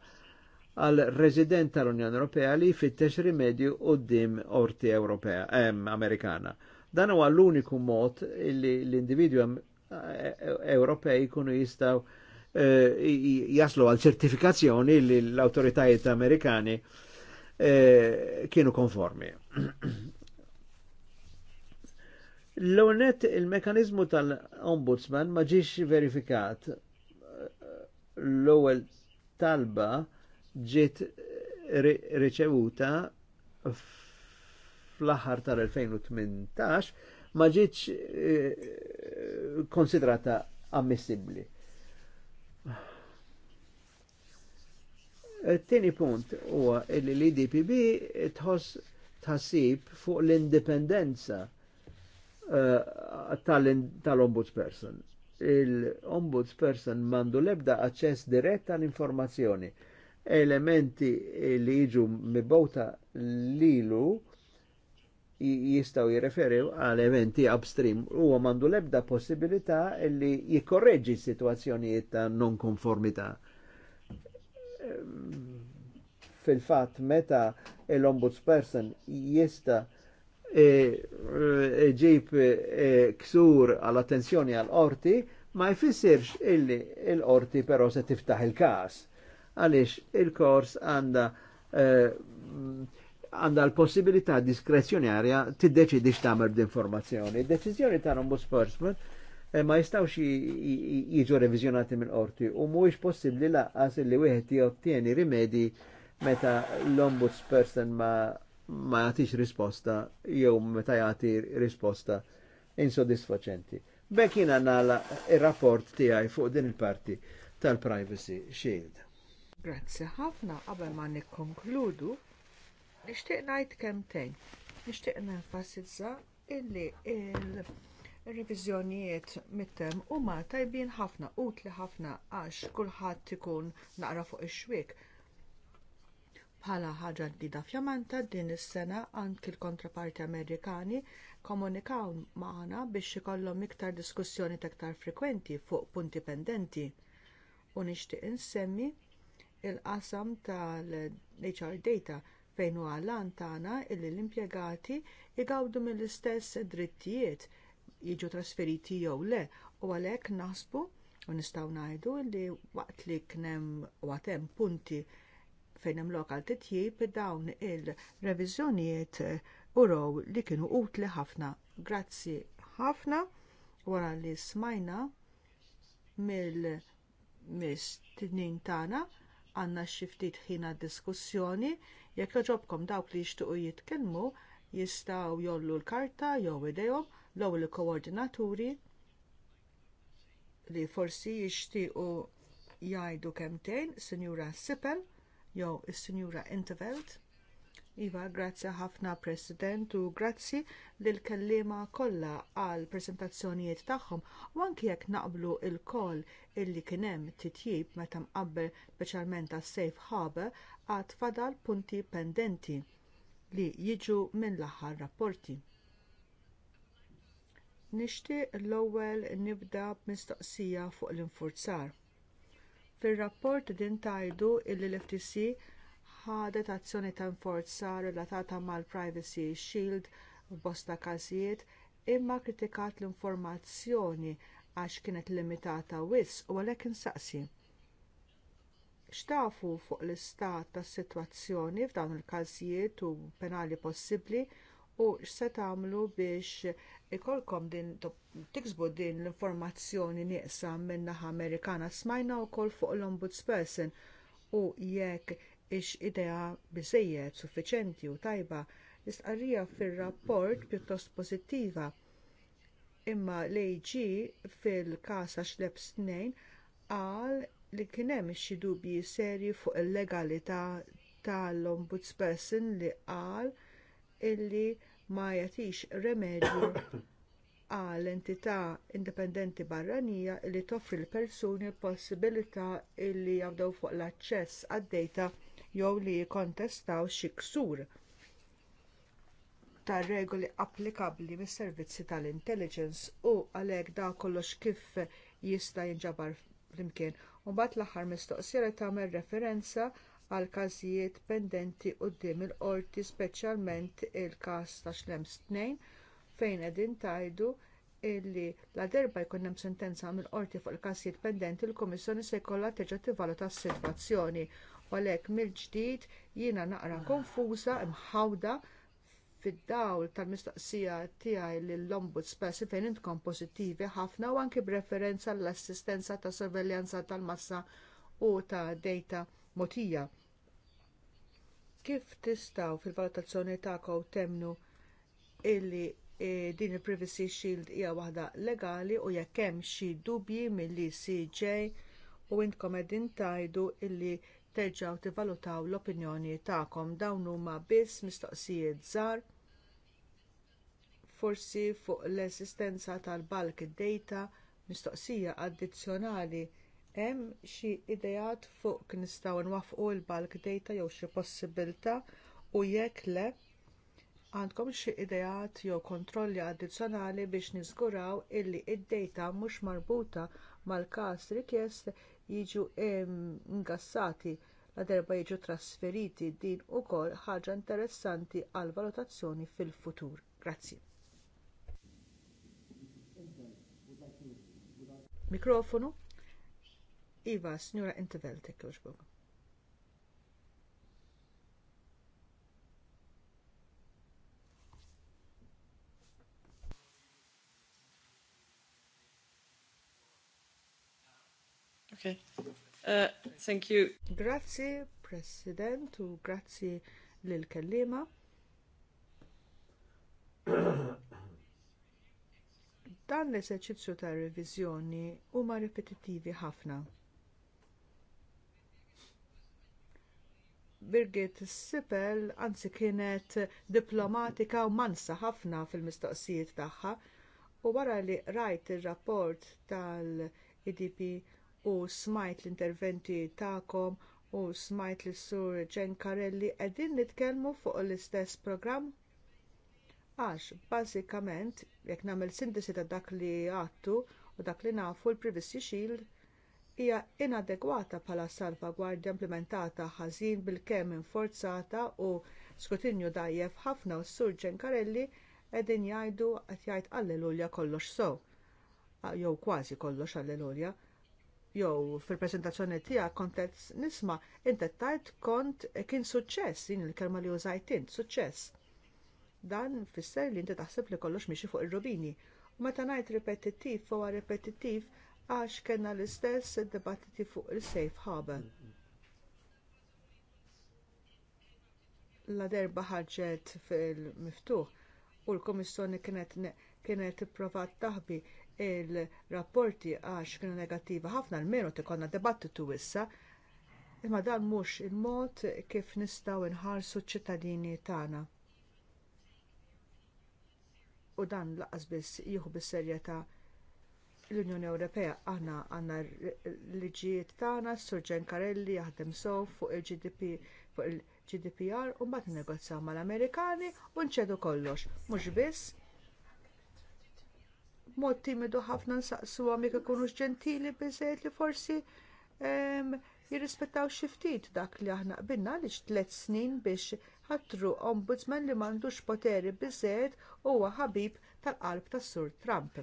B: għal resident tal-Unjoni Ewropea li jfittex rimedju qudiem orti Ewropea em, Amerikana. Dan huwa l-uniku mod li l individu Ewropej kunu jistaw eh, jaslu għal ċertifikazzjoni li l-autoritajiet Amerikani eh, kienu konformi. L-onet il-mekanizmu tal-ombudsman ma ġiex verifikat l-ewwel talba ġiet riċevuta fl-aħħar tal-2018 ma ġietx eh, konsidrata ammissibbli. Tieni punt huwa li l-IDPB tħoss tħassib fuq l-indipendenza eh, tal-ombudsperson il-ombudsperson mandu lebda aċċess dirett għal informazzjoni. Elementi li jiġu mibota lilu jistaw jireferiw għal eventi upstream u mandu lebda possibilità li jikorreġi situazzjonijiet ta' non-konformità. Ehm, Fil-fat, meta l-ombudsperson jista' E, e, ġib e, ksur għall-attenzjoni għall-orti, ma jfissirx illi l-orti però se tiftaħ il-kas. Għalix il-kors għanda għanda l-possibilità diskrezjonarja tiddeċidi x'tagħmel b'informazzjoni. Id-deċiżjoni ta' ombudsperson ma jistawx jiġu revizjonati minn orti u mhuwiex possibbli laqqas li wieħed jottieni rimedi meta l-ombudsperson ma ma jagħtix risposta jew meta jagħti risposta insodisfaċenti. Bekin għanna nagħla ir-rapport tiegħi fuq din il-parti tal-Privacy Shield.
A: Grazzi ħafna qabel ma nikkonkludu nixtieq ngħid ten, Nixtieq nenfasizza illi il- revizjonijiet mittem huma tajbin ħafna utli ħafna għax kulħadd ikun naqra fuq ix xwik bħala ħaġa ġdida fjamanta din is-sena anki l-kontraparti Amerikani komunikaw magħna biex ikollhom iktar diskussjoni iktar frekwenti fuq punti pendenti. U nixtieq insemmi l qasam tal-HR data fejn huwa lan tagħna illi l-impjegati jgawdu mill-istess drittijiet jiġu trasferiti jew le u għalhekk naħsbu u nistgħu ngħidu li waqt li kien hemm punti fejn hemm lokal titjib dawn il-reviżjonijiet uraw li kienu utli ħafna. Grazzi ħafna wara li smajna mill-mistnin tagħna għandna xi ftit ħina diskussjoni jekk joġobkom dawk li jixtiequ jitkellmu jistgħu jollu l-karta jew idejhom l-ewwel koordinaturi li forsi jixtiequ jgħidu kemtejn, Sinjura Sipel, jew is-Sinjura Intervelt. Iva, grazzi ħafna President u grazzi lil kelliema kollha għal preżentazzjonijiet tagħhom u anke jekk naqblu il-koll illi kien hemm titjib meta mqabbel speċjalment għas safe harbor għad fadal punti pendenti li jiġu minn l-aħħar rapporti. Nixtieq l-ewwel nibda b'mistoqsija fuq l-infurzar Fir-rapport din tajdu illi l-FTC ħadet azzjoni ta' forza relatata mal-Privacy Shield f'bosta każijiet imma kritikat l-informazzjoni għax kienet limitata wisq u għalhekk insaqsi. X'tafu fuq l-istat tas-sitwazzjoni f'dawn il-każijiet u penali possibbli u x'se tagħmlu biex ikolkom din tiksbu din l-informazzjoni nieqsa min-naħa Amerikana smajna wkoll fuq l-ombudsperson u jekk ix idea biżżejjed suffiċenti u tajba l-istqarrija fir-rapport pjuttost pożittiva. Imma l-AG fil-każ għax leb snejn qal li kien hemm xi dubji serji fuq il-legalità tal-ombudsperson li qal illi ma jagħtix remedju għal entità indipendenti barranija li toffri l-persuni l-possibilità illi jabdaw fuq l-aċċess għad-dejta jew li jikkontestaw xi ksur tar regoli applikabbli mis-servizzi tal-intelligence u għalhekk da kollox kif jista' jinġabar flimkien. Mbagħad l-aħħar mistoqsija li tagħmel referenza għal każijiet pendenti quddiem il-qorti speċjalment il-każ ta' Xlems 2 fejn qegħdin tgħidu illi la darba jkun hemm sentenza mill-qorti fuq il-każijiet pendenti il-Kummissjoni se jkollha terġa' tivvaluta s-sitwazzjoni u għalhekk mill-ġdid jiena naqra konfuża imħawda fid-dawl tal-mistoqsija tiegħi lill-Ombuds Spessi fejn intkom pożittivi ħafna u anki b'referenza għall assistenza ta' sorveljanza tal-massa u ta' data motija. Kif tistaw fil-valutazzjoni tagħkom temnu illi E, din il-Privacy Shield hija waħda legali u jekk hemm xi dubji mill CJ u intkom qegħdin tajdu illi terġgħu tivvalutaw l-opinjoni tagħkom dawn huma biss mistoqsijiet żgħar forsi fuq l-esistenza tal-bulk data mistoqsija addizzjonali Hemm xi ideat fuq kien nistgħu nwaffqu l-bulk data jew xi possibilità u jekk le għandkom xi ideat jew kontrolli addizzjonali biex niżguraw illi id-data mhux marbuta mal-każ rikjest jiġu ehm, ingassati la darba jiġu trasferiti din ukoll ħaġa interessanti għal valutazzjoni fil-futur. Grazzi. Mikrofonu. Iva, Signora Intervel, tekkuġbog.
C: Okay. Uh,
A: thank you. Grazzi, President, u grazzi lil-kellima. dan l eserċizzju ta' revizjoni huma ripetittivi ħafna. Birgit Sipel anzi kienet diplomatika u mansa ħafna fil-mistoqsijiet tagħha u wara li rajt ir rapport tal-IDP u smajt l-interventi tagħkom u smajt lis sur Ġen Karelli qegħdin nitkellmu fuq l-istess programm għax bażikament jekk nagħmel sintesi ta' dak li għattu u dak li nafu l-Privacy Shield hija inadegwata bħala salvagwardja implementata ħażin bilkemm inforzata u skrutinju dajjef ħafna u s-sur Karelli qegħdin jgħidu qed jgħid alleluja kollox so. Jew kważi kollox alleluja. Jew fil-preżentazzjoni tiegħek kont qed nisma' inti kont kien suċċess din il-kelma li użajt int, suċċess. Dan fisser li inti taħseb li kollox mixi fuq ir-rubini. U meta ngħid ripetittiv huwa ripetittiv għax kellna l-istess id dibattiti fuq il-safe harbor. La derba ħarġet fil-miftuħ u l-Komissjoni kienet kienet provat taħbi il-rapporti għax kienu negattiva ħafna l-menu konna dibattitu issa imma dan mhux il-mod kif nistgħu nħarsu ċ-ċittadini tagħna. U dan laqas biss jieħu bis-serjetà l-Unjoni Ewropea aħna għandna l-liġijiet tagħna, Surġen Karelli jaħdem sew fuq il-GDP fuq il-GDPR u mbagħad negozjaw mal-Amerikani u nċedu kollox. Mhux biss mod timidu ħafna nsaqsuhom jekk ikunux ġentili biżejjed li forsi ehm, jirrispettaw xi ftit dak li aħna qbilna għaliex tliet snin biex ħattru ombudsman li m'għandux poteri biżżejjed huwa ħabib tal-qalb tas-Sur Trump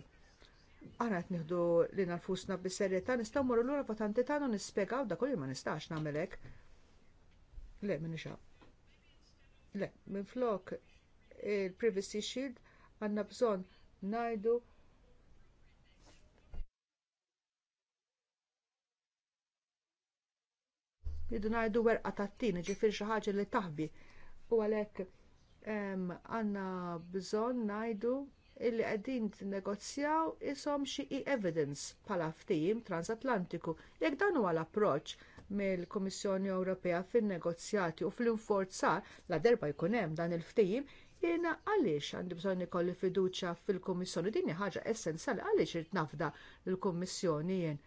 A: Aħna qed nieħdu li nfusna bis-serjetà nistgħu għura lura votanti tagħna nispjegaw dak kull ma nistax nagħmel hekk. Le, minn Le, minn flok il-privacy shield għandna bżonn ngħidu jiddu najdu werqa tat-tin, ġifir xi ħaġa li taħbi. U għalhekk għandna bżonn ngħidu illi qegħdin negozjaw ishom xi evidence bħala ftehim transatlantiku. Jekk dan huwa l-approċċ mill-Kummissjoni Ewropea fin-negozjati u fl-inforzar la derba jkun hemm dan il-ftehim, jiena għaliex għandi bżonn ikolli fiduċja fil-Kummissjoni din hi ħaġa essenzjali għaliex irid nafda l-Kummissjoni jien.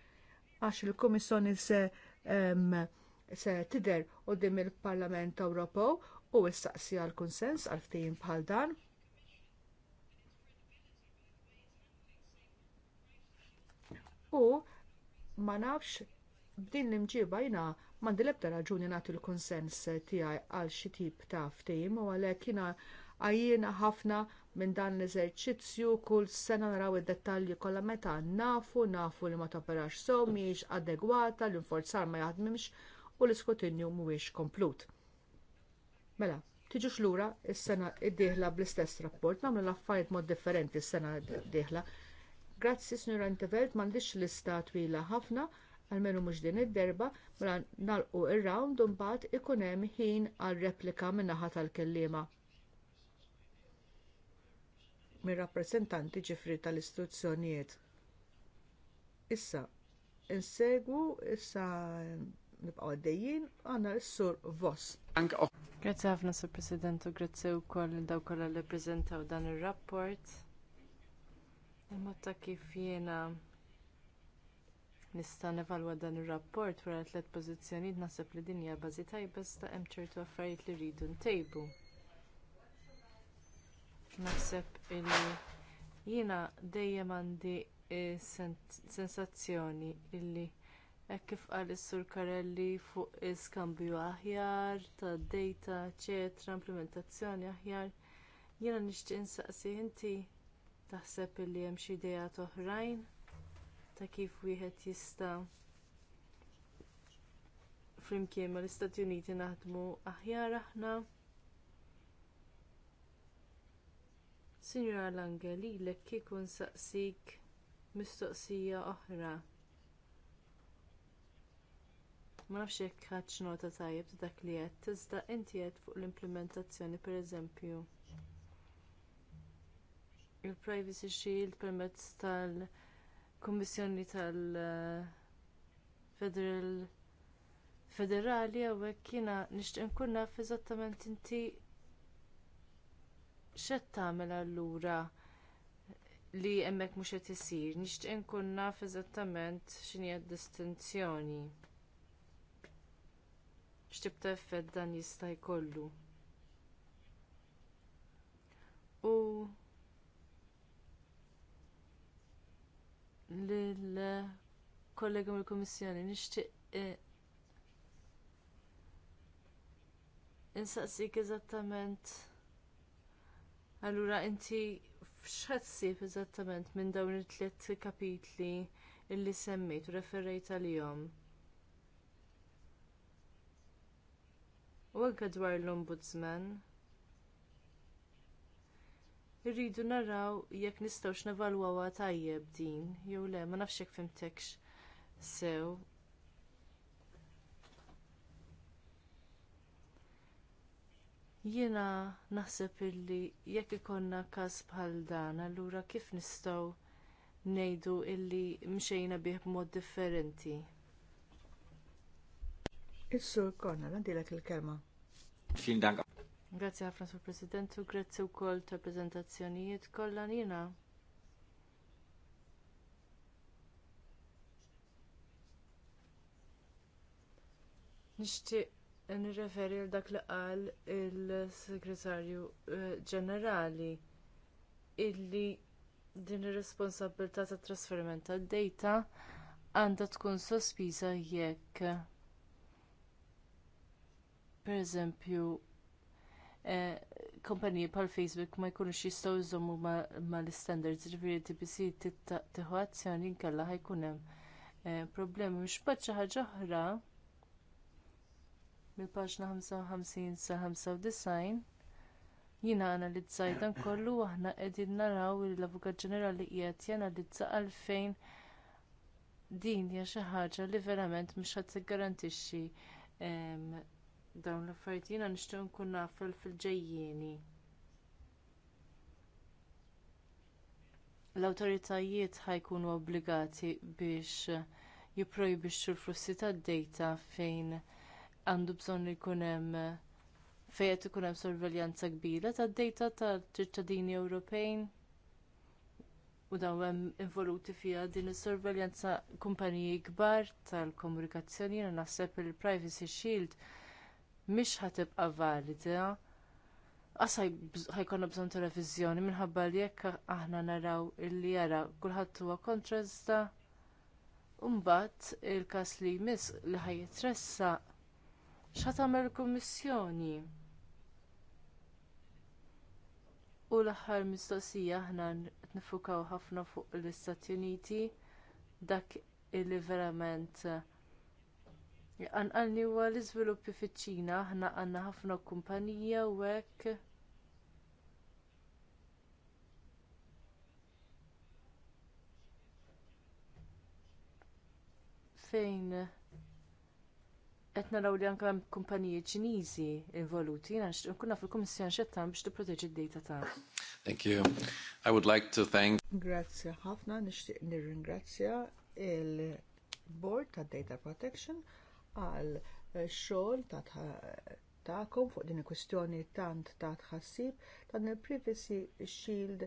A: Għax il-Kummissjoni se um, se tidher quddiem il-Parlament Ewropew u issaqsija l-kunsens għal ftehim bħal dan u ma nafx b'din l-imġiba jina mandi lebda raġuni nagħti l-konsens tiegħi għal xi tip ta' ftehim u għalhekk jiena għajjina ħafna minn dan l-eżerċizzju kull sena naraw id-dettalji kollha meta nafu nafu li ma toperax sew mhijiex adegwata l-inforzar ma jaħdmimx u l-iskrutinju mhuwiex komplut. Mela, tiġux lura s sena d dieħla bl-istess rapport, nagħmlu l-affarijiet mod differenti s sena d dieħla Grazzi, Signora Antevelt, m'għandix lista twila ħafna, għalmenu mhux din id-derba, mela nalqu ir-round u mbagħad ikun hemm ħin għal replika min-naħa tal-kelliema. Mir rappreżentanti ġifri tal-istituzzjonijiet. Issa, insegwu, issa
C: nibqgħu għaddejjin għandna s-sur Vos. Grazzi ħafna, Sur President, u grazzi wkoll dawk kollha li ppreżentaw dan ir-rapport Imma ta' kif jiena nista' nevalwa dan ir-rapport wara tliet pożizzjonijiet naħseb li din hija bażi tajba sta hemm ċertu affarijiet li rridu ntejbu. Naħseb illi jiena dejjem għandi sensazzjoni illi hekk kif qal is-Sur Karelli fuq iskambju aħjar ta' data, eċetera, implementazzjoni aħjar, jiena nixtieq insaqsi inti taħseb li hemm xi idea oħrajn ta' kif wieħed jista' flimkien mal istati Uniti naħdmu aħjar aħna. Sinjora Langel lilek kikun saqsik mistoqsija oħra. Ma nafx jekk ħadd nota tajjeb ta' dak li qed, iżda inti qed fuq l-implementazzjoni pereżempju il-Privacy Shield permezz tal-Kommissjoni tal-Federal eh, Federali hawnhekk jiena nishtiq nkun naf eżattament inti xed tagħmel allura li hemmhekk mhux qed isir, nixtieq nkun naf eżattament x'inhi d-distinzjoni. X'tib effett dan jista' jkollu. U lill-kollega mill-Kummissjoni nixtieq eh, insaqsik eżattament allura inti f'xħassib eżattament minn dawn it-tliet kapitli illi semmejt u referejt għalihom. U anke dwar l-Ombudsman, Irridu naraw jekk nistgħux nevalwawa tajjeb din, jew le, ma nafx jekk fimtekx sew. Jiena naħseb illi jekk ikollna każ bħal dan, allura kif nistgħu ngħidu illi mxejna bih b'mod differenti. is konna, għandilek il-kelma. Grazzi ħafna sur President u grazzi wkoll tal preżentazzjonijiet kollha nina. Nixtieq nirreferi l dak li qal il-Segretarju eh, Ġenerali illi din ir-responsabilità tat trasferiment tad-dejta għandha tkun sospiża jekk pereżempju Eh, kompanji pal Facebook ma jkunux jistgħu jżommu mal-standards ġifieri TPC tieħu azzjoni nkella ħajkun hemm eh, problemi mhux xi ħaġa oħra mill-paġna 55 sa 95 jiena analizzajt dan kollu aħna qegħdin naraw li l-Avukat Ġenerali qiegħed janalizza għalfejn din hija xi ħaġa li verament mhux qed tiggarantixxi dawn l-affarijiet jiena nixtieq nkun naf fil-ġejjieni. L-awtoritajiet ħajkunu obbligati biex jipprojbixxu l-flussi tad-dejta fejn għandu bżonn hemm fejn qed ikun hemm sorveljanza kbira tad-dejta tal-ċittadini Ewropejn u dawn hemm involuti fiha din is-sorveljanza kumpaniji kbar tal-komunikazzjoni naħseb il-Privacy Shield mhix ħatibqa' valida Qasaj ħajkonna bżonn ta' minħabba li jekk aħna naraw illi jara kulħadd huwa kontrasta, iżda mbagħad il-każ li jmiss li ħajjitressaq x'ħat tagħmel il-Kummissjoni. U l-aħħar mistoqsija aħna nifukaw ħafna fuq l-Istati Uniti dak illi verament Għanqalni huwa l-iżviluppi fiċ-Ċina, aħna għandna ħafna kumpanija u hekk. Fejn qed naraw li anke hemm kumpaniji Ċiniżi involuti, nkun naf il-Kummissjon xettan biex tipproteġi d-data tagħna.
D: Thank you. I would like to thank
C: Grazzi ħafna nixtieq
A: nirringrazzja il-Board tad Data Protection għal eh, xogħol tagħkom fuq din il-kwistjoni tant ta' tħassib dan il-Privacy Shield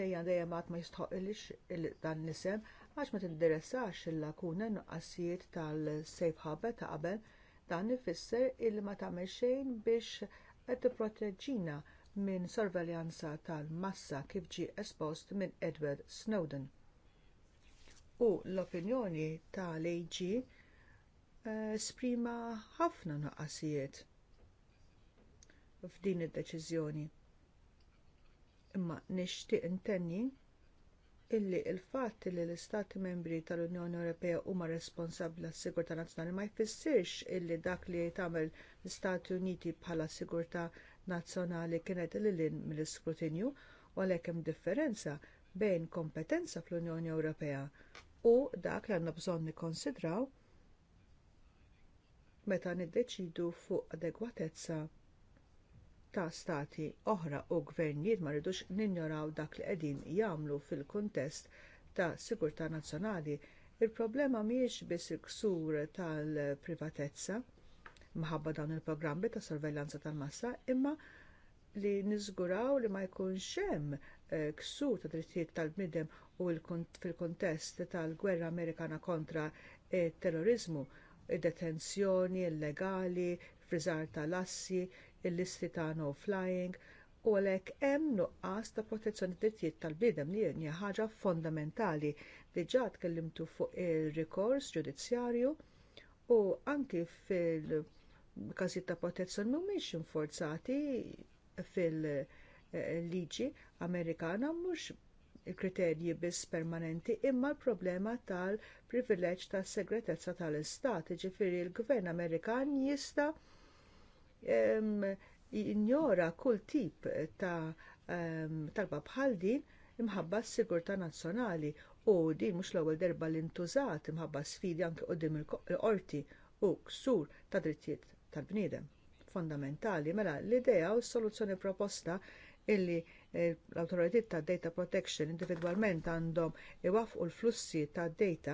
A: dejja dejjem għad ma jistħoqilix dan l-isem għax ma tinteressax il-lakuna nuqqasijiet tal-safe harbor ta' qabel dan ifisser illi ma tagħmel xejn biex qed tipproteġġina minn sorveljanza tal-massa kif ġie espost minn Edward Snowden. U l-opinjoni tal-AG sprima ħafna nuqqasijiet f'din id-deċiżjoni. Imma nixtieq intenni illi l il fatt li l-Istati membri tal-Unjoni Ewropea huma responsabbli għas-sigurtà nazzjonali ma jfissirx illi dak li tagħmel l-Istati Uniti bħala sigurtà nazzjonali kienet lil lin mill-iskrutinju u għalhekk hemm differenza bejn kompetenza fl-Unjoni Ewropea u dak li għandna bżonn nikkonsidraw meta niddeċidu fuq adegwatezza ta' stati oħra u gvernijiet ma rridux ninjoraw dak li qegħdin jagħmlu fil-kuntest ta' sigurtà nazzjonali. Il-problema mhijiex biss il-ksur tal-privatezza minħabba dawn il-programmi ta' sorveljanza tal-massa, imma li niżguraw li ma jkunx hemm eh, ksur ta' drittijiet tal-bniedem u fil-kuntest tal-gwerra Amerikana kontra t eh, terrorizmu detenzjoni illegali, friżar tal-assi, il-listi ta' no flying u għalhekk hemm nuqqas ta' protezzjoni drittijiet tal-bidem li hija ħaġa fondamentali. Diġà tkellimtu fuq ir rikors ġudizzjarju u anki fil-każijiet ta' protezzjoni mhumiex inforzati fil-liġi Amerikana mhux il-kriterji biss permanenti imma l-problema tal-privileġġ tas segretezza tal-Istat, jiġifieri l gvern Amerikan jista jinjora kull tip ta' talba bħal din imħabba s-sigurtà nazzjonali u din mhux l-ewwel darba li ntużat imħabba sfidi anke quddiem il-qorti u ksur ta' drittijiet tal-bniedem fondamentali mela l-idea u s-soluzzjoni proposta illi l-autoritet ta' data protection individwalment għandhom iwafqu l-flussi ta' data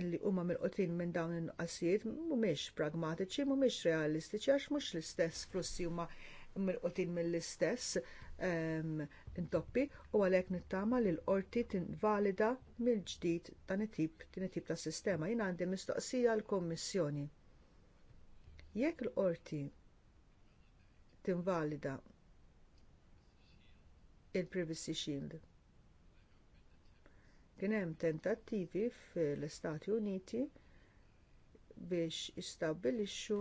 A: illi huma milqutin minn dawn in-nuqqasijiet mhumiex pragmatiċi, mhumiex realistiċi għax mhux l-istess flussi huma milqutin mill-istess ehm, intoppi u għalhekk nittama li l-qorti tinvalida mill-ġdid dan it-tip din it-tip ta' sistema. Jien għandi mistoqsija l kummissjoni Jekk l-qorti tinvalida il-Privacy Shield. Kien hemm tentattivi fl-Istati Uniti biex jistabbilixxu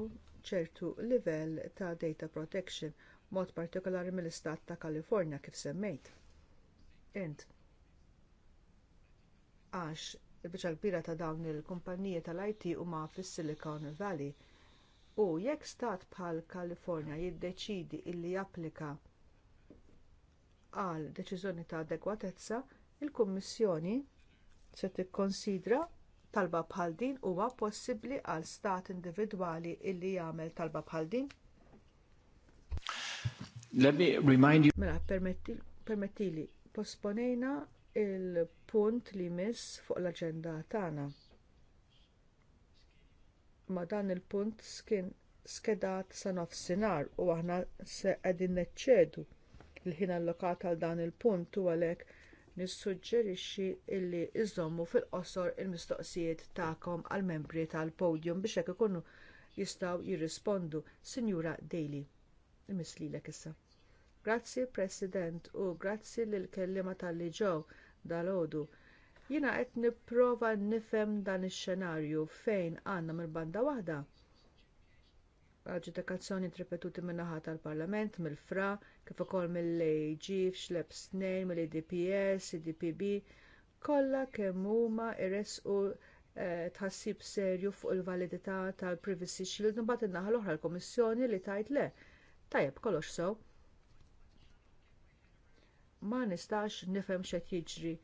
A: ċertu livell ta' data protection, mod partikolari mill-Istat ta' Kalifornja kif semmejt. Ent, għax il-biċa kbira ta' dawn il-kumpaniji tal-IT huma fis-Silicon Valley u jekk stat bħal Kalifornja jiddeċiedi li japplika għal deċiżjoni ta' adegwatezza, il-Kummissjoni se tikkonsidra talba bħal din huwa possibbli għal stat individwali illi jagħmel talba bħal din?
B: Let me remind you.
A: Mela, permettili, posponejna il-punt li miss fuq l aġenda tagħna. Ma dan il-punt skin skedat sa nofsinhar u aħna se qegħdin neċċedu il ħin allokat għal dan il-punt u għalhekk nissuġġerixxi illi iżommu fil-qosor il-mistoqsijiet tagħkom għall membri tal-podium biex hekk ikunu jistgħu jirrispondu. Sinjura Daly, imislilek issa. Grazzi President u grazzi lill kelliema tal-li ġew dal-ħodu. Jina qed nipprova nifhem dan ix-xenarju fejn għandna mill-banda waħda ġudikazzjoni ripetuti min-naħa tal-Parlament, mill-FRA, kif ukoll mill-AG, f'xleb snejn, mill-IDPS, IDPB, kollha kemm huma jresqu eh, tħassib serju fuq il-validità tal-Privacy Shield mbagħad in-naħa l-oħra l-Kummissjoni li tgħid le. Tajjeb kollox sew. Ma nistax nifhem x'qed jiġri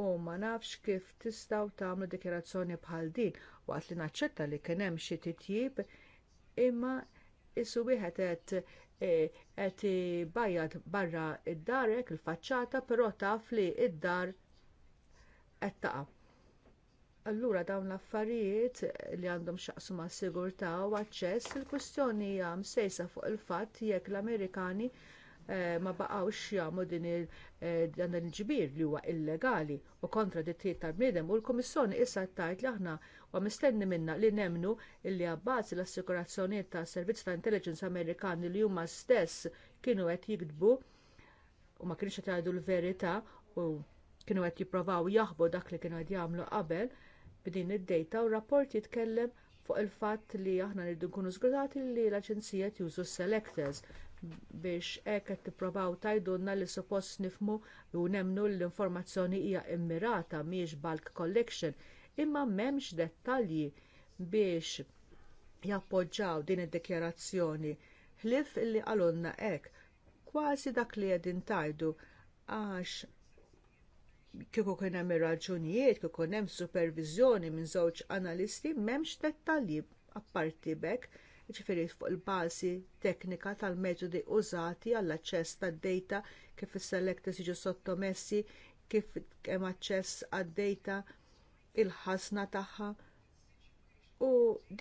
A: u ma nafx kif tistgħu tagħmlu dikjarazzjoni bħal din waqt li naċċetta li kien hemm xi titjib imma issu wieħed qed e, qed bajjad barra id-darek il-faċċata però taf li id-dar qed taqa'. Allura dawn l-affarijiet li għandhom xaqsu ma' sigurtà u aċċess, il-kwistjoni hija msejsa fuq il-fatt jekk l-Amerikani Eh, ma baqgħux jagħmlu din eh, dan il-ġbir li huwa illegali u kontra d-dittijiet tal-bniedem u l-Kummissjoni issa tgħid li aħna u mistenni minnha li nemnu li abbazz l-assikurazzjonijiet tas servizz ta' intelligence Amerikani li huma stess kienu qed jikdbu u ma kienx qed jgħidu l-verità u kienu qed jippruvaw jaħbu dak li kienu qed jagħmlu qabel b'din id-dejta u rapport jitkellem fuq il-fatt li aħna rridu nkunu żgurati li l-aġenzijiet jużu selectors biex hekk qed tippruvaw tgħidulna li suppost nifhmu u nemnu l-informazzjoni hija immirata mhijiex bulk collection imma m'hemmx dettalji biex jappoġġjaw din id-dikjarazzjoni ħlief illi għalunna hekk kważi dak li qegħdin tajdu għax kieku kien hemm ir-raġunijiet, kieku hemm superviżjoni minn żewġ analisti m'hemmx dettalji apparti b'hekk jiġifieri fuq il-bażi teknika tal-metodi użati għall-aċċess tad-dejta kif is-selectors jiġu sottomessi kif hemm aċċess għad-dejta il-ħasna tagħha. U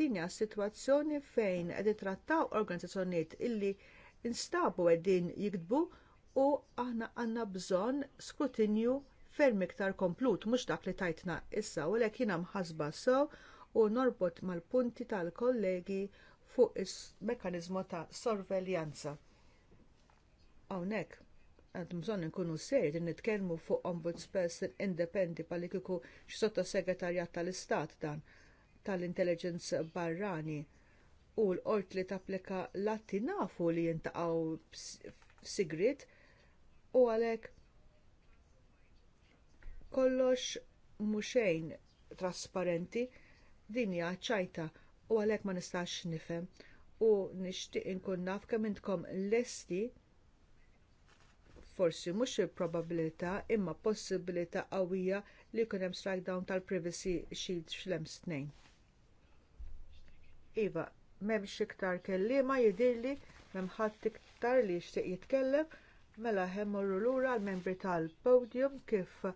A: din hija sitwazzjoni fejn qed trattaw organizzazzjonijiet illi instabu qegħdin jikdbu u aħna għandna bżonn skrutinju ferm iktar komplut mhux dak li tajtna issa u lek jiena mħasba sew u norbot mal-punti tal-kollegi fuq is-mekkaniżmu ta' sorveljanza. Hawnhekk għand bżonn nkunu sejri din nitkellmu fuq ombudsperson independi pali kieku xi sottosegretarjat tal-Istat dan tal-intelligence barrani u l-qort li tapplika l-atti nafu li jintaqgħu f'sigrit u għalhekk kollox mhuxejn trasparenti din hija ċajta u għalhekk ma nistax nifhem u nixtieq inkun naf kemm intkom lesti forsi mhux il-probabilità imma possibilità qawwija li jkun hemm strike down tal-privacy shield xlem snejn. Iva, m'hemmx iktar kelliema jidhirli m'hemm ħadd iktar li jixtieq jitkellem mela hemmorru lura għall membri tal-podium kif eh,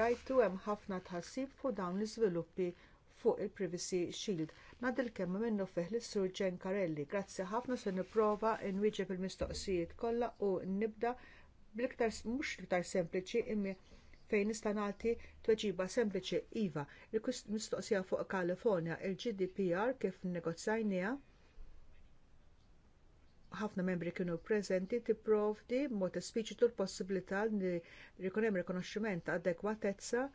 A: rajtu hemm ħafna tħassib fuq dawn l-iżviluppi fuq il-Privacy Shield. Nadil kemm minnu fih lis sur Ġen Karelli. Grazzi ħafna se nipprova nwieġeb il-mistoqsijiet kollha u nibda bl-iktar mhux iktar sempliċi imma fejn nista' nagħti tweġiba sempliċi iva. Il-mistoqsija fuq Kalifornja il-GDPR kif negozjajniha ħafna membri kienu preżenti tipprovdi b'mod espliċitu l-possibilità li jkun hemm rikonoxximent ta' adekwatezza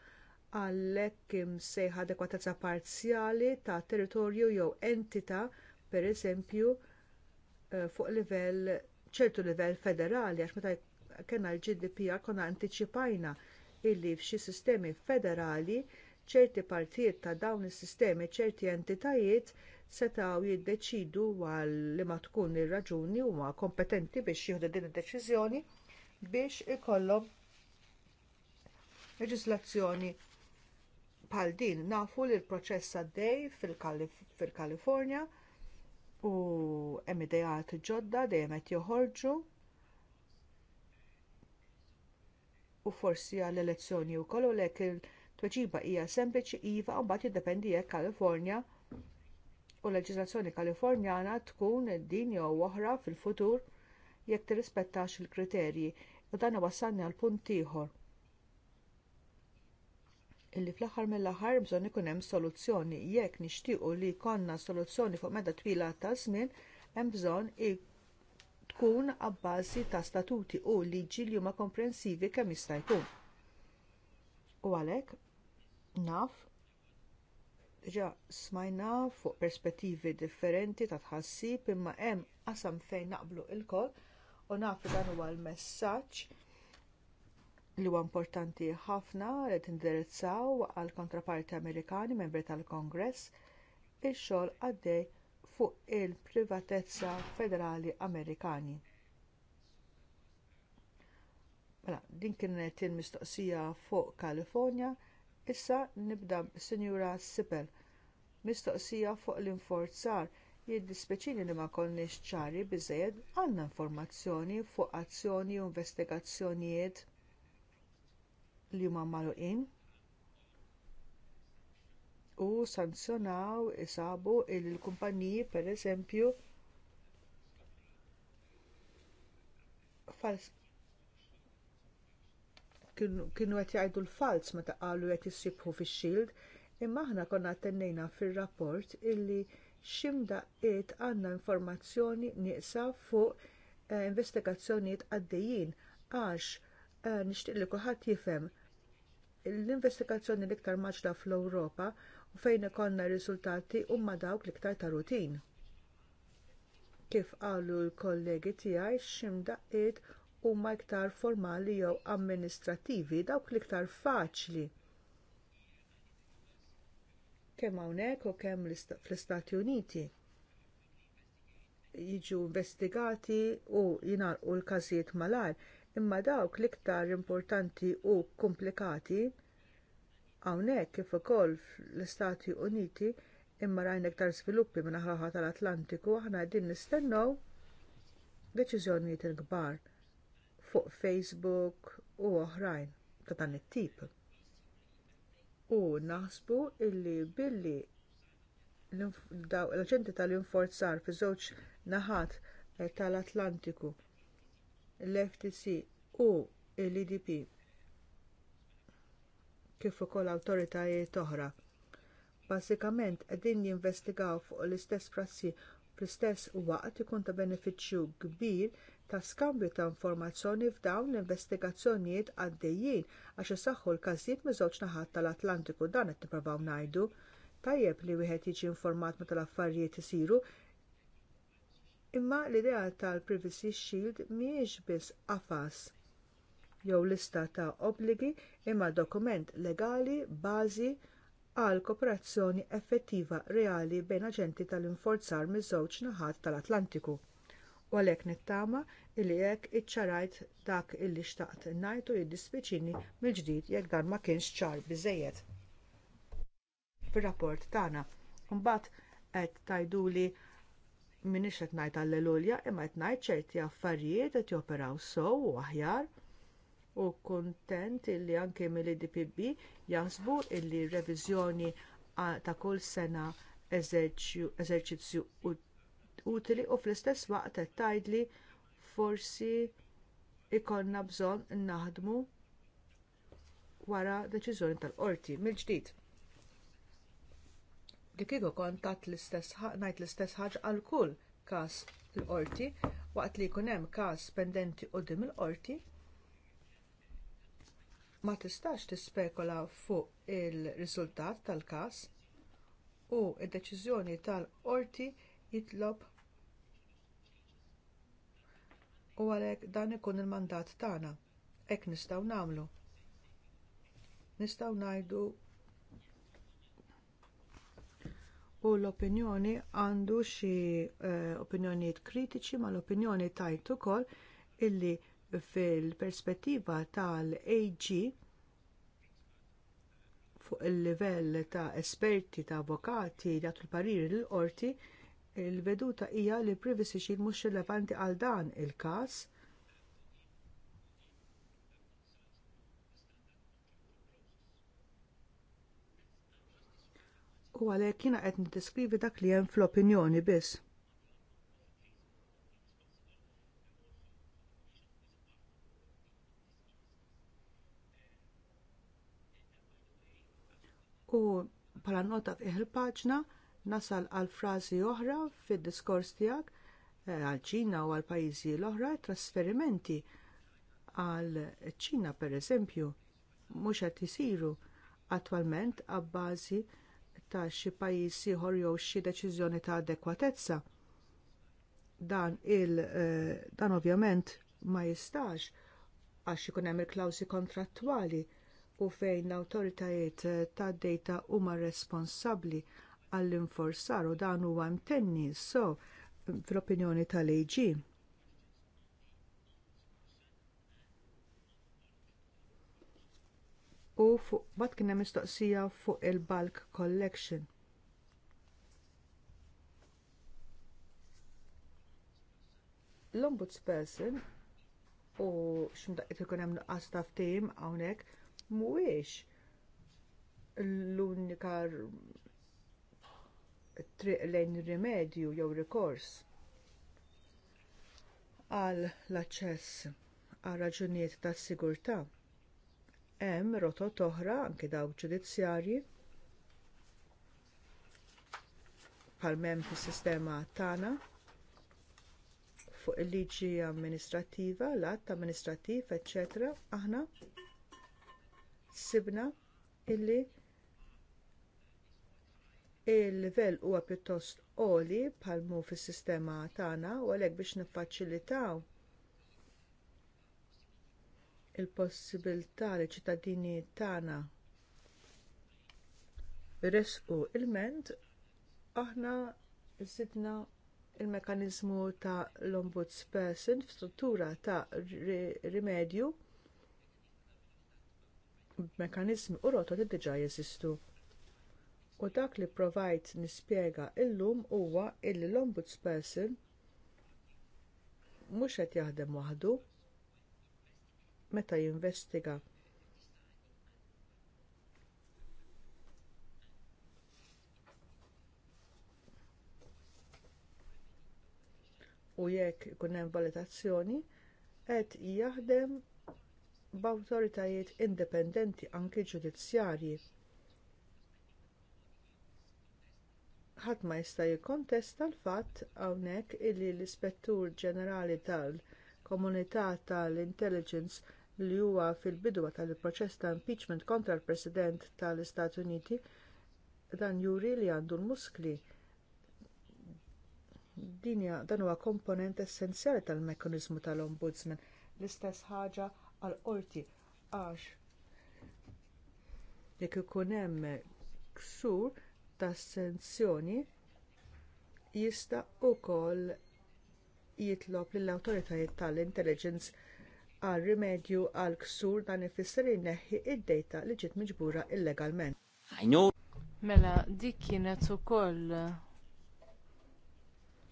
A: għalhekk imsejħa adekwatezza parzjali ta' territorju jew entità pereżempju eh, fuq livell ċertu livell federali għax meta kellna l-GDPR konna antiċipajna illi f'xi sistemi federali ċerti partijiet ta' dawn is-sistemi ċerti entitajiet setgħu jiddeċidu għal li ma tkun ir-raġuni huma kompetenti biex jieħdu din id-deċiżjoni biex ikollhom leġislazzjoni bħal din nafu li l-proċess għaddej fil-Kalifornja u hemm idejat ġodda dejjem qed joħorġu u forsi għall elezzjoni wkoll u lek il-tweġiba hija sempliċi iva u mbagħad jiddependi jekk Kalifornja u l-leġiżlazzjoni Kalifornjana tkun din jew oħra fil-futur jekk tirrispettax il-kriterji u dan wassalni għal punt ieħor illi fl-aħħar mill-aħħar bżonn ikun hemm soluzzjoni. Jekk nixtiequ li jkollna soluzzjoni fuq meta twila ta' żmien, hemm bżonn tkun abbażi ta' statuti u liġi li huma komprensivi kemm jista' jkun. U għalhekk naf ġa smajna fuq perspettivi differenti ta' tħassib imma hemm qasam fejn naqblu lkoll u naf dan huwa l-messaġġ li huwa importanti ħafna li tindirizzaw għall kontraparti Amerikani membri tal-Kongress ix-xogħol għaddej fuq il-privatezza federali Amerikani. Mela, din kienet il-mistoqsija fuq Kalifornja, issa nibda Sinjura Sipel. Mistoqsija fuq l-inforzar jiddispeċini li ma konniex ċari biżżejjed għandna informazzjoni fuq azzjoni u investigazzjonijiet li huma magħluqin u sanzjonaw isabu il kumpaniji pereżempju fals kienu qed jgħidu l-fals meta qalu qed jissibħu fix-xild, imma aħna konna attennejna fir-rapport illi ximda qiet għandna informazzjoni nieqsa fuq eh, investigazzjonijiet għaddejjin għax eh, nixtieq li kulħadd jifhem l-investigazzjoni l-iktar maċla fl-Ewropa u fejn ikollna r-riżultati huma dawk l-iktar ta' rutin. Kif qalu l-kollegi tiegħi x'imdaqqiet huma iktar formali jew amministrattivi dawk l-iktar faċli. Kemm hawnhekk u kemm fl-Istati Uniti jiġu investigati u jingħalqu l każijiet malajr imma dawk l-iktar importanti u komplikati hawnhekk kif ukoll fl-Istati Uniti imma rajna iktar sviluppi minn aħħaħa tal-Atlantiku aħna qegħdin nistennew deċiżjonijiet il-kbar fuq Facebook u oħrajn ta' dan it-tip. U naħsbu illi billi l-aġenti tal-inforzar fi żewġ naħat eh, tal-Atlantiku l-FTC u l-IDP kif ukoll awtoritajiet oħra. Bażikament qegħdin jinvestigaw fuq l-istess prassi fl-istess waqt ikun ta' benefiċċju kbir ta' skambju ta' informazzjoni f'dawn l-investigazzjonijiet għaddejjin għax isaħħu l-każijiet miż-żewġ naħat tal-Atlantiku dan qed nippruvaw ngħidu. Tajjeb li wieħed jiġi informat meta l-affarijiet isiru Imma l-idea tal-Privacy Shield mhijiex biss qafas jew lista ta' obbligi imma dokument legali bażi għal kooperazzjoni effettiva reali bejn aġenti tal-infurzar miż-żewġ naħat tal-Atlantiku. U għalhekk nittama li hekk iċċarajt dak illi xtaqt ngħidu u jiddispiċini mill-ġdid jekk dan ma kienx ċar biżżejjed. Fir-rapport tagħna mbagħad qed tgħiduli minix qed ngħid alleluja imma qed ngħid ċerti affarijiet qed joperaw sew u aħjar u kuntent illi anke mill-IDPB jaħsbu illi r-reviżjoni ta' kull sena eżerċizzju utili u fl-istess waqt qed tgħidli forsi ikollna bżonn naħdmu wara deċiżjoni tal-qorti mill-ġdid li kieku kontat l-istess ngħid l-istess ħaġa għal kull każ l-qorti waqt li jkun hemm każ pendenti quddiem il-qorti ma tistax tispekula fuq il-riżultat tal-każ u d deċiżjoni tal-qorti jitlob u għalhekk dan ikun il-mandat tagħna. Hekk nistgħu nagħmlu. Nistgħu ngħidu u l-opinjoni għandu xi uh, opinjonijiet kritiċi ma l-opinjoni tajt ukoll illi fil-perspettiva tal-AG fuq il-livell ta' esperti ta' avokati jagħtu l-pariri l-qorti il-veduta hija li privacy shield mhux rilevanti għal dan il-każ u għalhekk jiena qed niddeskrivi dak li hemm fl-opinjoni biss. U bħala nota fih il-paġna nasal għal frażi oħra fid-diskors tiegħek eh, għal ċina u għal pajjiżi l-oħra trasferimenti għal ċina pereżempju mhux qed isiru attwalment abbażi ta' xi pajjiż ieħor jew xi deċiżjoni ta' adekwatezza. Dan il eh, dan ovvjament ma jistax għax ikun hemm il-klawsi kontrattwali u fejn l-awtoritajiet tad eh, dejta huma responsabbli għall inforsar u dan huwa mtenni so fl-opinjoni tal-AG. u fuq bat kien hemm mistoqsija fuq il-bulk collection. L-ombudsperson u x'imdaqqiet ikun hemm nuqqas ta' ftehim hawnhekk mhuwiex l-unika triq lejn rimedju jew rikors għal l-aċċess għal raġunijiet tas sigurtà Hemm rotot oħra anke dawk ġudizzjarji bħal hemm fis-sistema tagħna fuq il-liġi amministrattiva, l-att amministrattiv, eċċetera, aħna sibna illi il-livell huwa pjuttost għoli bħal mhu fis-sistema tagħna u għalhekk biex niffaċilitaw il-possibilità li ċittadini tagħna resqu il-ment, aħna sidna il-mekanizmu ta' l-ombudsperson f'struttura ta' rimedju b'mekanizmi u rotot li diġà jeżistu. U dak li provajt nispjega llum huwa illi l-ombudsperson mhux qed jaħdem waħdu, meta jinvestiga. U jekk ikun hemm valutazzjoni, qed jaħdem b'awtoritajiet indipendenti anki ġudizzjarji. Ħadd ma jista' jikkontesta l-fatt hawnhekk illi l-Ispettur Ġenerali tal-Komunità tal-Intelligence li huwa fil-bidwa tal-proċess ta' impeachment kontra l-President tal-Istati Uniti dan juri li għandu l-muskli. Dinja dan huwa komponent essenzjali tal-mekkaniżmu tal-Ombudsman l-istess ħaġa għall qorti għax jekk ikun hemm ksur ta' sanzjoni jista' wkoll jitlob lill awtoritajiet tal-intelligence għal rimedju għal ksur dan ifisser inneħħi d dejta
C: li ġiet miġbura illegalment. Mela, dik kienet ukoll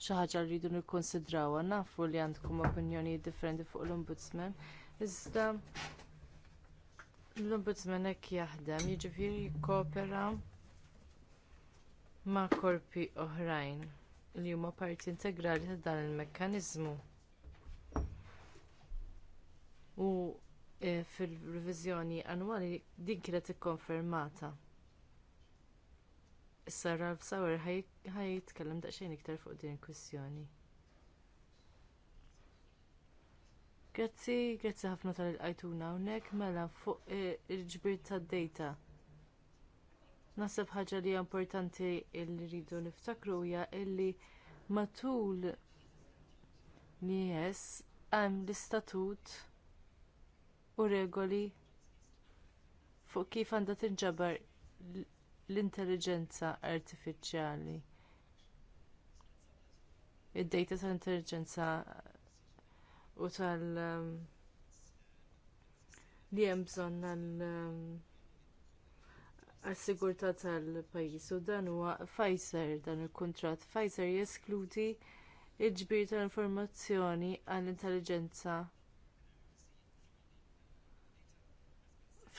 C: xi ħaġa rridu nikkonsidrawha nafu li għandkom opinjonijiet differenti fuq l-Ombudsman. Iżda l-Ombudsman hekk jaħdem, jiġifieri jikkopera ma' korpi oħrajn li huma parti integrali ta' dan il-mekkaniżmu u eh, fil-revizjoni annwali din kienet ikkonfermata. Issa Ralph Sauer ħajtkellem daqsxejn iktar fuq din il-kwistjoni. Grazzi, grazzi ħafna tal-qajtuna hawnhekk mela fuq eh, il-ġbir tad-data. Nasab ħaġa li hija importanti li rridu niftakru hija illi matul l-IS e hemm l-istatut u regoli fuq kif għandha tinġabar l-intelligenza artifiċjali. id dejta tal-intelligenza u tal- um, li hemm bżonn għal-sigurtà um, tal-pajjiż u dan huwa Pfizer dan il-kuntratt. Pfizer jeskludi l ġbir tal-informazzjoni għall-intelligenza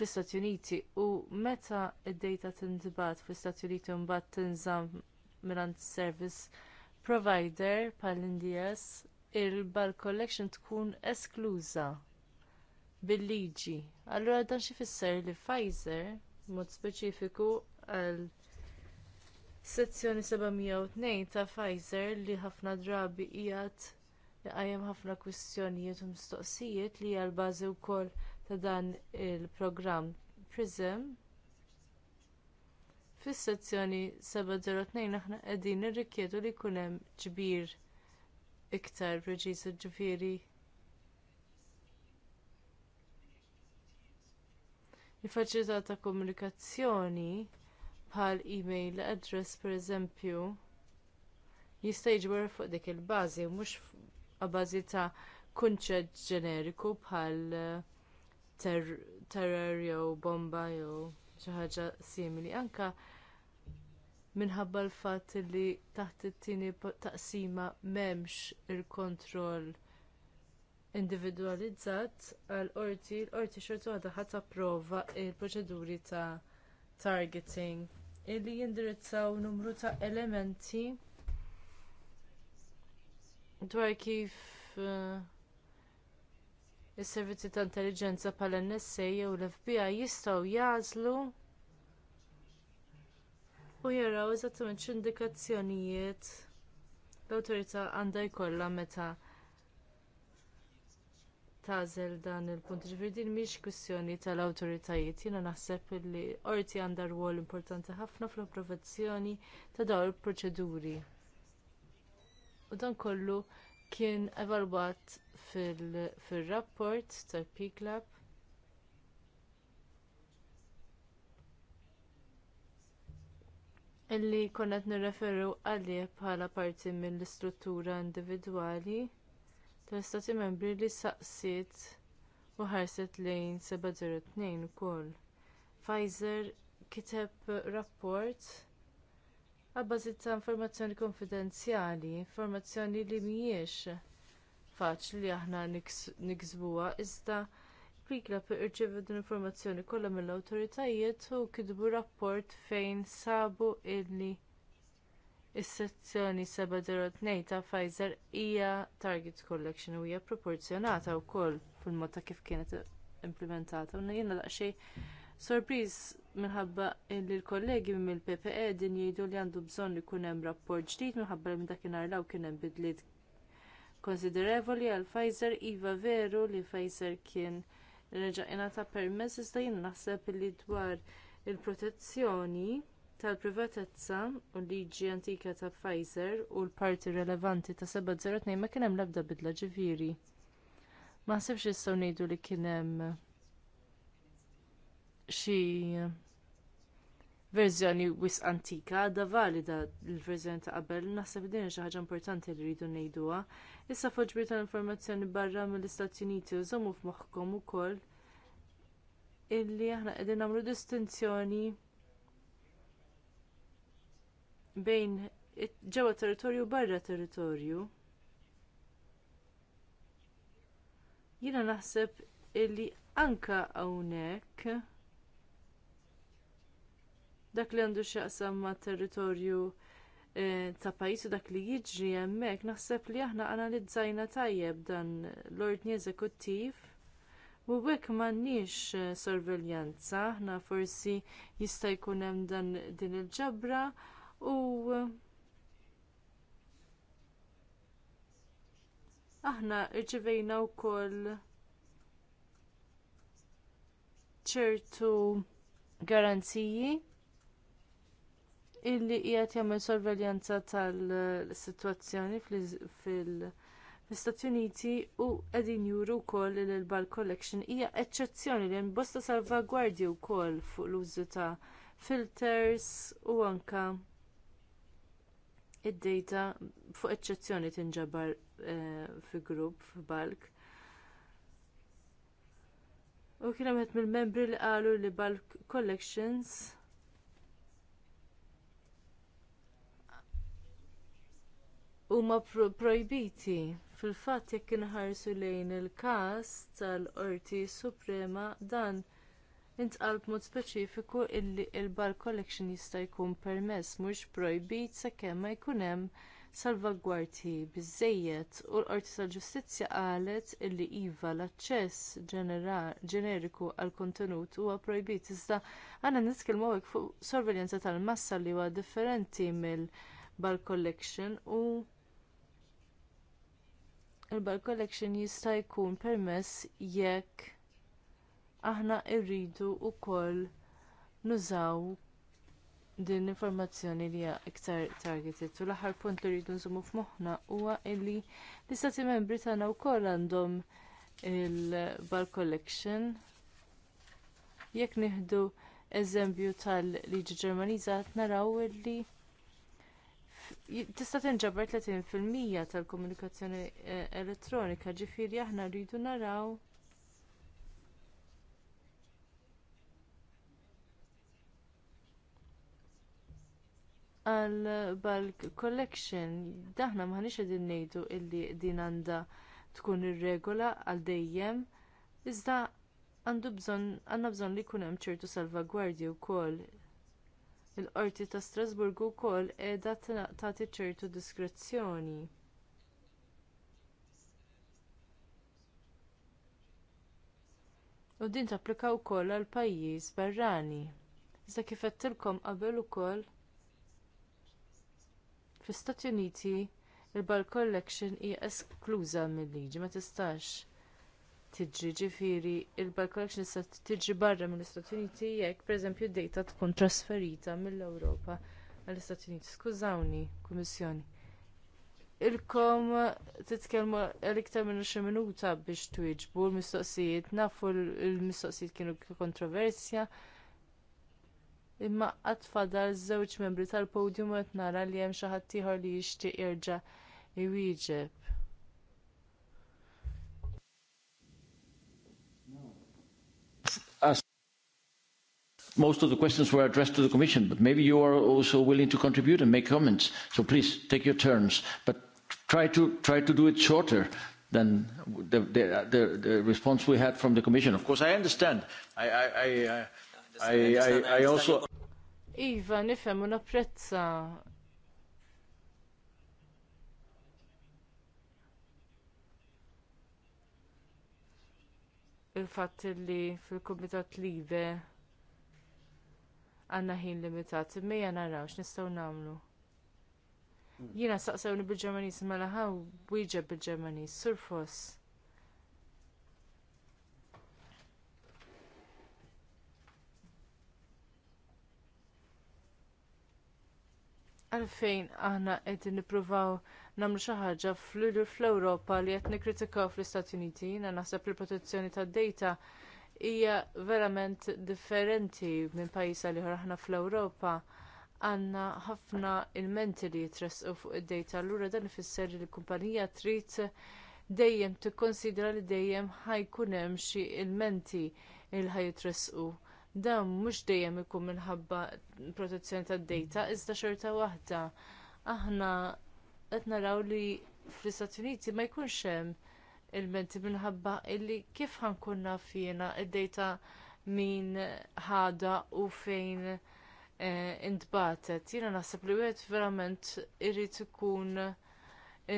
C: fl-Istati Uniti u meta id-data tintbagħat fl-Istati Uniti mbagħad tinżamm mingħand service provider bħall-NDS il-bulk collection tkun eskluża bil-liġi. Allura dan xi fisser li Pfizer mod speċifiku għal sezzjoni 702 ta' Pfizer li ħafna drabi qiegħed qajjem ħafna kwistjonijiet u mistoqsijiet li hija l-bażi wkoll ta' dan il-programm PRISM fis-sezzjoni 702 aħna qegħdin nirrikjedu li jkun hemm ġbir iktar preċiż ġifieri il-faċilità ta' komunikazzjoni bħal email address pereżempju jista' jiġbor fuq dik il-bażi mhux a ta' kunċett ġeneriku bħal terror jew bomba jew xi ħaġa simili. Anke minħabba l-fatt li taħt it-tieni taqsima m'hemmx il-kontroll individwalizzat għal qorti l-qorti xorta waħda ħadd approva l proċeduri ta' targeting illi jindirizzaw numru ta' elementi dwar kif uh, Is-servizzi ta' intelligenza bħala NSA jew l-FBI jistgħu jażlu u jaraw eżattament x'indikazzjonijiet l-awtorità għandha jkollha meta tażel dan il-punt. Ġifieri din mhix kwistjoni tal-awtoritajiet. Jiena naħseb li qorti għandha rwol importanti ħafna fl-approvazzjoni ta' dawn il-proċeduri. U dan kollu kien evalwat fil-rapport fil tal-PCLAB illi konna qed nirreferu għalih bħala parti mill-istruttura individwali tal-istati membri li saqsiet u ħarset lejn 702 ukoll. Pfizer kiteb rapport għabbażi ta' informazzjoni konfidenzjali, informazzjoni li mhijiex faċli li aħna niksbuha, iżda Prikla irċevu din informazzjoni kollha mill-awtoritajiet u kitbu rapport fejn sabu illi Is-sezzjoni 702 ta' Pfizer hija target collection u hija proporzjonata wkoll fil-mod ta' kif kienet implementata. U jiena daqsxejn Sorpriż minħabba li l-kollegi mill-PPE din jgħidu li għandu bżonn li jkun hemm rapport ġdid minħabba li dakinhar law kien hemm bidliet konsiderevoli għal Pfizer iva veru li Pfizer kien reġa' ingħata permess iżda jien naħseb li dwar il-protezzjoni tal-privatezza u liġi antika ta' Pfizer u l-parti relevanti ta' 702 ma kien hemm l-ebda bidla ġifieri. Ma ħsibx jistgħu ngħidu li kien hemm xi verżjoni wis antika għadha valida l-verżjoni ta' qabel, naħseb din xi ħaġa importanti li rridu ngħiduha. Issa foġbir tal-informazzjoni barra mill-Istati Uniti użommu f'moħħkom ukoll illi aħna qegħdin nagħmlu distinzjoni bejn ġewwa territorju u barra territorju. Jiena naħseb illi anke hawnhekk dak li għandu x'jaqsam ma' territorju eh, ta' pajjiż u dak li jiġri hemmhekk naħseb li aħna analizzajna tajjeb dan l-ordni eżekuttiv U hekk m'għandniex eh, sorveljanza, aħna forsi jista' jkun hemm dan din il-ġabra u aħna rċivejna wkoll ċertu garanziji illi qiegħed jagħmel sorveljanza tal-sitwazzjoni fl-Istati Uniti u qegħdin juru wkoll li l-bulk collection hija eċċezzjoni li hemm bosta salvagwardji wkoll fuq l-użu ta' filters u anke id-data fuq eċċezzjoni tinġabar eh, fi grupp f'balk. U kien hemm mill-membri li qalu li bulk collections huma projbiti. Fil-fatt jekk inħarsu lejn il-każ tal-Qorti Suprema dan intqal b'mod speċifiku illi l-bar collection jista' jkun permess mhux projbit sakemm ma jkun hemm salvagwardji biżżejjed u l-Qorti tal-Ġustizzja qalet illi iva l-aċċess ġeneriku għall kontenut huwa projbit iżda għandna nitkellmu hekk fuq sorveljanza tal-massa li huwa differenti mill-bar collection u il-bulk collection jista' jkun permess jekk aħna rridu wkoll nużaw din l-informazzjoni li hija iktar targeted. U l-aħħar punt li rridu nżommu f'moħħna huwa li l-istati membri tagħna wkoll għandhom il-bulk collection jekk nieħdu eżempju tal-liġi Ġermaniża naraw li tista' tinġabar 30% tal-komunikazzjoni eh, elettronika ġifieri aħna rridu naraw għal bulk collection daħna maħniex qegħdin ngħidu illi din għandha tkun ir-regola għal dejjem iżda għandu bżonn għandna bżonn li jkun hemm ċertu salvagwardji wkoll Il-qorti ta' Strasburgu wkoll qiegħda tagħti ċertu diskrezzjoni. U din tapplika wkoll għal pajjiż barrani. Iżda kif qedtilkom qabel ukoll fl-Istati Uniti il-Bulk Collection hija eskluża mill-liġi ma tistax tiġri ġifiri il-bulk collection issa tiġri barra mill-Istati Uniti jekk pereżempju d-dejta tkun trasferita mill-Ewropa għall-Istati Uniti. Skużawni, Kummissjoni. Ilkom titkellmu l-iktar minn xi minuta biex twieġbu l-mistoqsijiet, nafu l-mistoqsijiet kienu kontroversja. Imma qatt fadal żewġ membri tal-podium qed nara li hemm xi ħadd li jixtieq jerġa' iwieġeb.
D: Us
B: Most of the questions were addressed to the Commission, but maybe you are also willing to contribute and make comments. So please
A: take your turns, but try to try to do it shorter than the, the, the, the response we had from the Commission. Of course, I understand.
B: I, I, I,
A: uh, I, I, I, I also.
C: Iva, nifem, u il-fatt li fil-Kumitat Libe għandna ħin limitat, imma narawx nistgħu nagħmlu. Hmm. Jiena saqsewni bil-Ġermaniż mela ħaw wieġeb bil-Ġermaniż, surfos. Għalfejn aħna qegħdin nippruvaw nagħmlu xi ħaġa fl-Ewropa li qed nikkritikaw fl-Istati Uniti, jiena naħseb li protezzjoni tad-dejta hija verament differenti minn pajjiż li aħna fl-Ewropa għandna ħafna ilmenti li jitresqu fuq id-dejta. Allura dan ifisser li l-kumpanija trid dejjem tikkonsidra li dejjem ħajkun hemm xi ilmenti li ħajitresqu. Dan mhux dejjem ikun minħabba protezzjoni tad-dejta iżda xorta waħda. Aħna qed naraw li fl-Istati Uniti ma jkunx hemm il-menti minħabba illi kif ħankun naf jiena id-dejta min ħada u fejn eh, intbatet. Jiena naħseb li wieħed verament irid ikun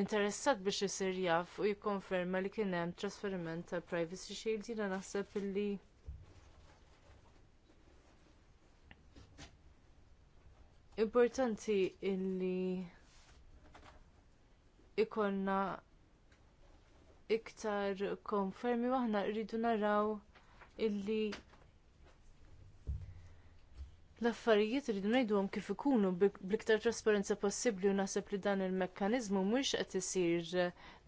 C: interessat biex isir jaf u jikkonferma li kien hemm trasferiment ta' privacy shield jiena naħseb illi importanti illi ikonna iktar konfermi waħna rridu naraw illi l-affarijiet rridu ngħiduhom kif ikunu bl-iktar trasparenza possibbli u naħseb li dan il-mekkaniżmu mhux qed isir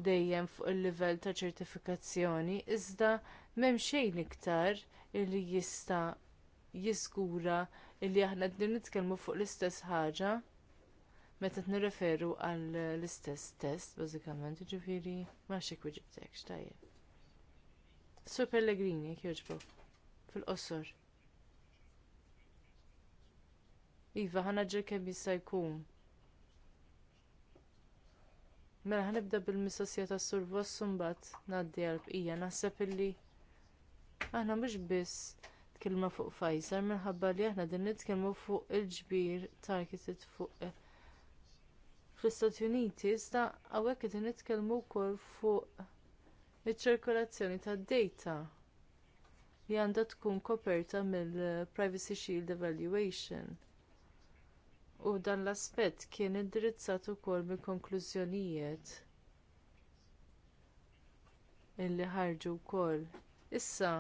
C: dejjem fuq il-livell ta' ċertifikazzjoni, iżda m'hemm xejn iktar illi jista' jiskura illi aħna qegħdin nitkellmu fuq l-istess ħaġa meta nirreferu għal l-istess test, bażikament, ġifiri, ma xek wieġibtek, xtajjeb. Sur Pellegrini, kjoġbok, fil-qossor. Iva, ħana ġer kemm jista' jkun. Mela ħanibda bil-mistoqsija tas Sur Voss mbagħad ngħaddi għal bqija naħseb illi aħna mhux biss tkilma fuq Pfizer minħabba li aħna din nitkellmu fuq il-ġbir targeted fuq fl-Istati Uniti, iżda hawnhekk qegħdin nitkellmu wkoll fuq iċ-ċirkolazzjoni tad-data li għandha tkun koperta mill-Privacy Shield Evaluation. U dan l-aspett kien indirizzat ukoll mill-konklużjonijiet illi ħarġu wkoll. Issa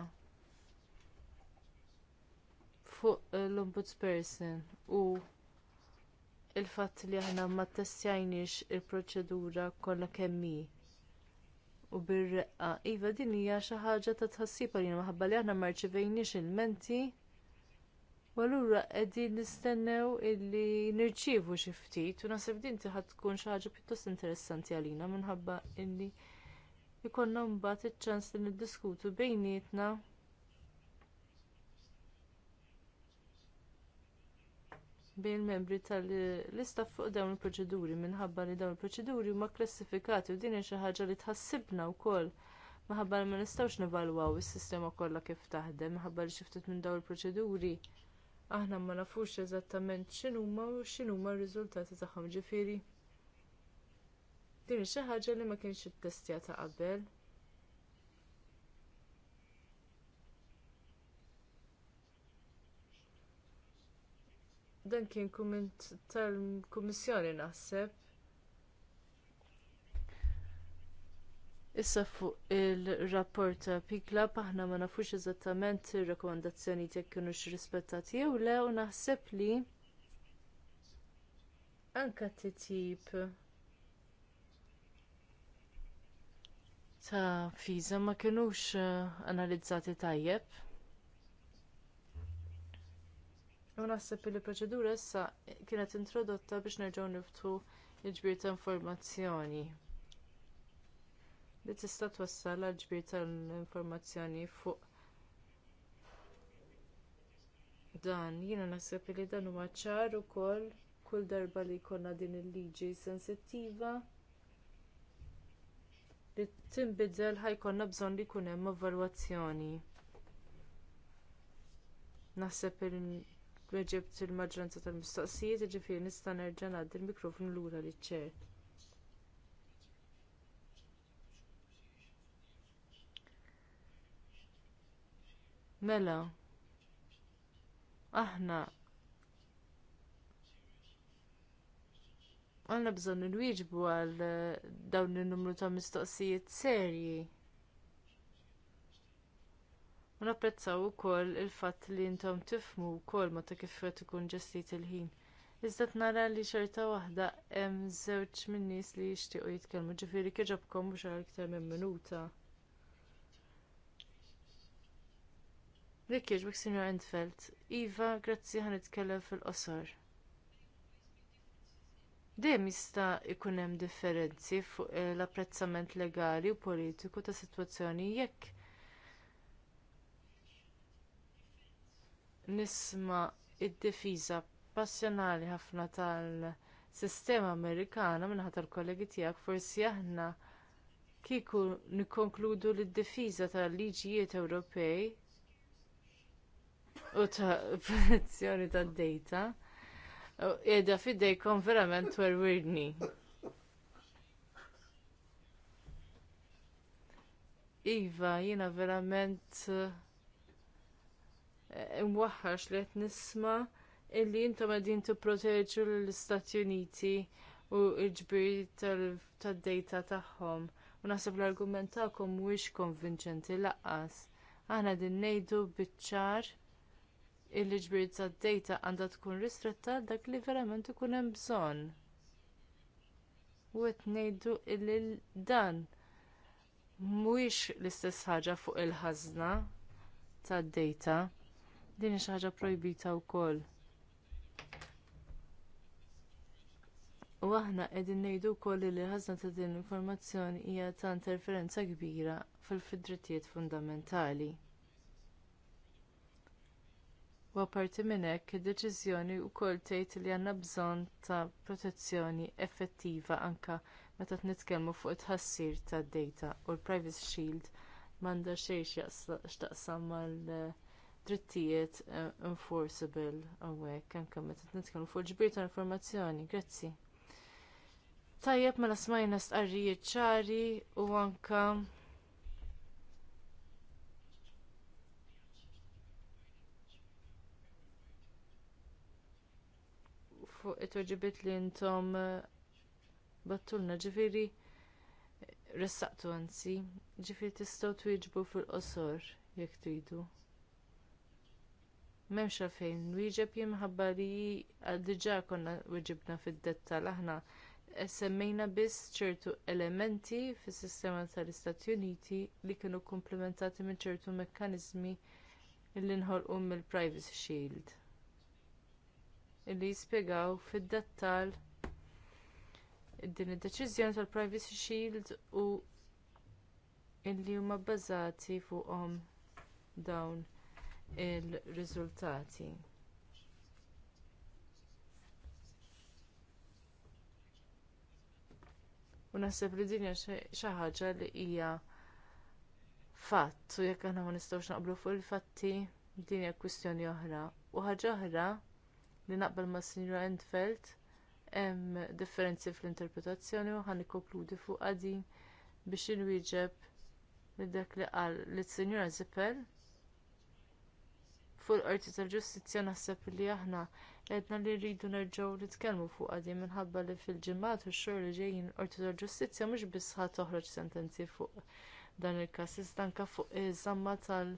C: fuq l-ombudsperson u il-fatt li aħna ma tessjajniex il-proċedura kollha kemm hi. U bir-reqqa, iva din hija xi ħaġa ta' tħassib għalina maħabba li aħna ma rċevejniex il-menti. U allura qegħdin nistennew illi nirċievu xi ftit u naħseb din tiħad tkun xi ħaġa pjuttost interessanti għalina minħabba illi jkollna mbagħad iċ-ċans li niddiskutu bejnietna bejn membri tal-lista fuq dawn il-proċeduri minħabba li dawn il-proċeduri huma klassifikati u din xi ħaġa li tħassibna wkoll minħabba li ma nistgħux nevalwaw is-sistema kollha kif taħdem minħabba li xi ftit minn dawn il-proċeduri aħna ma nafux eżattament x'inhuma u x'inhuma r-riżultati tagħhom ġifieri. Din xi ħaġa li ma kienx ittestjata qabel. Dan kien kumment tal-Kummissjoni naħseb. Issa fuq il-rapport ta' Pikla aħna ma nafux eżattament ir rekomandazzjoni jekk kienu rispettati jew le u naħseb li anka titjib ta' fiża ma kinux eh, analizzati tajjeb. U naħseb li l proċedura issa kienet introdotta biex nerġgħu niftu l-ġbir ta' informazzjoni. Li tista' twassal għal ġbir tal-informazzjoni fuq dan, jiena naħseb li dan huwa ċar ukoll kull darba li jkollna din il-liġi sensittiva li tinbidel ħajkonna bżonn li jkun hemm evalwazzjoni. Naħseb li tweġibt il-maġġoranza tal-mistoqsijiet, jiġifieri nista' nerġa' ngħaddi l-mikrofon lura li ċer Mela, aħna għandna bżonn il-wieġbu għal dawn in numru ta' mistoqsijiet serji napprezzaw ukoll il-fatt li intom tifhmu wkoll meta kif qed ikun ġestit il-ħin. Iżda nara li xorta waħda hemm żewġ min-nies li jixtiequ jitkellmu ġifieri kieġobkom mhux għal iktar minn minuta. Rikkieġ bik Sinjor Endfeld, Iva, grazzi ħan itkellem fil-qosor. Dejjem jista' jkun hemm differenzi fuq eh, l-apprezzament legali u politiku ta' sitwazzjoni jekk nisma id-difiża passjonali ħafna tal-sistema Amerikana minħabba tal-kollegi tiegħek forsi aħna kieku nikkonkludu li d-difiża tal-liġijiet Ewropej u ta' protezzjoni tad-dejta qiegħda fidejkom verament twerwirni. Iva, jiena verament Eh, imwaħħax li qed nisma illi intom qegħdin tipproteġu l-Istati Uniti u l-ġbir tad-dejta tagħhom. U naħseb l-argument tagħkom mhuwiex konvinċenti lanqas. Aħna din ngħidu biċ-ċar il-ġbir tad-dejta għandha tkun ristretta dak li verament ikun hemm bżonn. U qed ngħidu illi dan mhuwiex l-istess ħaġa fuq il-ħażna tad-dejta. Din xi ħaġa projbita wkoll. U aħna qegħdin ngħidu wkoll li ħażna ta' din l-informazzjoni hija ta' interferenza kbira fil fidrittijiet fundamentali. U apparti minn hekk id-deċiżjoni wkoll tgħid li għandna bżonn ta' protezzjoni effettiva anke meta nitkellmu fuq it tħassir tad-data u l-Privacy Shield m'għandha xejn x'taqsam mal- drittijiet eh, enforceable hawnhekk anke meta nitkellmu fuq ġbir ta' informazzjoni. Grazzi. Tajjeb mela smajna stqarrijiet ċari u anke fuq it-tweġibiet li intom eh, battulna ġifiri eh, ressaqtu anzi, ġifiri tistgħu twieġbu fil-qosor jekk tridu għal fejn wieġeb jimħabba li diġà konna wieġibna fid dettall aħna semmejna biss ċertu elementi fis sistema tal-Istati Uniti li kienu komplementati minn ċertu mekkaniżmi li nħolqu mill-Privacy Shield. Illi jispjegaw fid dettall din id-deċiżjoni tal-Privacy Shield u illi huma bbażati fuqhom dawn il-riżultati. U naħseb li din hija xi ħaġa li hija fatt u jekk aħna ma nistgħux naqblu fuq il-fatti din hija kwistjoni oħra. U ħaġa oħra li naqbel ma' Sinjura Endfeld hemm differenzi fl-interpretazzjoni u ħan ikkonkludi fuq għadin biex inwieġeb li dak li qal li Sinjura Zippel fuq l-qorti tal-ġustizzja naħseb li aħna għedna li rridu nerġgħu nitkellmu fuq għadi minħabba li fil-ġimgħat u x-xhur li ġejjin qorti tal-ġustizzja mhux biss ħadd toħroġ sentenzi fuq dan il-każ iżda anke fuq iż-żamma tal-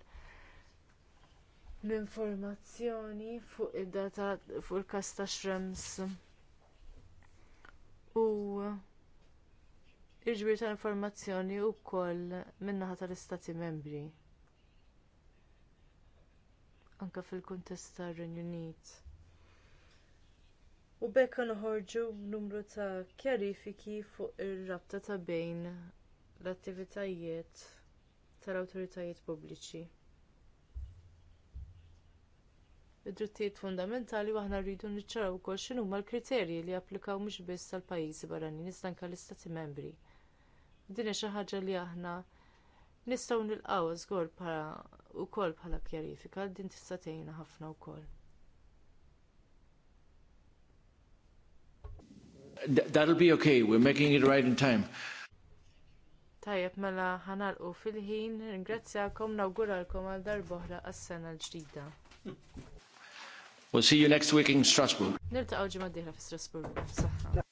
C: l-informazzjoni fuq id-data fuq il-każ ta' Shrems u l-ġbir tal-informazzjoni wkoll min-naħa tal-istati membri anke fil-kuntest tar-Renju Unit. U bekk noħorġu numru ta' kjarifiki fuq ir-rabta ta' bejn l-attivitajiet tal-awtoritajiet pubbliċi. Id-drittijiet fundamentali u aħna rridu niċċaraw ukoll x'inhu huma l-kriterji li applikaw mhux biss tal pajjiżi barranin iżda anke l-istati membri. Din hija xi ħaġa li aħna nistgħu nilqgħu żgur bħala wkoll bħala pjarifika din tista' tgħinna ħafna wkoll.
D: That'll be okay,
A: we're making it right in time.
C: Tajjeb mela ħanalqu fil-ħin, ringrazzjakom nawguralkom għal darbohra għas-sena l-ġdida.
D: We'll see you next week in Strasbourg.
C: Niltaqgħu ġimgħa d-dieħla fi Strasbourg. Saħħa.